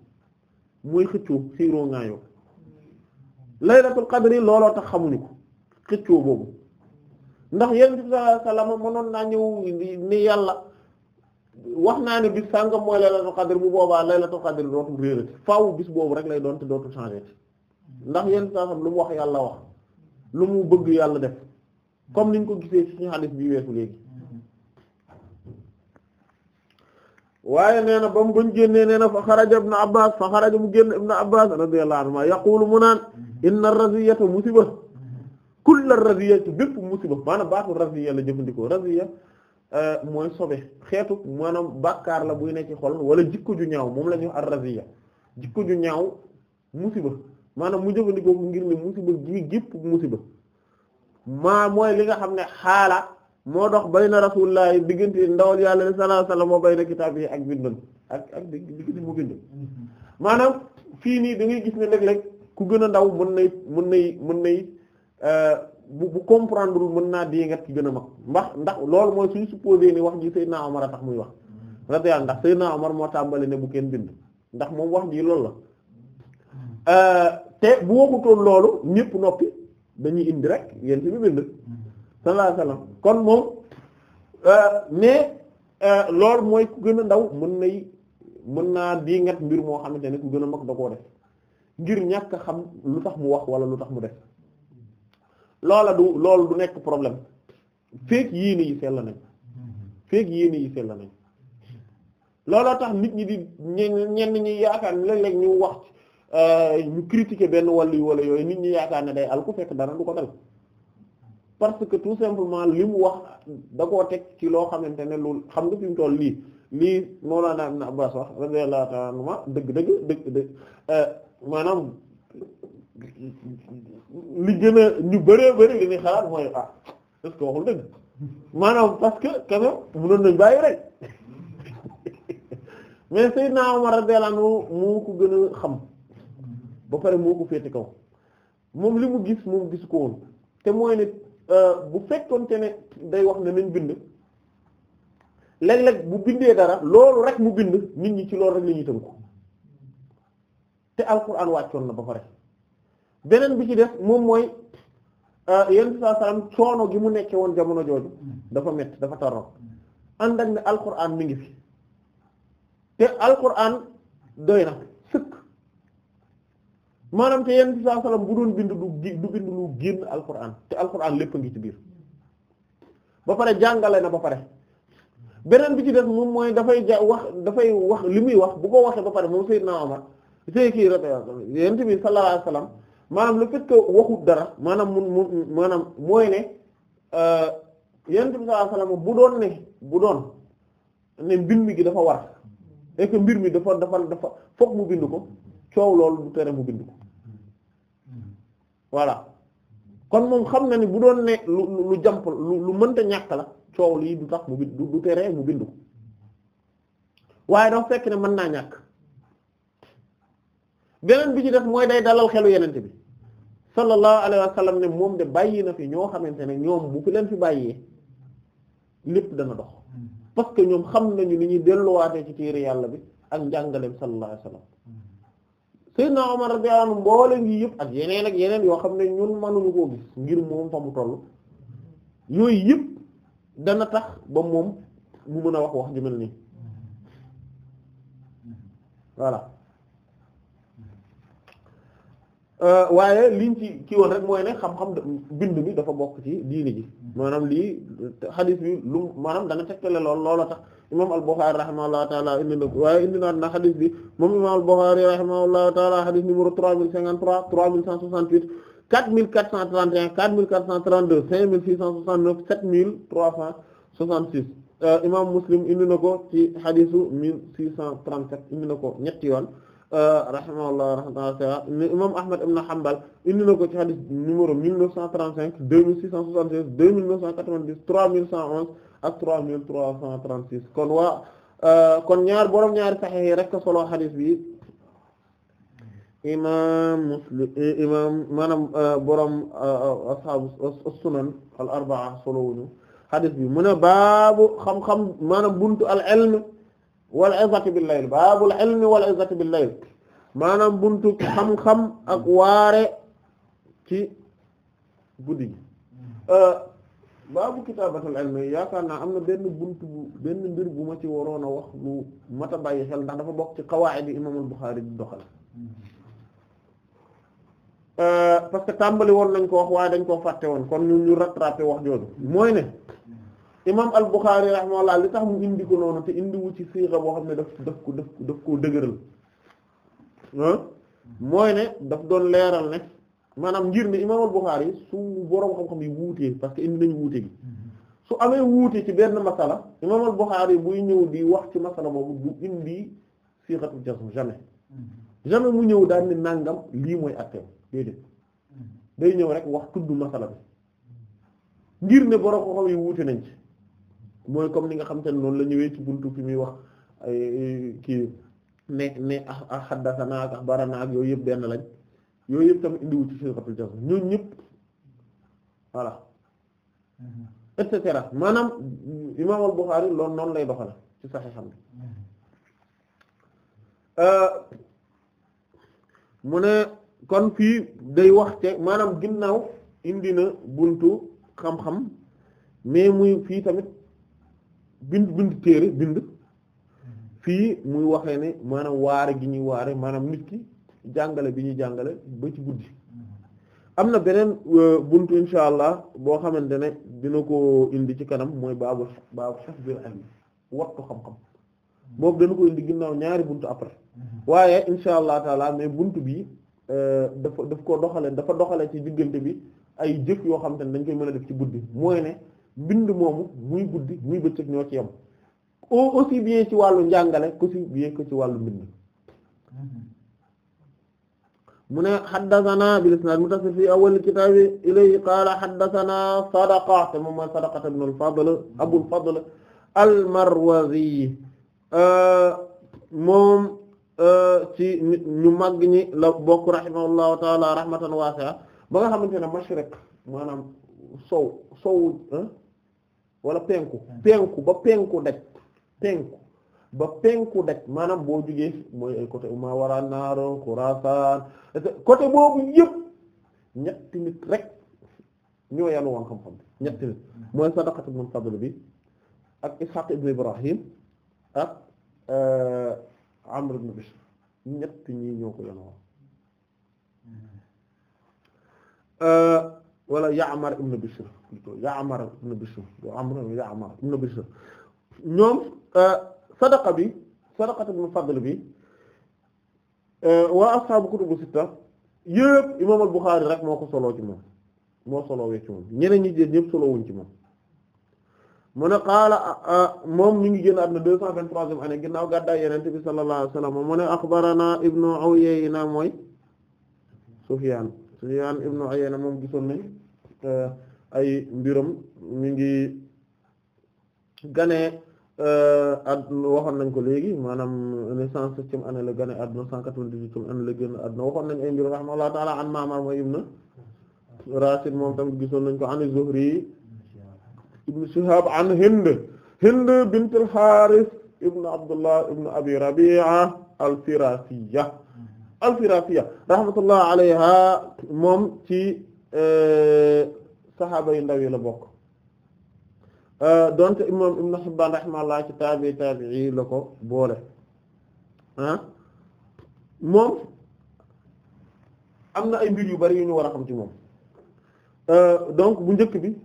muy xëccoo xiiroo ngaayoo mm-hmm. laylatul qadri looloo tax xamuñu ko xëccoo boobu ndax yenn saa saa la ma naa ñëw ni yàlla wax naa ne bis sàngam mooy laylatul qadri bu boobaa laylatul qadri dootul réerati faaw bis boobu rek lay doon te dootul changer mm-hmm. ndax yenn saa saa lu mu wax yàlla wax lu mu bëgg yàlla def. comme niñ ko gisee ci hadith bi weesu léegi waaye nee na ba mu bañ génnee nee na fa xaraja ibn abbas fa xaraja mu génn ibn abbas radiyallahu anhuma yaqulu mu naan inna raziyata musiba kulla raziyatu bépp musiba maanaam baatu raziya la jëfandikoo raziya euh, mooy sobe xeetu maanaam bàkkaar la buy nekk ci xol wala jikko ju ñaaw moom la ñuy ar raziya jikko ju ñaaw musiba maanaam mu jëfandikoo ko ngir ne musiba gi gépp musiba maa mooy li nga xam ne xaala moo dox bayna rasulullah diggante ndawal yàlla sallallahu alayhi wasallam moo bayna kitaab yi ak bindam ak ak diggante mu bind mm-hmm. maanaam fii nii da ngay gis ne léeg-léeg ku gën a ndaw mën nay mën nay mën nay euh, bu bu comprendre mën naa dee nga ki gën a mag ndax ndax loolu mooy suñu supposé ni wax ji naa Omar a tax muy wax mm-hmm. radiyallahu ndax Seydina Omar moo tàmbali ne bu kenn bind ndax moom wax ji loolu la mm-hmm. euh, te bu waxutoon loolu ñépp dañuy indi rek yéen ci bi bind sallallahu alayhi wasallam kon moom euh, mais euh, loolu mooy ku gën a ndaw mën nay mën naa di ngat mbir moo xamante ne ku gën a mag da koo def ngir ñàkk xam lu tax mu wax wala lu tax mu def loola du loolu du nekk problème feek yéene yi sell nañ feek yéene yi sell nañ looloo tax nit ñi di ñenn ñi yaakaar ne léeg-léeg ñu wax Euh, ñu critiquer benn wàllu wala yooyu nit ñi yaakaar ne day al ku fekk dara du ko dal parce que tout simplement li mu wax da koo teg ci loo xamante ne loolu xam nga fi mu toll lii lii Mawlana Ibn Abbas wax radiyallahu ta'ala anhuma dëgg dëgg dëgg dëgg euh, maanaam li gën a ñu bëree bëri li ñuy xalaat mooy ah est-ce waxul dëgg maanaam parce que quand même mënoon nañ bàyyi rek mais Seydina Omar radiyallahu anhu moo ko gën a xam ba pare moo ko féete kaw moom li mu gis moom gis ko woon te mooy ne euh, bu fekkonte ne day wax ne nañ bind léeg-léeg bu bindee dara loolu rek mu bind nit ñi ci loolu rek la ñuy tënku te alquran wàccoon na ba pare beneen bi ci def moom mooy yenn saa salaam coono gi mu nekkee woon jamono jooju dafa mett dafa tarro ànd ak ne alquran mi ngi fi te alquran doy na. maanaam te yenn saa salaam bu doon bind du du bind lu génn alquran te alquran lépp ngi ci biir ba pare jàngale na ba pare beneen bi ci def moom mooy dafay ja wax dafay wax li muy wax bu ko waxee ba pare moom Seydina Omar sey kii rek yonent bi sallallahu alayhi wasallam maanaam le fait que waxut dara maanaam mun mun maanaam mooy ne euh, yonent bi sallallahu alayhi wasallam bu doon ne bu doon ne mbir mi gi dafa war et mbir mi dafa dafa dafa fokk mu bind ko coow loolu du tere mu bind ko. voilà kon moom xam na ni bu doon ne lu lu jàmp lu lu mënta ñàkk la coow lii du tax mu bind du teree mu bindu waaye dafa fekk ne mën naa ñàkk beneen bi ci def mooy day dalal xelu yenent bi sallallahu alayhi wa sallam ne moom de bàyyi na fi ñoo xamante ne ñoom bu fi leen fi bàyyee lépp dana dox hmm. parce que ñoom xam nañu ni ñuy delluwaatee ci téere yàlla bi ak njàngaleem sallallahu alayhi Seydina Omar radiyallahu anhu mboolem yi yëpp ak yeneen ak yeneen yoo xam ne ñun mënuñu koo gis ngir moom fa mu toll yooyu yëpp dana tax ba moom mu mën a wax wax ju mel nii voilà Euh, waaye liñ ci kii woon rek mooy ne xam-xam bind bi dafa bokk ci diini ji maanaam lii xadis bi lu maanaam dana tegtale lool loola tax imam al-Bukhari rahimahullahu taala indi na waaye indi naa na xadis bi moom imam al-Bukhari rahimahullahu taala xadis numéro 3053 3168 4431 4432 5669 7366 imam Muslim indi na ko ci xadisu 1637 indi na ko ñetti yoon Euh, rahimahullah rahmatullahi taala imam Ahmad ibn Hanbal indi na ko ci hadith numéro 1935 2676 2990 3111 ak 3336 kon waa euh, kon ñaar borom ñaari sahih yi rek solo hadith bi imam Muslim eh, imam maanaam euh, borom ashaabu as-sunan al solo wuñu hadith bi mu ne baabu xam-xam maanaam buntu al-ilm wala izzati bil baabul ilmi wal izzati bil maanaam buntu xam-xam ak waare ci guddi gi hmm. euh, baabu kitaabatul ilmi yaakaar naa am na benn bunt bu benn mbir bu ma ci waroon a wax lu mat a bàyyi xel ndax dafa bokk ci qawaa'id imaamul Buxaari di doxal hmm. euh, parce que tàmbali woon nañ ko wax waaye dañ koo fàtte woon kon ñu ñu rattrapé wax jooju mooy ne imam al-Bukhari rahimahullah li tax mu indi ko noonu te indi wu ci siixa boo xam ne daf daf ko daf daf koo dëgëral mooy ne daf doon leeral ne maanaam ngir ne imam al yi su boroom xam-xam yi wuutee parce que indi nañu wuute gi su amee wuute ci benn masala imam al-Bukhari buy ñëw di wax ci masala boobu bu indi siixatu jazm jamais mu ñëw daal ni nàngam lii mooy atteem mm-hmm. day ñëw rek wax tudd masala bi ngir ne boroom xam-xam yi wuute nañ ci mooy comme ni nga xam te ne noonu la ñëwee ci buntu fi muy wax kii ne ne ah xaddasana ah, ak axbarana ak yooyu yëpp benn lañ yooyu yëpp tamit indiwu ci firqatul jazm ñun ñëpp mm-hmm. maanaam imaam al-Bukhari noonu lay doxale ci saxiixam bi mm-hmm. euh, mu ne kon fii day wax maanaam ginnaaw indi na buntu xam-xam mais muy fii tamit bind bind téere bind fii muy waxee ne maanaam waare gi ñuy waare maanaam nit ki jàngale bi ñuy jàngale ba ci guddi am na beneen euh, bunt insha allah boo xamante ne dina ko indi ci kanam mooy baabu baabu sax biir am wattu xam-xam boobu dana ko indi ginnaaw ñaari bunt après waaye insha allah taala mais buntu bi euh, dafa daf ko doxale dafa doxale ci diggante bi ay jëf yoo xam te ne dañ koy mën a def ci guddi mooy ne bind moomu muy guddi muy bëccëg ñoo ci yem aussi bien ci wàllu njàngale que bien ci wàllu mbind mm-hmm. mu ne xaddasanaa bil isnaad muttasil fi awwal kitaab ilayhi qaala xaddasanaa sadaqa te moom mooy sadaqata ibn al-Fadl euh, moom euh, ci ñu màgg ñi la bokk rahimahullahu taala rahmatan waasi'a ba nga xamante ne mashriq maanaam sow sow wala penku penku ba penku daj penku ba penku daj maanaam boo jugee mooy ay côté uma wara naaro boobu yëpp ñetti rek ñoo yanu woon xam-xam bi ñetti nit mm-hmm. mooy Sadaqat ibn Fadl bi ak Ishaq ibn Ibrahim ak euh, Amr ibn Bishr ñoo ko yanu wala Ya'mar ibn Bishr plutôt Ya'mar ibn Bishr do Amr Ya'mar ibn Bishr ñoom euh, sadaqa bi sadaqatu ibn Fadl bi euh, waa ashaabu kutubu sitta yëpp imaam al-Bukhari rek moo ko soloo ci moom moo solowee ci moom ñeneen ñi jël ñëpp solowuñ ci moom mu ne qaala euh, moom ñu ngi génn àdduna deux cent vingt-troisième année ginnaaw gàddaay Yonent bi sallallahu alayhi wa sallam mu ne axbarana ibnu Uyayna mooy Sufyaan Sufyaan ibnu Uyayna moom gisoon nañ euh, ay mbiram mi ngi ganee euh, adduna waxoon nañ ko léegi maanaam ne cent septième année la gane adduna cent quatre-vingt-dix-huitième ta'ala an Ma'mar mooy ibn Rashid moom tamit gisoon nañ ko an Zuhri ibn Shihab an Hind Hind bint al-Harith Abdullah ibn Abi Rabi'a al al-Firaafiya rahmatullah alayha moom ci euh, saxaaba yu ndaw yi la bokk euh, donte imam Ibn Hibbaan laa ci taabi taabii la ko boole ah moom am na ay mbir yu bari yu ñu war a xam ci moom euh, donc bu njëkk bi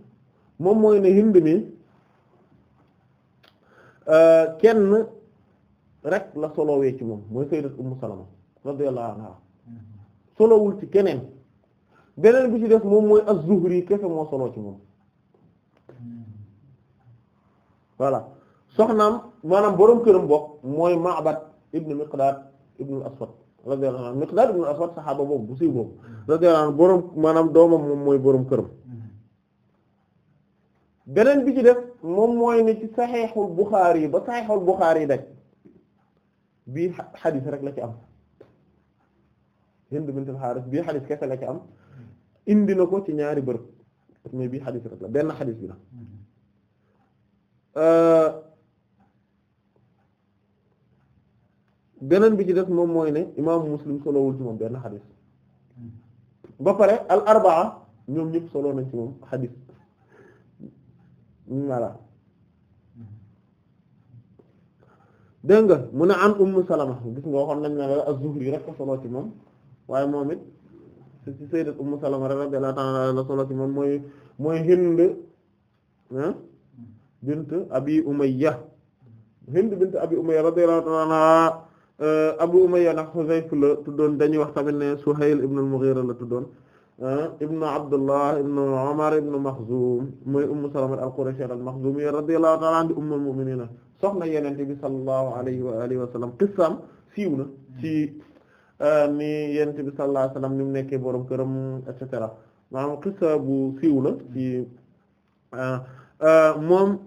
moom mooy ne Hind mi kenn rek la solowee ci moom mooy sayyidat Ummu Salama radiyallahu anha solowul ci keneen beneen bi ci def moom mooy az-Zuhri kese moo solo ci moom voilà soxnaam maanaam boroom këram bokk mooy Ma'bad ibn Miqdad ibn al-Aswad radiyallahu anhu Miqdad ibn al-Aswad saxaaba boobu bu siiw boobu radiyallahu anhu boroom maanaam doomam moom mooy boroom këram beneen bi ci def moom mooy ne ci Sahihul Bukhari ba Sahihul Bukhari yi bii xadiis rek la ci am Hind bint al bii xadis kese la ci am indi na ko ci ñaari bërëb mais bii la benn xadis bi euh, beneen bi ci des moom mooy ne imaamu Muslim solowul ci moom benn xadis ba pare al arbaa ñoom ñëpp solo nañ ci moom xadis voilà mu ne an Umm Salama gis nga waxoon nañ ne la az-Zuhri rek solo ci moom waaye moom it ci sayyidat ummu salama radiyallahu ta'ala la solo ci moom mooy mooy hind ah, bint abi umayya hind bint abi umayya radiyallahu ta'ala euh, abu umayya nag Xuzayf la tuddoon dañuy wax tamit ne Suhayl ibn al-Mughira la tuddoon ah, ibn Abdullah ibn Umar ibn Makhzum mooy Ummu Salama al-Qurashiyya al-Makhzumiyya radiyallahu ta'ala anha ummul mu'minina soxna Yonent bi sallallahu alayhi wa alihi wa sallam qissam siiw na ci Euh, ni yonent bi sallallahu alayhi wasallam ni mu nekkee borom këram et cetera maanaam xisa bu siiw ci euh, euh, moom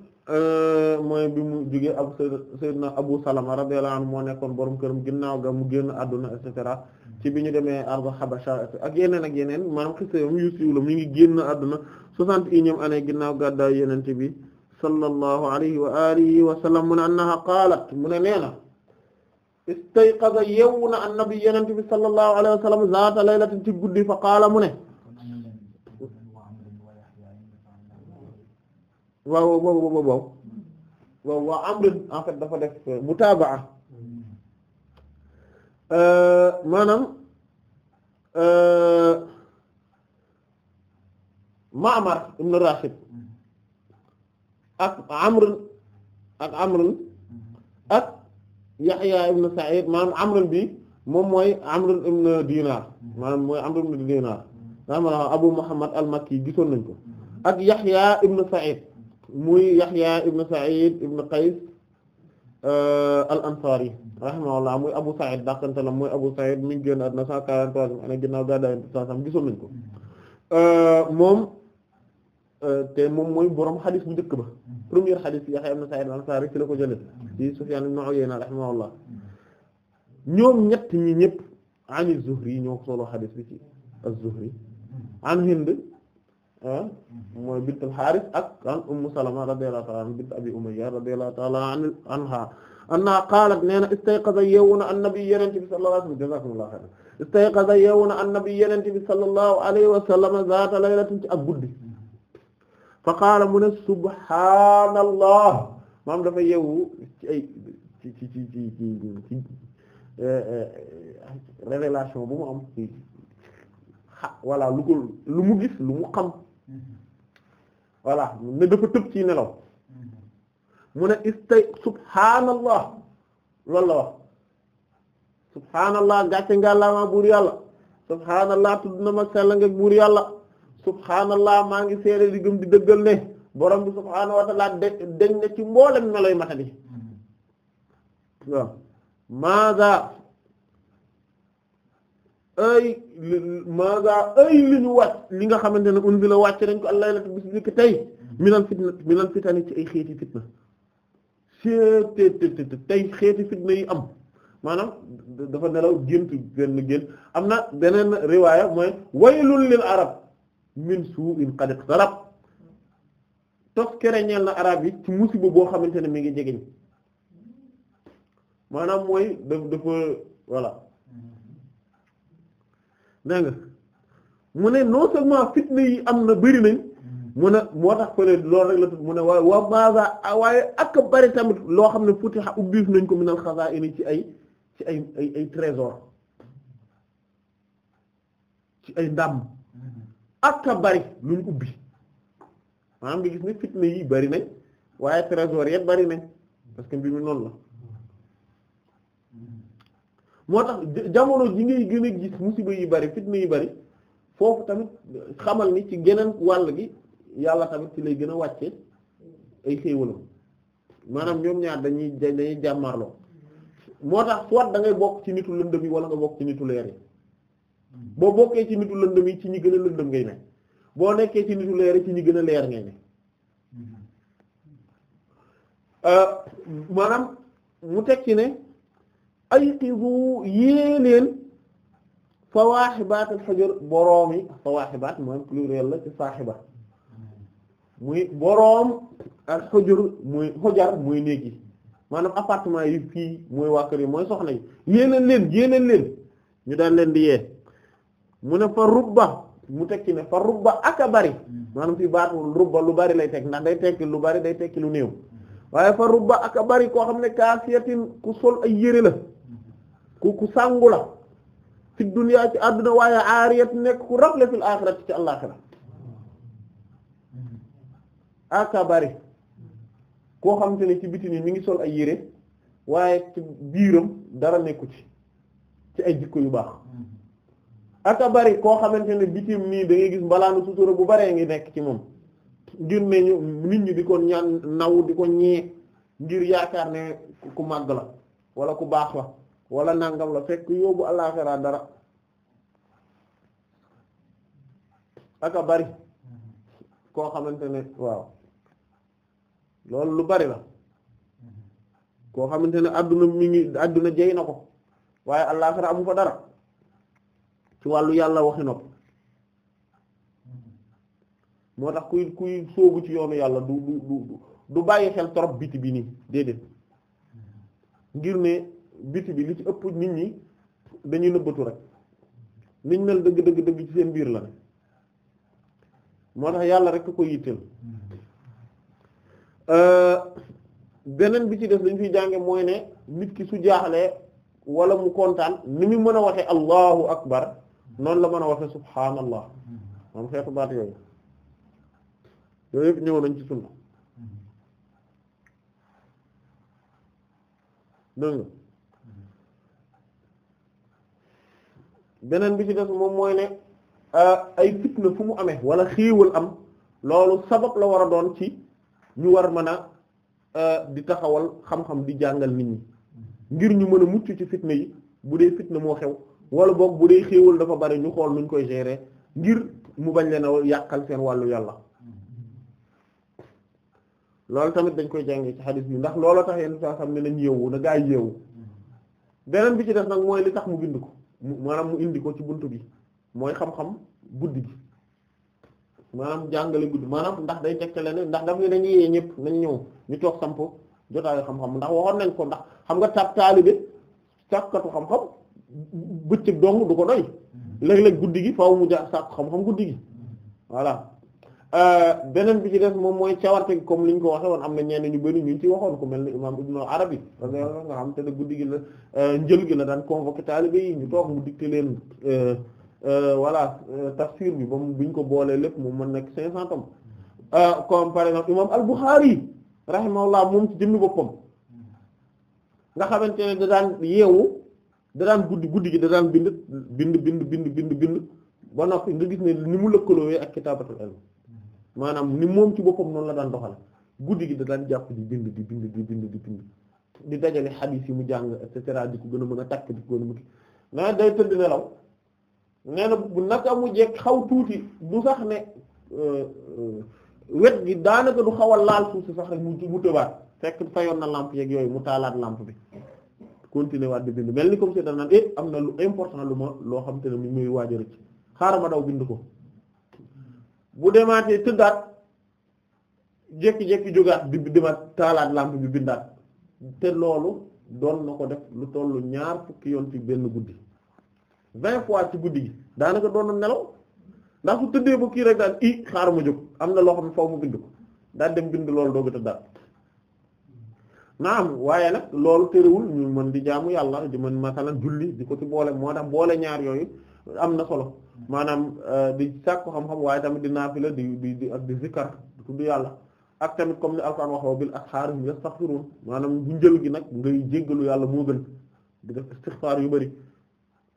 mooy bi mu jigee ab sayyidina Abu Salama radiyallahu anhu moo nekkoon borom këram ginnaaw ga mu génn àdduna et ci bi ñu demee arba Habasha ak yeneen ak yeneen maanaam xisa yu siiw mu ngi génn àdduna soixante et unième année ginnaaw gàddaay yonent bi sallallahu alayhi wa alihi wa sallam mu ne annaha qaalat mu ne istayqaza yeewu na annabi yenente bi sallallahu alayhi wa sallam zaata laylatin ci guddi fa qaala mu ne waaw waaw waaw waaw waaw waaw amrin en fait dafa def euh, mutaabaa euh, maanaam euh, Ma'mar ibn Rashid ak amrin ak amrin ak Yahya ibn Sa'id maanaam amr bi moom mooy amr ibn Dinar maanaam mooy amr ibn Dinar maanaam Abu Muhammad al-Makki gisoon nañ ko ak Yahya ibn Sa'id muy Yahya ibn Sa'id ibn Qays euh, al-Ansari rahimahullah muy Abu Sa'id dàqante la mooy Abu Sa'id mi ngi génn àdduna 143 ana ginnaaw gàddaay am gisoon nañ ko euh, moom euh, te moom mooy borom xadis bu njëkk ba premier xadis bi Yahya ibn Sa'id al-Ansari ci la ko jële ci Sufyan ibn Uyayna rahimahullah ñoom ñett ñi ñëpp ani Zuhri ñoo solo xadis bi ci az-Zuhri an Hind ah, mooy bint al-Harith ak an Umm Salama radiyallahu ta'ala anha bint Abi Umayya radiyallahu ta'ala anha anna qaalat nee na istayqaza yeewu na annabi yenente bi sallallahu alayhi wa sallam jazakumullahu khairan istayqaza yeewu na annabi yenente bi sallallahu alayhi wa sallam zaata laylatin ci ak guddi fa qaala mu ne subhaanallah maam dafa yeewu ci ay ci ci ci ci ci révélation bu mu am ci voilà lu ko lu mu gis lu mu xam voilà ne dafa tëb ci nelaw mu ne istay subhaanallah loolu la wax subhaanallah gàcce nga laamaa buur yàlla subhaanallah tudd na ma sell nga buur yàlla subhaanallah maa ngi seede di gëm di dëggal ne borom bi subhaanahu wa deñ na ci mboolem meloy matadi waaw maaga ay maaga ay li ñu li nga xamante ne unzila wàcc nañ ko al-laylata bis njëkk tey minal fitna minal fitani ci ay xeeti fitna seettt tey xeeti fitna yi am maanaam dafa nelaw gént benn gént am na beneen riwaaya mooy waylul lil arab min su'in qad iqtarab tos kere ñeel na arab yi ci musiba boo xamante ne mi ngi jegeñ maanaam mooy daf dafa voilà dégg nga mu ne noo seulement fitna yi am na bëri nañ mu ne moo tax fële loolu rek la tut mu ne waaye waa Maza waaye ak bari tamit loo xam ne futiha ubbiif nañ ko minal xazaa'ini ci ay ci ay ay ay trésor ci ay ndam. ak a bari luñ ubbi maanaam nga gis ni fitna yi bari nañ waaye trésor yëpp bari nañ parce que mbir mi noonu la moo tax jamono ji ngay gën a gis musiba yi bari fitna yi bari foofu tamit xamal ni ci geneen wàll gi yàlla tamit ci lay gën a wàcce ay xéewalam maanaam ñoom ñaar dañuy dañuy jàmmarloo moo tax soit da ngay bokk ci nitu lëndëm yi wala nga bokk ci leer yi boo bokkee ci nitu lëndëm yi ci ñi gën a lëndëm ngay ne boo nekkee ci nitu leer yi ci ñi gën a leer ngay ne mm-hmm. euh, maanaam mu teg ci ne ayqizu yée leen fawaaxibaat alxajër boroomi fawaaxibaat mooy pluriel la ci ba mm-hmm. muy boroom alxajër muy xojar muy néeg yi maanaam appartement yi fii mooy waa kër yi mooy soxna yi yéeneen leen yéeneen leen ñu daan leen di yee mu ne fa rubba mu tekki ne fa rubba aka bari maanaam fi baatu rubba lu bari lay teg ndax day tekki lu bari day tekki lu néew waaye fa rubba aka bari koo xam ne kaasiyatin ku sol ay yére la ku ku sangu la fi dunya ci àdduna waaye aariyat nekk ku rafle fil aaxirati ci àllaaxira aka bari koo xamante ne ci biti ni mi ngi sol ay yére waaye ci biiram dara nekku ci ci ay jikko yu baax aka bari koo xamante ne bitim nii da ngay gis mbalaanu sutura bu baree ngi nekk ci moom ngir ne ñu nit ñi di ko ñaan naw di ko ñee ngir yaakaar ne ku màgg la wala ku baax la wala nangam la fekk yóbbu àllaxira dara aka bari koo xamante ne waaw loolu lu bari la koo xamante ne adduna mi ngi adduna jey na ko waaye àllaxira amu fa dara ci wàllu yàlla waxi nopp moo tax kuy kuy sóobu ci yoonu yàlla du du du du bàyyi xel trop biti bi nii déedéet ngir ne biti bi li ci ëpp nit ñi dañuy nëbbatu rek niñ mel dëgg dëgg dëgg ci seen biir la ne moo tax yàlla rek ko yitteel euh, beneen bi ci def dañ fiy jànge mooy ne nit ki su jaaxlee walla mu kontaan ni mu mën a waxee allahu akbar noonu la mën a waxe subhaanallah moom xeetu baat yooyu yooyu yëpp ñëw nañ ci sunna beneen bi ci des moom mooy ne euh, ay fitna fu mu amee wala xiiwal am loolu sabab la war a doon ci ñu war mën a euh, di taxawal xam-xam di jàngal nit ñi ngir ñu mën a mucc ci fitna yi bu dee fitna moo xew wala boog bu dee xéewal dafa bari ñu xool nuñ koy gérer ngir mu bañ leen a yàqal seen wàllu yàlla loolu tamit dañ koy jàngee ci xadis bi ndax looloo tax yenn saa xam ne nañ yeewu na gaa yi yeewu beneen bi ci def nag mooy li tax mu bind ko maanaam mu indi ko ci bunt bi mooy xam guddi gi maanaam jàngale guddi ndax day tegtale ne ndax daf ne dañuy yee ñëpp nañ ñëw ñu toog samp jotaayu xam-xam ndax waxoon nañ ko ndax xam nga tab taalibe sàkkatu xam-xam bëccëg dong du ko doy mm-hmm. léeg-léeg guddi gi faaw mu jaar sàkku xam-xam guddi gi mm-hmm. voilà euh, beneen bi ci des moom mooy cawarte gi comme li ñu ko waxe woon am na ñenn ñu bari ñu ci waxoon ku mel ni imam Ibn Arabi parce que nga xam te ne guddi gi la euh, njël gi la daan convoqué taalibe yi ñu toog mu dicté leen euh, voilà tafsir bi ba mu buñ ko boolee lépp mu mën nekk cinq cent tomes comme par exemple imam al-Bukhari rahimahullah moom ci jëmmi boppam mm-hmm. nga xamante ne da daan yeewu da daan guddi guddi gi da daan bind bind bind bind bind bind ba noppi nga gis ne ni mu lëkkaloo ak kitaabatul ilm maanaam ni moom ci boppam noonu la daan doxal guddi gi da daan jàpp di bind di bind di bind di bind di dajale xadiis yi mu jàng et cetera di ko gën a mën a takk di ko gën a mën na day tëdd nelaw nee na bu naka mu jekk xaw tuuti du sax ne euh, wet gi daanaka du xawal a laal suuf si sax rek mu mu tëbaat fekk fayoon na làmp yeeg yooyu mu taalaat lampe bi continuer waat di bind mel ni comme si daf naan eh am na lu important lu ma loo xam te ne muy waaj a ci xaaral ma daw bind ko bu demaatee tëddaat jékki-jékki jógaat di demaat taalaat lampe bi bindaat te loolu doon na ko def lu tollu ñaar fukki yoon ci benn guddi vingt fois ci guddi gi daanaka doon na nelaw ndax su tëddee bu kii rek daal i xaaral ma jóg am na loo xam ne mu bind ko daal dem bind loolu doogu tëddaat naam waaye nag loolu terewul ñu mën di jaamu yàlla di mën masalan julli di ko ci boole moo tax boole ñaar yooyu am na solo maanaam euh, di sàkku xam-xam waaye tamit di naafila di di di ak di zikkar di tudd yàlla ak tamit comme ni alxuraan wax wa bil asxaar hum yastaxfiruun maanaam bu njël gi nag ngay jéggalu yàlla moo gën di def istixfaar yu bari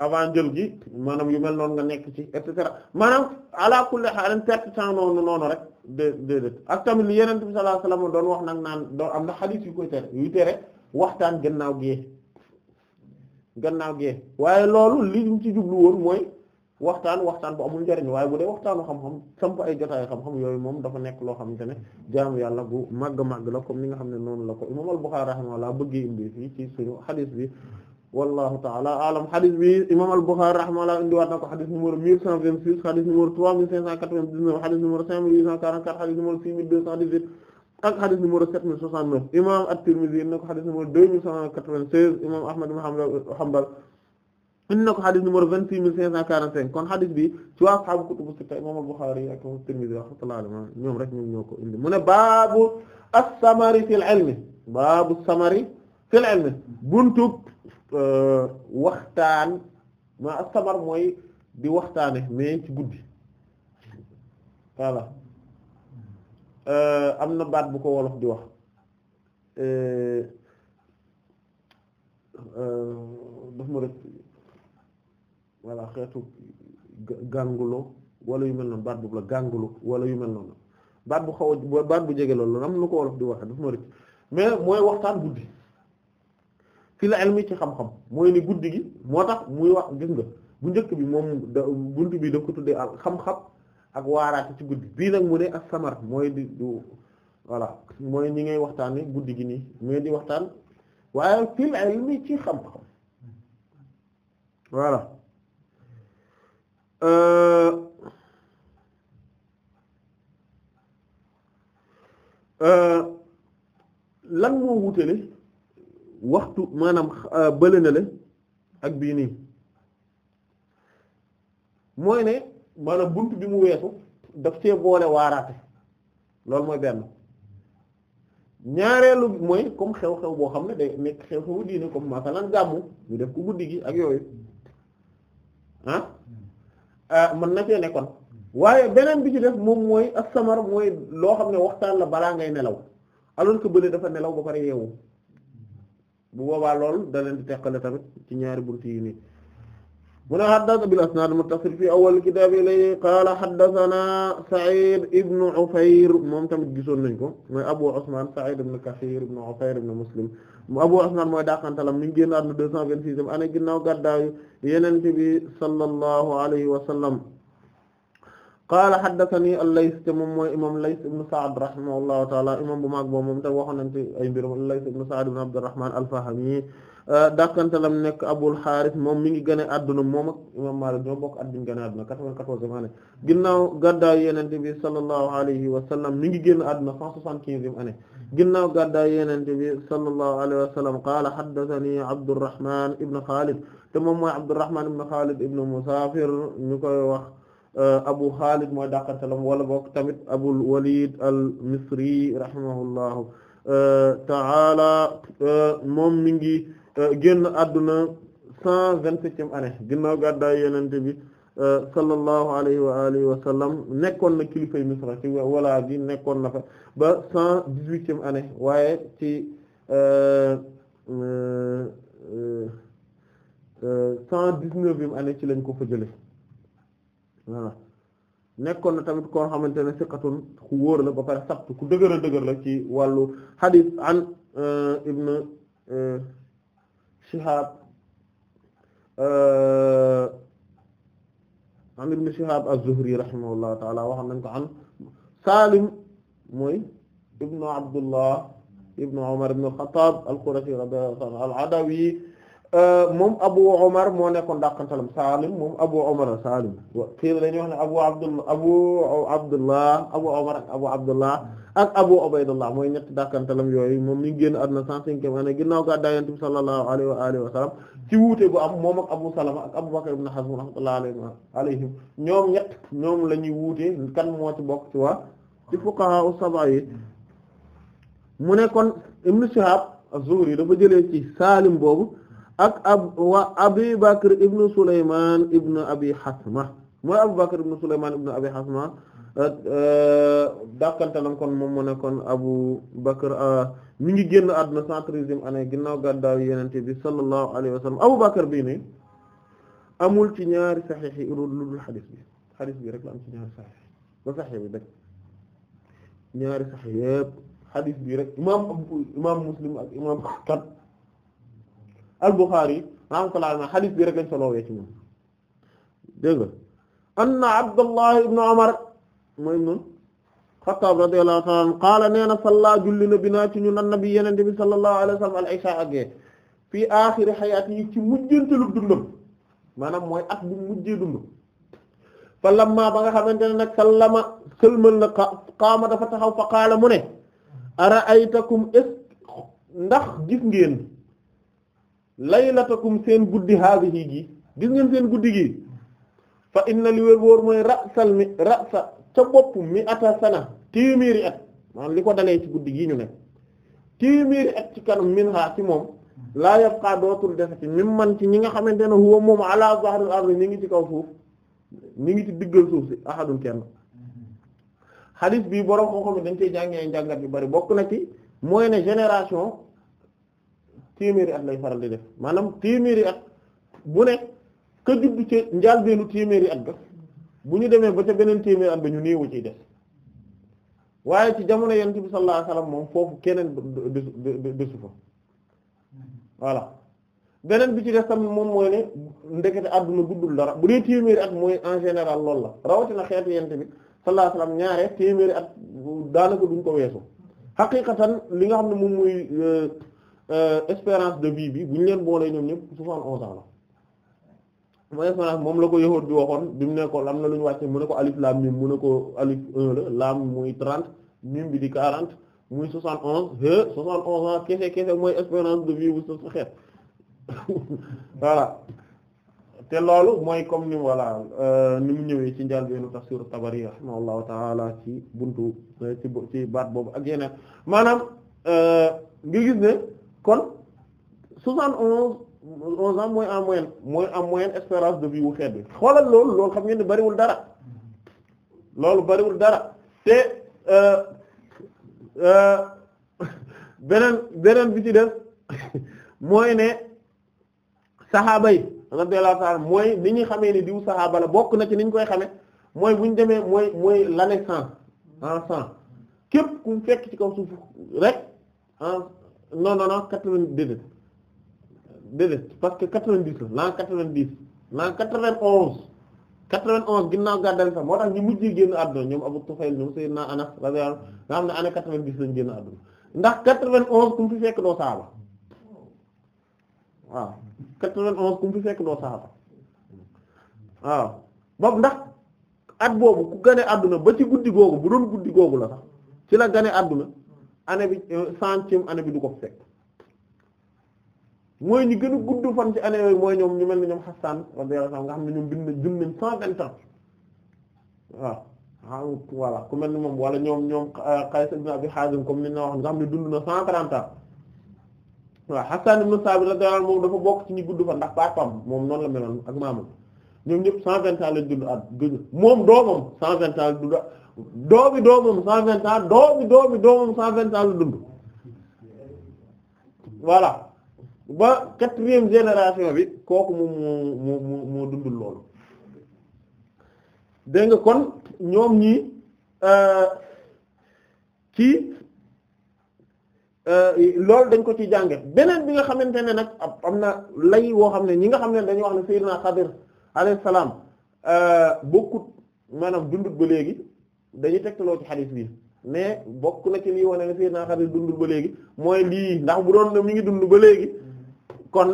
avant jël gi maanaam yu mel noonu nga nekk ci et cetera maanaam ala kulli haal perte temps noonu noonu rek de déedéet ak tamit li Yonent bi sallallahu alayhi doon wax nag naan doon am na xadiis yu koy tere yu tere waxtaan gannaaw gee gannaaw gee waaye loolu li ñu ci jublu woon mooy waxtaan waxtaan bu amul njariñ waaye bu dee waxtaanu xam-xam samp ay jotaay xam-xam yooyu moom dafa nekk loo xamante ne jaamu yàlla bu màgg màgg la comme ni nga xam ne noonu la ko imaam al-Bukhari rahimahullah bëggee indi fii ci suñu xadiis wallahu taala alam xadis bi imam al-Bukhari rahimahullah indiwaat na ko xadis numéro 1126 xadis numéro 3599 xadis numéro 5844 xadis numéro 6218 ak xadis numéro 7069 imam at-Tirmidhi in na ko xadis numéro 2196 imam Ahmad ibn Hanbal in na ko xadis numéro 26545 kon xadis bi ci waa ashaabu kutubu sitta imam al-Bukhari ak imam at-Tirmidhi rahmatullahi alayhim ñoom rek ñoom ñoo ko indi mu ne baabu as-samari fil ilmi baabu as-samari fil ilmi buntu Euh, waxtaan ma asabar mooy bi waxtaane mais ci guddi voilà euh, am na baat bu ko wolof di wax euh, daf ma rek voilà xeetu yu mel noonu baat bu la gàngulo wala yu mel noonu baat bu xaw a baat bu jege loolu am na ko wolof di wax daf ma rek mais mooy waxtaan guddi fil ilmi ci xam-xam mooy ni guddi gi moo tax muy wax gis nga bu njëkk bi moom bunt bi da ko tuddee ak xam-xam ak waaraate ci guddi bii nag mu ne ak samar mooy di du voilà ngay waxtaanee guddi gi nii mais di waxtaan waaye fil ilmi ci xam-xam voilà euh, euh, lan moo wutale waxtu maanaam euh, bële na le ak bii nii mooy ne maanaam bunt bi mu weesu daf cee boole waaraate loolu mooy benn ñaareelu mooy comme xew-xew boo xam ne day nekk xew-xewu diine comme masalan gàmmu ñu def ko guddi gi ak yooyu ah euh, mën na fee nekkoon waaye beneen bi ci def moom mooy ak samar mooy loo xam ne waxtaan la balaa ngay nelaw alors que bële dafa nelaw ba pare yeewu bu boobaa lool da leen di teqale tamit ci ñaari buntu yi nii mu ne haddasa bil asnaad muttasil fi awwal kitaab ilay qaala haddasanaa Saïd ibn Ufayr moom tamit gisoon nañ ko mooy Abu Usmaan Saïd ibn Kasiir ibn Ufayr ibn Muslim Abu Usmaan mooy dàqantalam mi ngi génn àdduna deux cent vingt-sixième année ginnaaw gàddaayu Yonent bi sallallahu alayhi wa sallam qaala haddathanii al-Layth te moom mooy imaam Layth ibn Sa'd rahimahullahu ta'ala imaam bu mag boobu moom itam waxoon nañ ci ay mbirum al-Layth ibn Sa'd ibn Abdurrahman al-Fahmi euh, dakkantalam nekk Abul Harith moom mi ngi gën a adduna moom ak imaam Maalik ñoo bokk at bi ñu gën a adduna 94e année ginnaaw gàddaay Yonent bi sallallahu alayhi wa sallam mi ngi génn adduna 175e année ginnaaw gàddaay Yonent bi sallallahu alayhi wa sallam qaala haddathanii Abdurrahman ibn Khalid te moom mooy Abdurrahman ibn Khalid ibn Musafir ñu koy wax. Euh, abu xaalid mooy dàqantalam wala bokk tamit abul walid al misri rahimahullahu euh, taala euh, moom mi ngi génn àdduna cent vingt-septième année ginnaaw gàddaay yenente bi sallallahu alayhi wa alihi wa sallam nekkoon na kilifay misra ci walaa bi nekkoon na fa ba cent dix-huitième année waaye ci cent dix-neuvième année ci lañ ko fa jële voilà nekkoon na tamit koo xamante ne siqatun ku wóor la ba pare sabt ku dëgër a dëgër la ci wàllu hadith an euh, ibn euh, Shihab euh, an ibn Shihab az-Zuhri rahimahullahu ta'ala waxam nañ ko an Salim mooy ibnu Abdullah ibnu Umar ibn al-Khattab al-Qurashi al-Adawi Euh, moom Abu Omar moo nekkoon dàqantalam Saalim moom Abu Omar Saalim fii la ñuy wax ne Abu Abdullah Abu Abdullah Abu Omar ak Abu Abdullah ak Abu Ubaydullah mooy ñetti dàqantalam yooyu moom mi ngi génn àdduna 105e année ginnaaw ga daayante bi sallallahu alayhi wa alihi wa sallam ci wuute bu am moom ak Abu Salama ak Abu Bakr ibn Hazm rahmatullahi alayhim ñoom ñett ñoom la ñuy wuute kan moo ci bokk ci waa ci fuqaha as-sab'a yi mu nekkoon Ibn Shihab az-Zuhri dafa jëlee ci Saalim boobu. ak ab wa Abi Bakr ibn Abi Hasma mooy Abu Bakr ibn Sulayman ibn Abi Hasma euh, euh, dàqantanam kon moom mu ne kon Abu Bakr euh, mi ngi génn àdduna cent treizième année ginnaaw gàddaaw Yonent bi sallallahu alayhi wa sallam Abu Bakr bii amul ci ñaari saxiix yi lu dul xadis bi xadis rek la am ci ñaari saxiix ba saxiix bi rek ñaari saxiix yépp xadis Muslim ak imaam al-Bukhari rahmatullahi alayhi hadith bi rek lañ soloowee ci moom dégg Abdullah ibn Umar mooy noonu Xattaab radiyallahu ta'ala anhu qaala nee na salla julli na binaa ci ñun annabi yeneen bi sallallahu alayhi wa sallam al-isha ak gee fii aaxiri xayaati yi ci mujjantalu dundam maanaam mooy ak bu mujjee dund fa lamma ba nga xamante ne nag sallama sëlmal na qaama dafa taxaw fa qaala mu ne ara'aytakum ndax gis ngeen laylatakum seen guddi haadihi gi gis ngeen seen guddi gi fa inna li wér wóor mooy rasal mi rasa ca bopp mi ata sana téeméeri at maanaam li ko dalee ci guddi gi ñu ne téeméeri at ci kanam min ha ci moom laa yabqa dootul desati mim man ci ñi nga xamante ne huwa moom ala zahril ardi ñi ngi ci kaw suuf ñi ngi ci diggal suuf si ahadun kenn xadis bii borom koo xam ne dañ cey jàngee njàngat yu bari bokk na ci mooy ne génération téeméeri at lay faral di def maanaam téeméeri at bu ne ka juddu ci njaalbeenu téeméeri at ga bu ñu demee ba ca beneen téeméeri at ba ñu néewu ciy def waaye ci jamono yonent bi sallallahu alayhi wasallam moom foofu keneen desu fa voilà beneen bi ci des tamit moom mooy ne ndekete àdduna guddul dara bu dee téeméeri at mooy en général loolu la rawatina xeetu yonent bi sallallahu alayhi wasallam ñaare téeméeri at daanaka duñ ko weesu xaqiqatan li nga xam ne moom mooy euh, Euh, espérance de vie bi bu ñu leen boolee ñoom ñëpp soixante-onze ans la mooy espérance moom la ko yahuud bi waxoon bi mu ne ko am na lu ñu wàcce mu ne ko alif laam mim mu ne ko alif un la laam muy trente mim bi di quarante muy soixante-onze he soixante-onze ans kese kese mooy espérance de vie bu sa xeet te loolu mooy comme ni voilà euh, ni mu ñëwee ci njaal beenu tafsir Tabari rahimahullahu ta'ala ci buntu ci ci baat boobu ak yeneen maanaam euh, nga gis ne kon soixante onze onze ans mooy en moyenne mooy en moyenne espérance de vie wu xeet bi xoolal loolu loolu xam ngeen ne bariwul dara loolu bariwul dara te euh, euh, beneen beneen bi ci def mooy ne saxaaba yi radiyallahu ta'ala mooy ni ñu xamee ni diw saxaaba la bokk na ci ni ñu koy xamee mooy buñ demee mooy mooy la naissance en sang képp ku fekk ci kaw suuf rek non non non quatre parce que quatre-vingt-dix la naan quatre-vingt-dix naan quatre vingt ginnaaw gàddaay sax moo tax ñu mujj génn àdduna ñoom Abu Tufayl ñoom Sayyidina Anas radiyallahu nga xam ne année quatre vingt lañ génn àdduna ndax quatre-vingt-onze ku mu fi fekk doo saaba waaw quatre vingt ku mu fi fekk doo saaba waaw boobu ndax at boobu ku gane àdduna ba ci guddi googu bu doon guddi googu la sax ci la gane àdduna année bi euh, centième année bi du ko fekk mooy ñu gën a gudd fan ci année yooyu mooy ñoom ñu mel ni ñoom Hassan radiyallahu nga xam ne ñoom bind nañ dund nañ cent vingt ans waaw ku mel ni moom wala ñoom ñoom euh, Qays ibn Abi Hazim comme ni nga xam ne dund na cent trente ans waaw Hassan ibn Sabit radiyallahu anhu moom dafa bokk ci ñu gudd fan ndax papam moom noonu la meloon ak maamam ñoom ñëpp cent vingt ans lañ dund at moom doomam cent vingt ans lañ dund doomi doomam cent vingt ans doomi doomi doomam cent vingt ans la dund voilà ba quatrième génération bi kooku moom moo moo moo dundul loolu dégg nga kon ñoom ñi euh, ci euh, loolu dañ ko ci jànge beneen bi nga xamante ne nag am na lay woo xam ne ñi nga xam ne dañu wax ne Seydina Xadir alayhi salaam euh, bokkut maanaam dundut ba léegi dañuy tegtaloo ci xadis bi mais bokk na ci lii wane ne Seydina Xalid dundul ba léegi mooy lii ndax bu doon ne mi ngi dund ba léegi kon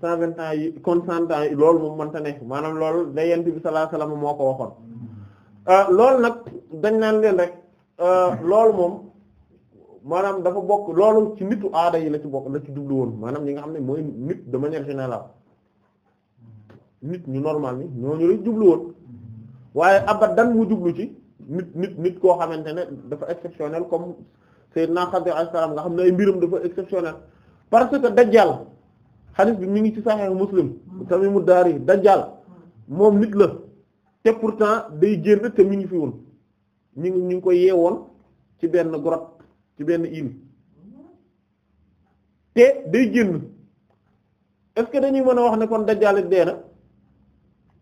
cent vingt yi kon cent ans yi loolu moom mënta ne maanaam loolu da yent bi sallallahu alayhi wasallam moo ko waxoon euh, loolu nag dañ naan leen rek euh, loolu moom maanaam dafa bokk loolu ci nitu aada yi la ci bokk la ci jublu woon maanaam ñi nga xam ne mooy nit de manière générale nit ñu normal ni ñooñu la jublu woon waaye abadan mu jublu ci nit nit nit koo xamante ne dafa exceptionnel comme Seydina Xadir alayhi nga xam ne ay mbiram dafa exceptionnel parce que dajjal hadith bi mu ngi ci Sahih Muslim Tamimu Dari dajjal moom nit la te pourtant day génn te mi ngi fi woon ñu ngi ñu ngi ko yeewoon ci benn grotte ci benn île te day génn est-ce que dañuy mën a wax ne kon dajjal dee na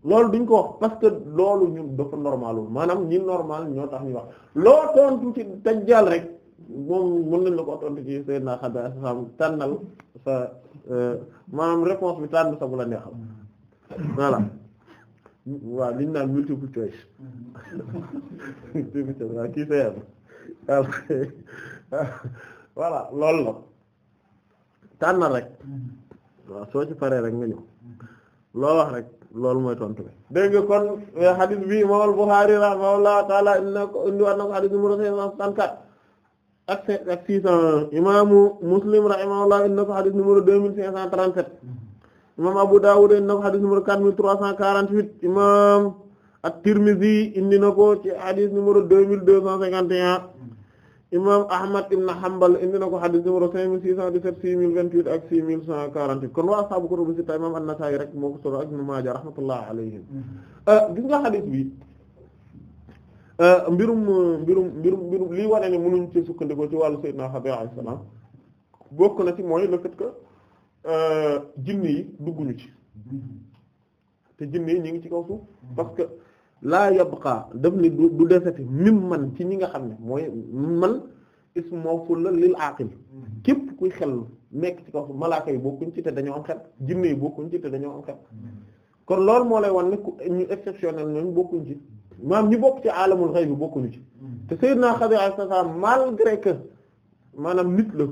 loolu duñ ko wax parce que loolu ñun dafa normalul maanaam ñi normal ñoo tax ñu wax loo tontu ci dajjal rek moom mën nañ la ko tontu ci Seydina Xadir tànnal sa euh, maanaam réponse naan multiple voilà loolu la tànnal rek mm-hmm. soo ci paree rek nga ñëw loo wax rek loolu mooy tontu bi dégg kon eh, hadith bi imam al-Bukhari rahimahullahu ta'ala inna ko indi war na ko hadith numéro cinq cent soixante-quatre ak ak six cent imaamu Muslim rahimahullah inna ko hadith numéro deux mille cinq cent trente-sept imam Abu Dawud inna ko hadith numéro quatre mille trois cent quarante-huit imam at-Tirmidhi indi na ko ci hadith numéro deux mille deux cent cinquante et imam ahmad ibn hanbal indi na ko hadith numéro cinq mille six cent dix-sept six mille vingt-huit ak six mille cent quarante-huit kon waa ashaabu kutubu sitta imam an-Nasaa'i rek moo ko solo ak Ibn Maaja rahmatullah alayhim mm-hmm. euh, gis nga hadith bi euh, mbirum mbirum mbirum mbirum lii wane ne mënuñ ci sukkandikoo ci wàllu sayyidina Xadir alayhi salaam bokk na ci mooy le fait que euh, jinne yi dugguñu ci mm-hmm. te jinne yi ñu ngi ci kaw suuf mm-hmm. parce que laa yabqa daf ni du du desati mim man ci ñi nga xam ne mooy man is moo la fulla lil aqil képp kuy xel nekk ci kaw malaaka yi bokkuñ ci te dañoo am xel jinne yi bokkuñ ci te kon loolu moo lay wan ne ñu exceptionnel ñooñu bokkuñ ci maam ñi bokk ci alamul ghayb bokkuñu ci te sayyidna Xadir alayhi salaam malgré que maanaam nit la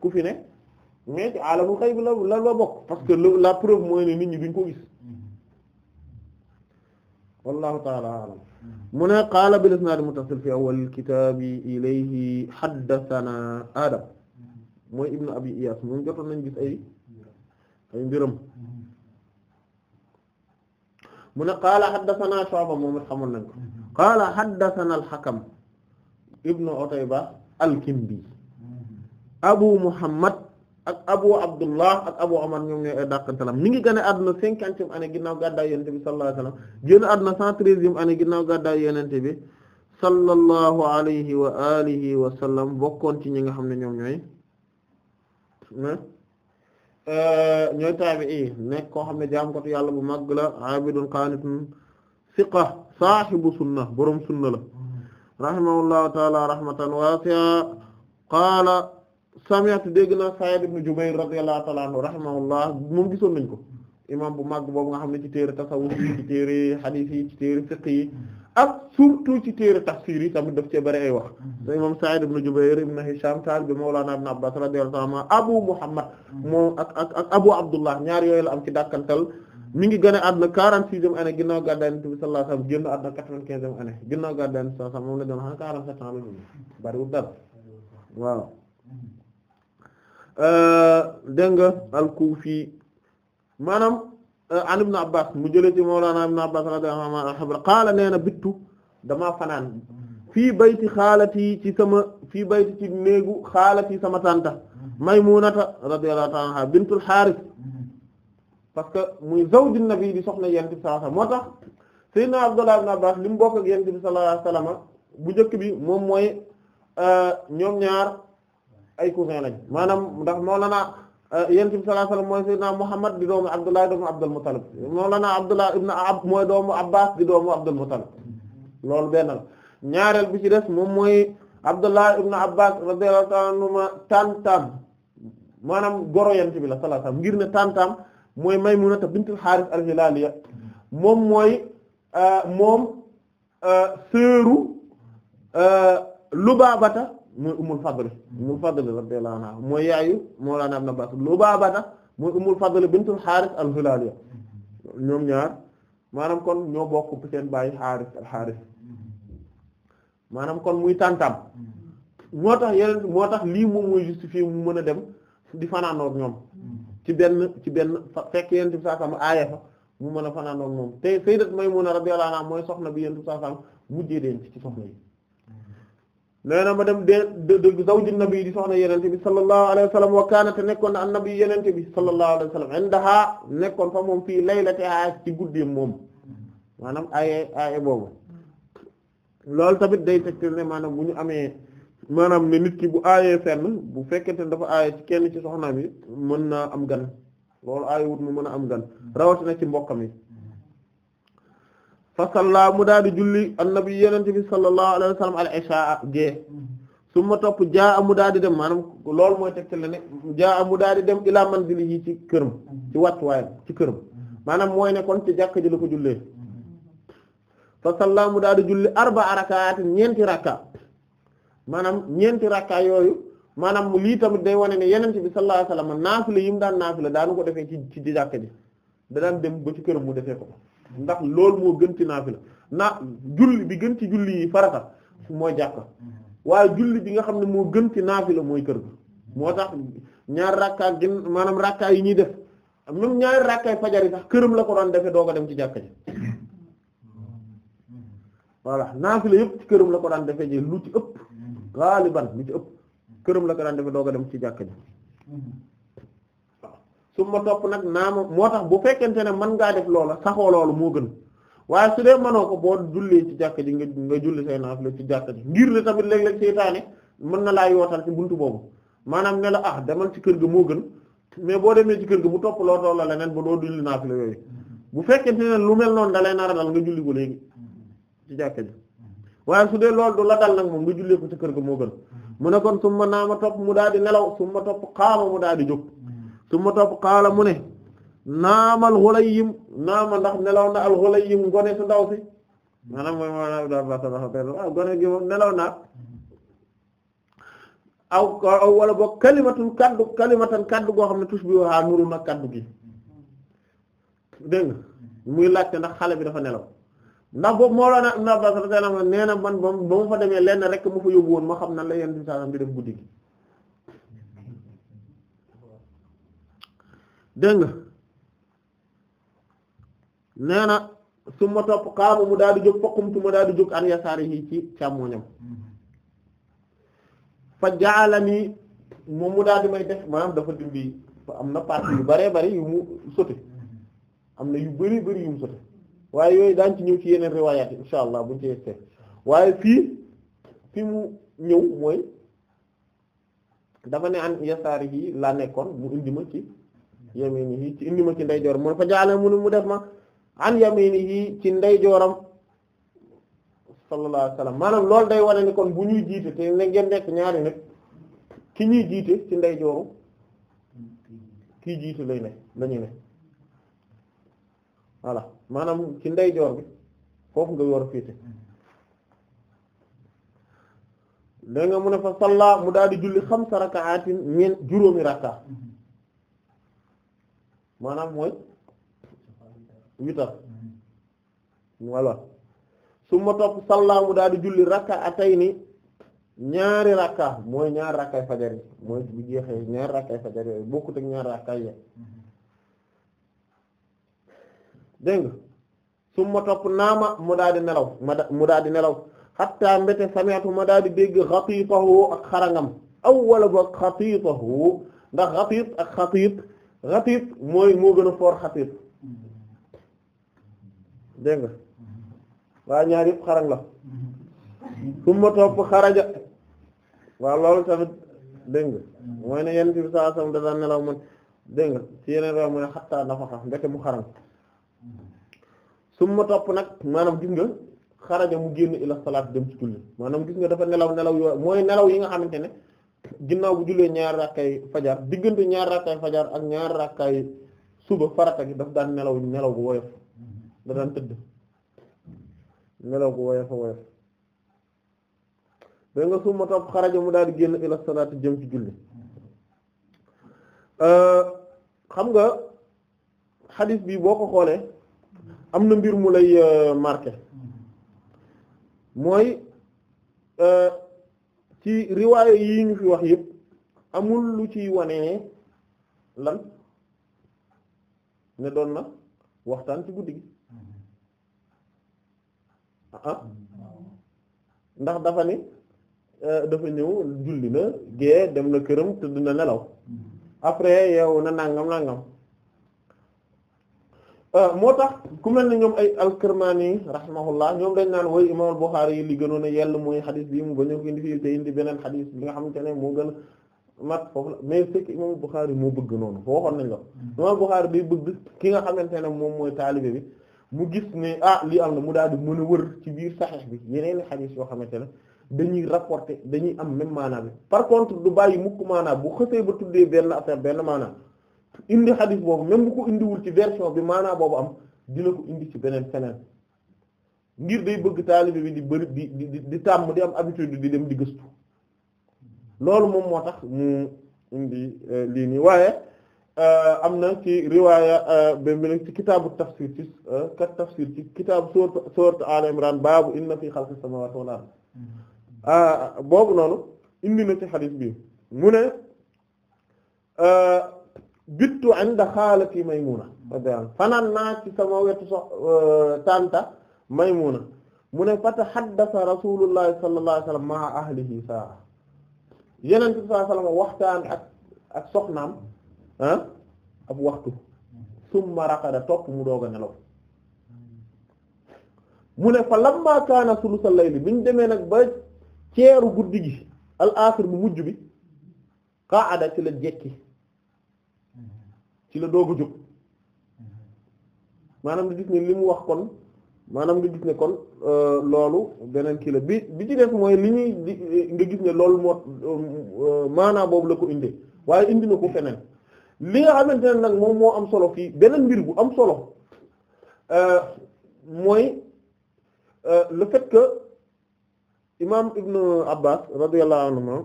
ku fi ne mais ci alamul ghayb la la bokk parce que la preuve mooy nit ñi duñ ko gis wallahu taala alam mu ne qaala bil isnaad muttasil fi awwal kitaabi ilayhi haddathana adam mooy ibnu abi iyas moom jotoon nañ gis ay ay mbiram mu ne qaala haddathana shu'ba moom it xamoon nañ ko qaala haddathana al-hakam ibnu utayba al-kindi abu muhammad ak abu abdullah ak abu omar ñoom ñooy ay dàqantalam mi ngi gën a àdduna cinquantième année ginnaaw gàddaay yonente bi sallallahu alayhi wa sallam génn àdduna cent treizième année ginnaaw gàddaay yonente bi sallallahu wa alihi wa sallam ci ñi nga xam ne ñoom ñooy euh, ñooy taabi'i nekk koo xam ne jaamkatu yàlla bu màgg la abidun qanitun siqa saahibu sunna borom sunna la mm-hmm. rahimahullahu taala rahmatan wasi'a qaala sami'tu dégg naa Sa'id ibn Jubayr radiyallahu ta'ala anhu rahimahullah moom gisoon nañ ko imam bu màgg nga xam ne ci téere tasawuf yi ci téere hadith yi ci téere fiqh yi ak ci téere tafsir yi tamit daf cee bari e wax mm-hmm. te imam Sa'id ibn Jubayr ibn Hisham taal bi mawlana ibn Abbas radiyallahu anhu Abu Muhammad mm-hmm. moom ak ak Abu Abdullah ñaar yooyu la am ci dàkkantal mm-hmm. mi ngi gën a àdduna quarante-sixième année ginnaaw gàddaay Yonent bi moom la doon xam quarante-sept ans la ñu bariwul Euh, dégg nga al-Kufi maanaam euh, an ibn Abbas mu jëlee ci Mawlana ibn Abbas radiyallahu anhu qaala nee na bittu damaa fanaan fii bayti xaalati ci sama fii bayti ci néegu xaalati sama tànta Maymunata radiyallahu ta'ala anha bintul Harith parce que muy zawju nabi di soxna yent bi sallallahu alayhi moo tax sayyidina Abdullah ibn Abbas li mu bokk ak yent bi sallallahu alayhi bu njëkk bi moom mooy euh, ñoom ñaar ay cousin lañ maanaam ndax Mawlana euh, yonent bi sallallahu alayhi wasallam mooy sayyidina Muhammad di doomu Abdullah doomu Abdul Mawlana Abdullah ibn Ab mooy doomu Abbas di doomu Abdul Muttalib loolu benn la ñaareel bi ci des moom mooy Abdullah ibn Abbas radiyallahu ta'ala anhuma tantam maanaam goro yonent la sallallahu ngir ne tantam mooy Maymuna bintul Harith al-Hilaliya moom mooy euh, moom euh, seeru Lubaabata mooy umul fadl umul fadl radiyallahu anha mooy yaayu mawlana ibn Abbas Lubaabata mooy umul fadl bintul Haaris al-Hilaaliya ñoom ñaar maanaam kon ñoo bokk seen baay Haaris al maanaam kon muy tàntam moo tax yeneen moo tax lii moom mooy justifier mu mën a dem di fanaanoor ñoom ci benn ci benn fekk yeneen saa sama aaya fa mu mën a fanaanoor moom te sayyidat Maymuna radiyallahu anha mooy soxna bi yeneen saa sama mujjee denc ci soxna yi nee na ma dem de de zawju nabi di soxna yenente bi sallallahu alayhi wa sallam wa kaanate nekkoon na an nabi yenente bi sallallahu alayhi wa sallam indaha nekkoon fa moom fii laylatiha ci guddi moom maanaam aye aye boobu loolu tamit day tegtal ne maanaam bu ñu amee maanaam ne nit ki bu aayee fenn bu fekkente ne dafa aaye ci kenn ci soxnaam yi mën naa am gan loolu aaye wut mu mën a am gan rawatina ci mbokkam yi fa salla mu daal di julli annabi yenente bi sallallahu alayhi wa sallam al isha gee su ma topp jaa mu daal di dem maanaam lool mooy tegte la ne jaa mu daal di dem ilaa manzili yi ci këram ci wàccuwaayam ci këram maanaam mooy ne kon ci jàkka ji la ko jullee fa salla mu daal di julli arba rakaat ñeenti rakka maanaam ñeenti rakka yooyu maanaam lii tamit day wane ne yenente bi sallallahu alayhi wa sallam naafila yi mu daan naafila daanu ko defee ci ci jàkka ji da dem ba ci këram mu defee ko ndax loolu moo gën ci naafila na julli bi gën ci julli yi farata mooy jàkka mm-hmm. waaye julli bi nga xam ne moo gën ci naafila mooy kër ga moo tax ñaar rakkaa gin maanaam rakkaa yi ñuy def même ñaari rakkaay fajar yi sax këram la ko doon defee doo ko dem ci jàkka ji mm-hmm. voilà naafila yëpp ci la ko daan defee ji lu ci ëpp mm-hmm. gaaliban lu ci ëpp la ko daan doo ko dem ci jàkka ji su ma topp nag naama moo tax bu fekkente ne man ngaa def loola saxoo loolu moo gën waaye su dee mënoo ko boo jullee ci jàkka ji nga nga julli say naaf la ci jàkka ngir ne tamit léeg-léeg seytaane mën na laa yootal ci buntu boobu maanaam ne ah demal ci kër gi moo gën mais boo demee ci kër ga bu topp loo la leneen ba doo julli naaf la bu fekkente ne lu mel noonu da lay nar a nga julli ko léegi ci jàkka ji waaye dee loolu du la dal nag moom jullee ko ci kër ga moo gën mu ne kon su ma naa ma topp mu daal di nelaw su ma topp xaama mu daal di jóg. su ma topp xaala mu ne naamal Ghulayim naamal ndax nelaw na al Ghulayim gone su ndaw si maanaam mooy maanaam daa basabaxa pen aw aw wala boog kalimatun kaddu kalimatan kaddu goo xam ne touche bi waxaa nuru nag kaddu gi dégg nga muy laajte ndax xale bi dafa nelaw ndax boobu moo loona am nee na man ba mu fa demee lenn rekk mu fa yóbbu woon ma xam na la yenn si saa bi def guddi gi dégg nga nee na su ma topp xaama mu daal di jóg faqumtu ma daal di jóg an yasaarihi ci càmmoñam fa jaalani moom mu daal di may def maanaam dafa dindi am na partie yu baree bari yu mu sote am na yu bari bari yu mu sote waaye yooyu daañ ci ñëw ci yeneen riwaayaat yi insha allah buñ ci yegtee waaye fii fi mu ñëw mooy dafa ne an yasaarihi laa nekkoon mu indi ma ci yaminihi ci indi ma ci ndeyjoor mu ne fa jaala mu ne mu def ma an yaminihi ci ndeyjooram sallallahu alayhi maanaam loolu day wane ni kon bu ñuy jiite te ne ngeen nag ki ñuy jiite ci ndeyjooru kii jiite lay ne lañuy ne voilà maanaam ci ndeyjoor bi foofu nga war a féete nga mu ne fa salla mu daal di julli xamsa rakaatin juróomi rakka maanaam mooy witar su ma topp sallaamu daal di julli rakka atay ni ñaari rakka mooy ñaari rakkay fajar yi mooy bu jeexee ñaari rakkay fajar yooyu bokkut ñaari rakkay yi su ma topp naama mu daal di nelaw mu daal di nelaw xatta mbete sameetu ma daal di dégg xatiitahu ak xarangam awwala ba xatiitahu ndax xatiit ak xatiit xatiit mooy moo gën a foor xatiit dégg nga waa ñaar yëpp xarag la summa topp xaraja waaw loolu tamit dégg mooy ne yenn bi saa sam da daan nelaw man dégg nga ci yeneen rew mooy xattaa dafa xam mbete mu xarang summa topp nag maanaam gis nga xaraja mu génn ila salaat dem ci julli maanaam gis nga dafa nelaw nelaw yooyu mooy nelaw yi nga xamante ne ginnaaw bu jullee ñaar rakkay fajar diggante ñaar rakkay fajar ak ñaari rakkay suba farata gi daf daan nelaw nelaw bu woyof da daan tëdd nelaw gu woyof a woyof da nga suma topp xaraja mu daal di génn ila salaat jëm ci julli euh, xam nga xadis bi boo ko xoolee am na mbir mu lay euh, marqué mooy euh, ci riwaaye yi ñu fi wax yépp amul lu ci wane lan ne doon na waxtaan ci guddi gi ah, ah. ndax dafa ni euh, dafa ñëw julli na gée dem na këram tëdd na nelaw mm-hmm. après yeewu na nangam nangam Euh, moo tax ku mel ne ñoom ay al-Kirmani rahimahullah ñoom dañ naan woy imam al-Bukhari li gënoon a yell mooy xadis bi mu bañ ko indi fii te indi beneen xadis bi nga xamante ne moo a mat foofu mais c'est que imam al moo bëgg noonu waxoon nañ la mm. imam al-Bukhari bëgg ki nga xamante ne moom mooy taalibe bi mu gis ne ah lii am na mu daal di mën wër ci biir saxiix bi yeneen xadis yoo xamante ne dañuy rapporter dañuy am même maanaam par contre du bàyyi mukk maanaam bu xësee ba tuddee benn affaire benn maanaam indi xadis boobu même bu ko indiwul ci version bi maanaa boobu am dina ko indi ci beneen feneen ngir day bëgg taalibe bi di bëri di tàmm di am habitude di dem di gëstu loolu moom moo tax mu indi euh, lii nii waaye euh, am na ci riwaaya euh, ba ci kitaabu tafsir ci kat tafsir ci kitaabu baa sourate Al Imran baabu inna fi xalqis samaawaati wal boobu noonu indi na ci xadis bi mu ne bittu inda xaalati Maymuna fanaan naa ci sama wetu so euh, tanta Maymuna mu ne fatahaddatha rasulullahi sallallahu alayhi wa sallam maa ahlihi saa yeneen bi sallallahu alayhi wa sallam waxtaan ak ak soxnaam ah ab waxtu summa raqada topp mu doog a nelaw mu ne fa lamma kaana sulusa layli bi ñu demee nag ba ceeru guddi gi al axir bu mujj bi qaada ci la jekki kilo la doog jóg maanaam nga gis ne li mu wax kon maanaam nga gis ne kon euh, loolu beneen kilo bi bi ci def mooy li ñuy nga gis ne loolu moo euh, maanaam boobu la ko indee waaye indi na ko feneen li nga xamante ne nag moom moo am solo fii beneen mbir bu am solo euh, mooy le fait que imaam Ibn Abbas radiyallahu anhu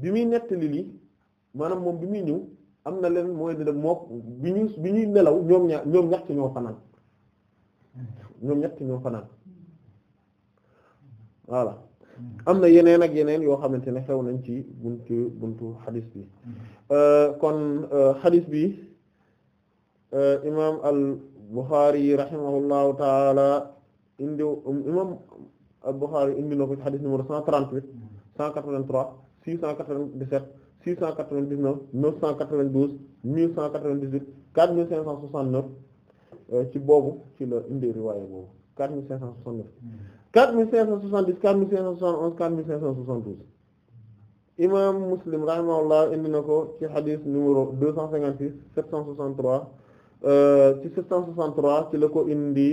bi muy nettali lii maanaam moom bi muy ñëw. am na leen moo di def mook bi ñuy bi ñuy nelaw ñoom ña ñoom ñett ñoo fanaan ñoom ñett ñoo fanaan voilà am na yeneen ak yeneen yoo xamante ne xew nañ ci buntu buntu xadis bi euh, kon euh, xadis bi euh, imaam al Bukhari rahimahullahu taala indi imaam al Bukhari indi na ko ci xadis numéro cent trente-huit cent quatre-vingt-trois 699 992 1198 4569 ci boobu ci la indi riwaaya boobu 4569 4570 4571 4572 imam Muslim rahimahullah indi na ko ci xadis numéro 256 763 euh, ci 763 ci la ko indi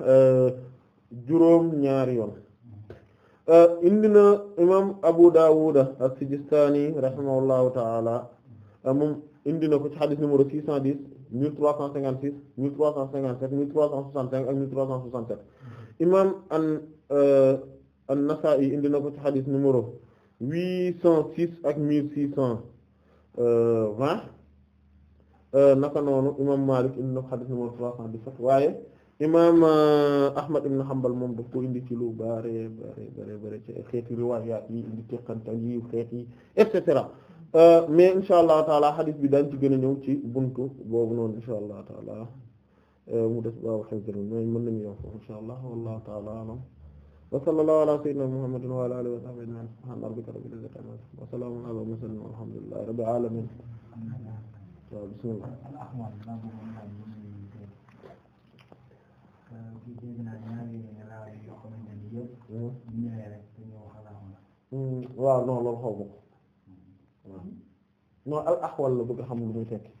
euh, juróom ñaari yoon Eh, indi na imam Abu Dawud as-Sijistani rahimahullahu ta'ala eh, moom indi na ko ci xadis numéro 610 1356 1357 1365 ak 1367 imam an eh, nasai indi na ko ci xadis numéro 806 ak 1620 naka noonu imam Malik indi na ko xadis numéro 317 waaye imaam eh, Ahmad ibn Hanbal moom daf ko indi ci lu bare bare bare bare ci xeeti riwaayaat yi indi teqantal yi xeet yi et cetera eh, mais insha allahu taala hadith bi daan ci gën a ñëw ci buntu boobu noonu insha allahu taala eh, mu des baabu xew mooy mën nañu yow foofu insha allah wallahu taala alam wa sallallahu ala sayyidina muhammadin wa ala alihi wa sahbihi ajma'in subhana rabbika rabbil izzati amma yasifun wa salamun ala mursalin walhamdulillahi rabbil alamin bismillah kii dégg naa ñaari laaw yi yoo xamante ni yëpp. ñu ñëwee rek dañoo xalaat waaw non loolu xaw ma ko non al axwal la bëgg xam lu muy tekki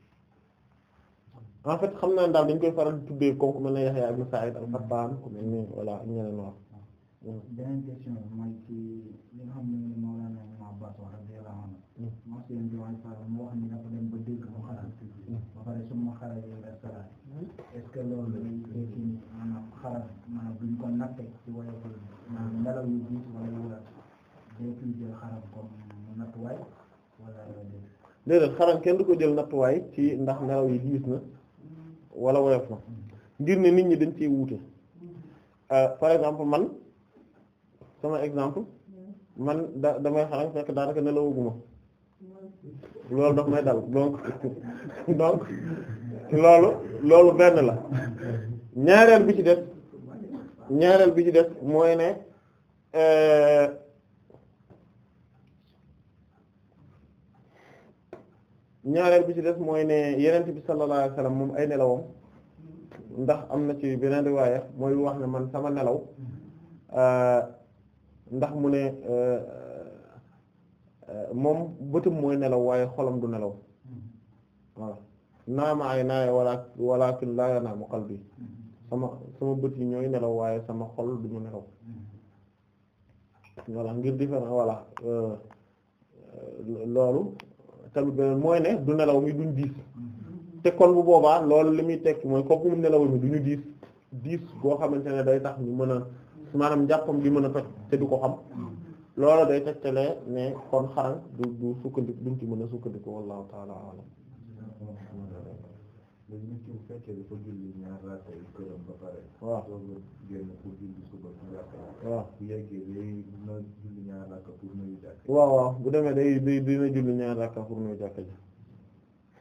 en fait xam naa daal dañ koy faral di tuddee comme ku mel ne Yahya ibn Sa'id al-Qattan ku mel ne voilà ñeneen waaw. Hmm. beneen question mooy ci li nga xam ne moom la ñu ma Abbas wax radiyallahu anhu hmm. moo seen diwaan fa moo wax ni dafa dem ba dégg mu xalaat hmm. ba pare su ma xalaat yi nga salaat est-ce que loolu xaraf maanaam duñ ko natte ci woyofal maanaam kenn du ko jël nattuwaay ci ndax nelaw yi diis na wala woyof na ngir ne nit ñi dañ ci wuute euh, par exemple man sama exemple man da damay xaraf fekk daanaka nelawuguma loolu daf may dal donc donc loolu loolu benn la ñaareel bi ci def ñaareel bi ci def mooy ne euh, ñaareel bi ci def mooy ne yenent bi sallallahu alayhi wasallam moom ay nelawam ndax am na ci beneen riwaaya mooy wax ne man sama nelaw euh, ndax mu ne euh, moom bëtum mooy nelaw waaye xolam du nelaw waaw hmm. naama ay naaya wala walakin laa yanaamu qalbi hmm. sama sama bët yi ñooy nelaw waaye sama xol du ñu nelaw voilà ngir différent voilà euh, euh, loolu tamit beneen mooy ne du nelaw mi duñ diis mm-hmm. te kon bu boobaa loolu li muy tekki mooy kooku mu nelaw mi du ñu diis diis goo xamante ne day tax ñu mën a maanaam jàppam li mën a toj te du ko xam mm-hmm. loolu day tegtalee ne kon xaral du du sukkandiku duñ ci mën a sukkandiku wallahu ta'ala a'lam mm-hmm. léegi nit ki bu fekkee dafa julli ñaar raakay këram ba pare. waaw soog a génn pour julli suba ci raakay. waaw bu yeggee day na julli ñaar raaka pour nuyu jàkka. waaw waaw bu demee day day dina julli ñaar raaka pour nuyu jàkka ji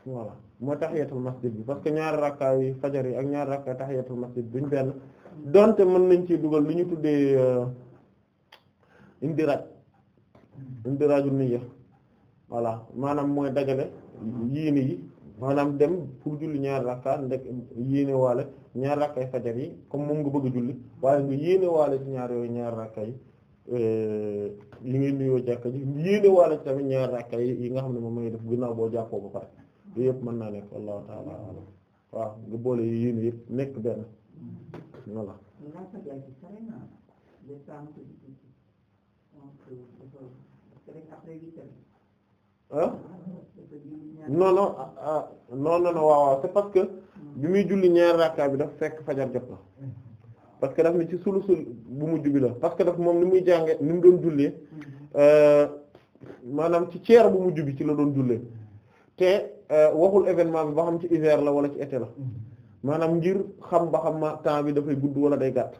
voilà moo tahiyatul masjid bi parce que ñaar raaka yi fajar yi ak ñaar raaka tahiyatul masjid duñ benn donte mën nañ ci dugal li ñu tuddee indiraaj euh, indiraajul hmm. niyya voilà maanaam mooy dajale yéene yi. maanaam dem pour julli ñaari rakka ndek yéene waale ñaari rakkay fajar yi comme moom nga bëgg a julli waaye nga yéene waale ci ñaar yooyu ñaari euh, rakka yi yi nga xam ne moom ngay def ginnaaw boo jàppoo ba pare yooyu yëpp mën naa nekk wallahu ta'ala alam waaw nga boole yi yéene nekk benn voilà ah non ah, ah, non non non waaw waaw c'est parce que bi muy julli ñaari rakka bi daf fekk fajar jot na parce que daf ne ci sulu sul bu mu bi la parce que daf moom ni muy jànge ni mu doon jullee euh, maanaam ci ceer bu mu bi ci la doon jullee te euh, waxul événement bi ba xam ci hiver la wala ci été la maanaam ngir xam ba xam ma temps bi dafay gudd wala day gàtt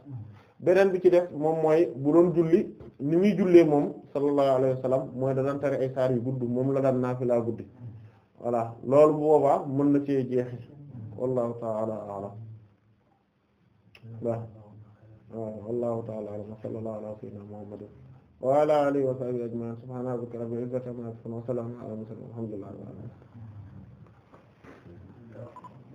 beneen bi ci def moom mooy bu doon julli ni muy jullee moom sallallahu alayhi wa sallam mooy da daan ay saar yu gudd moom la daan naafilaa guddi voilà loolu bu boobaa mën na cee jeexi wallahu ta'ala a'lam waaw waaw wallahu ta'ala a'lam wa sallallahu ala sayyidina muhammadin wa ala alihi wa sahbihi ajma'in subhana rabbika rabbil izzati amma yasifun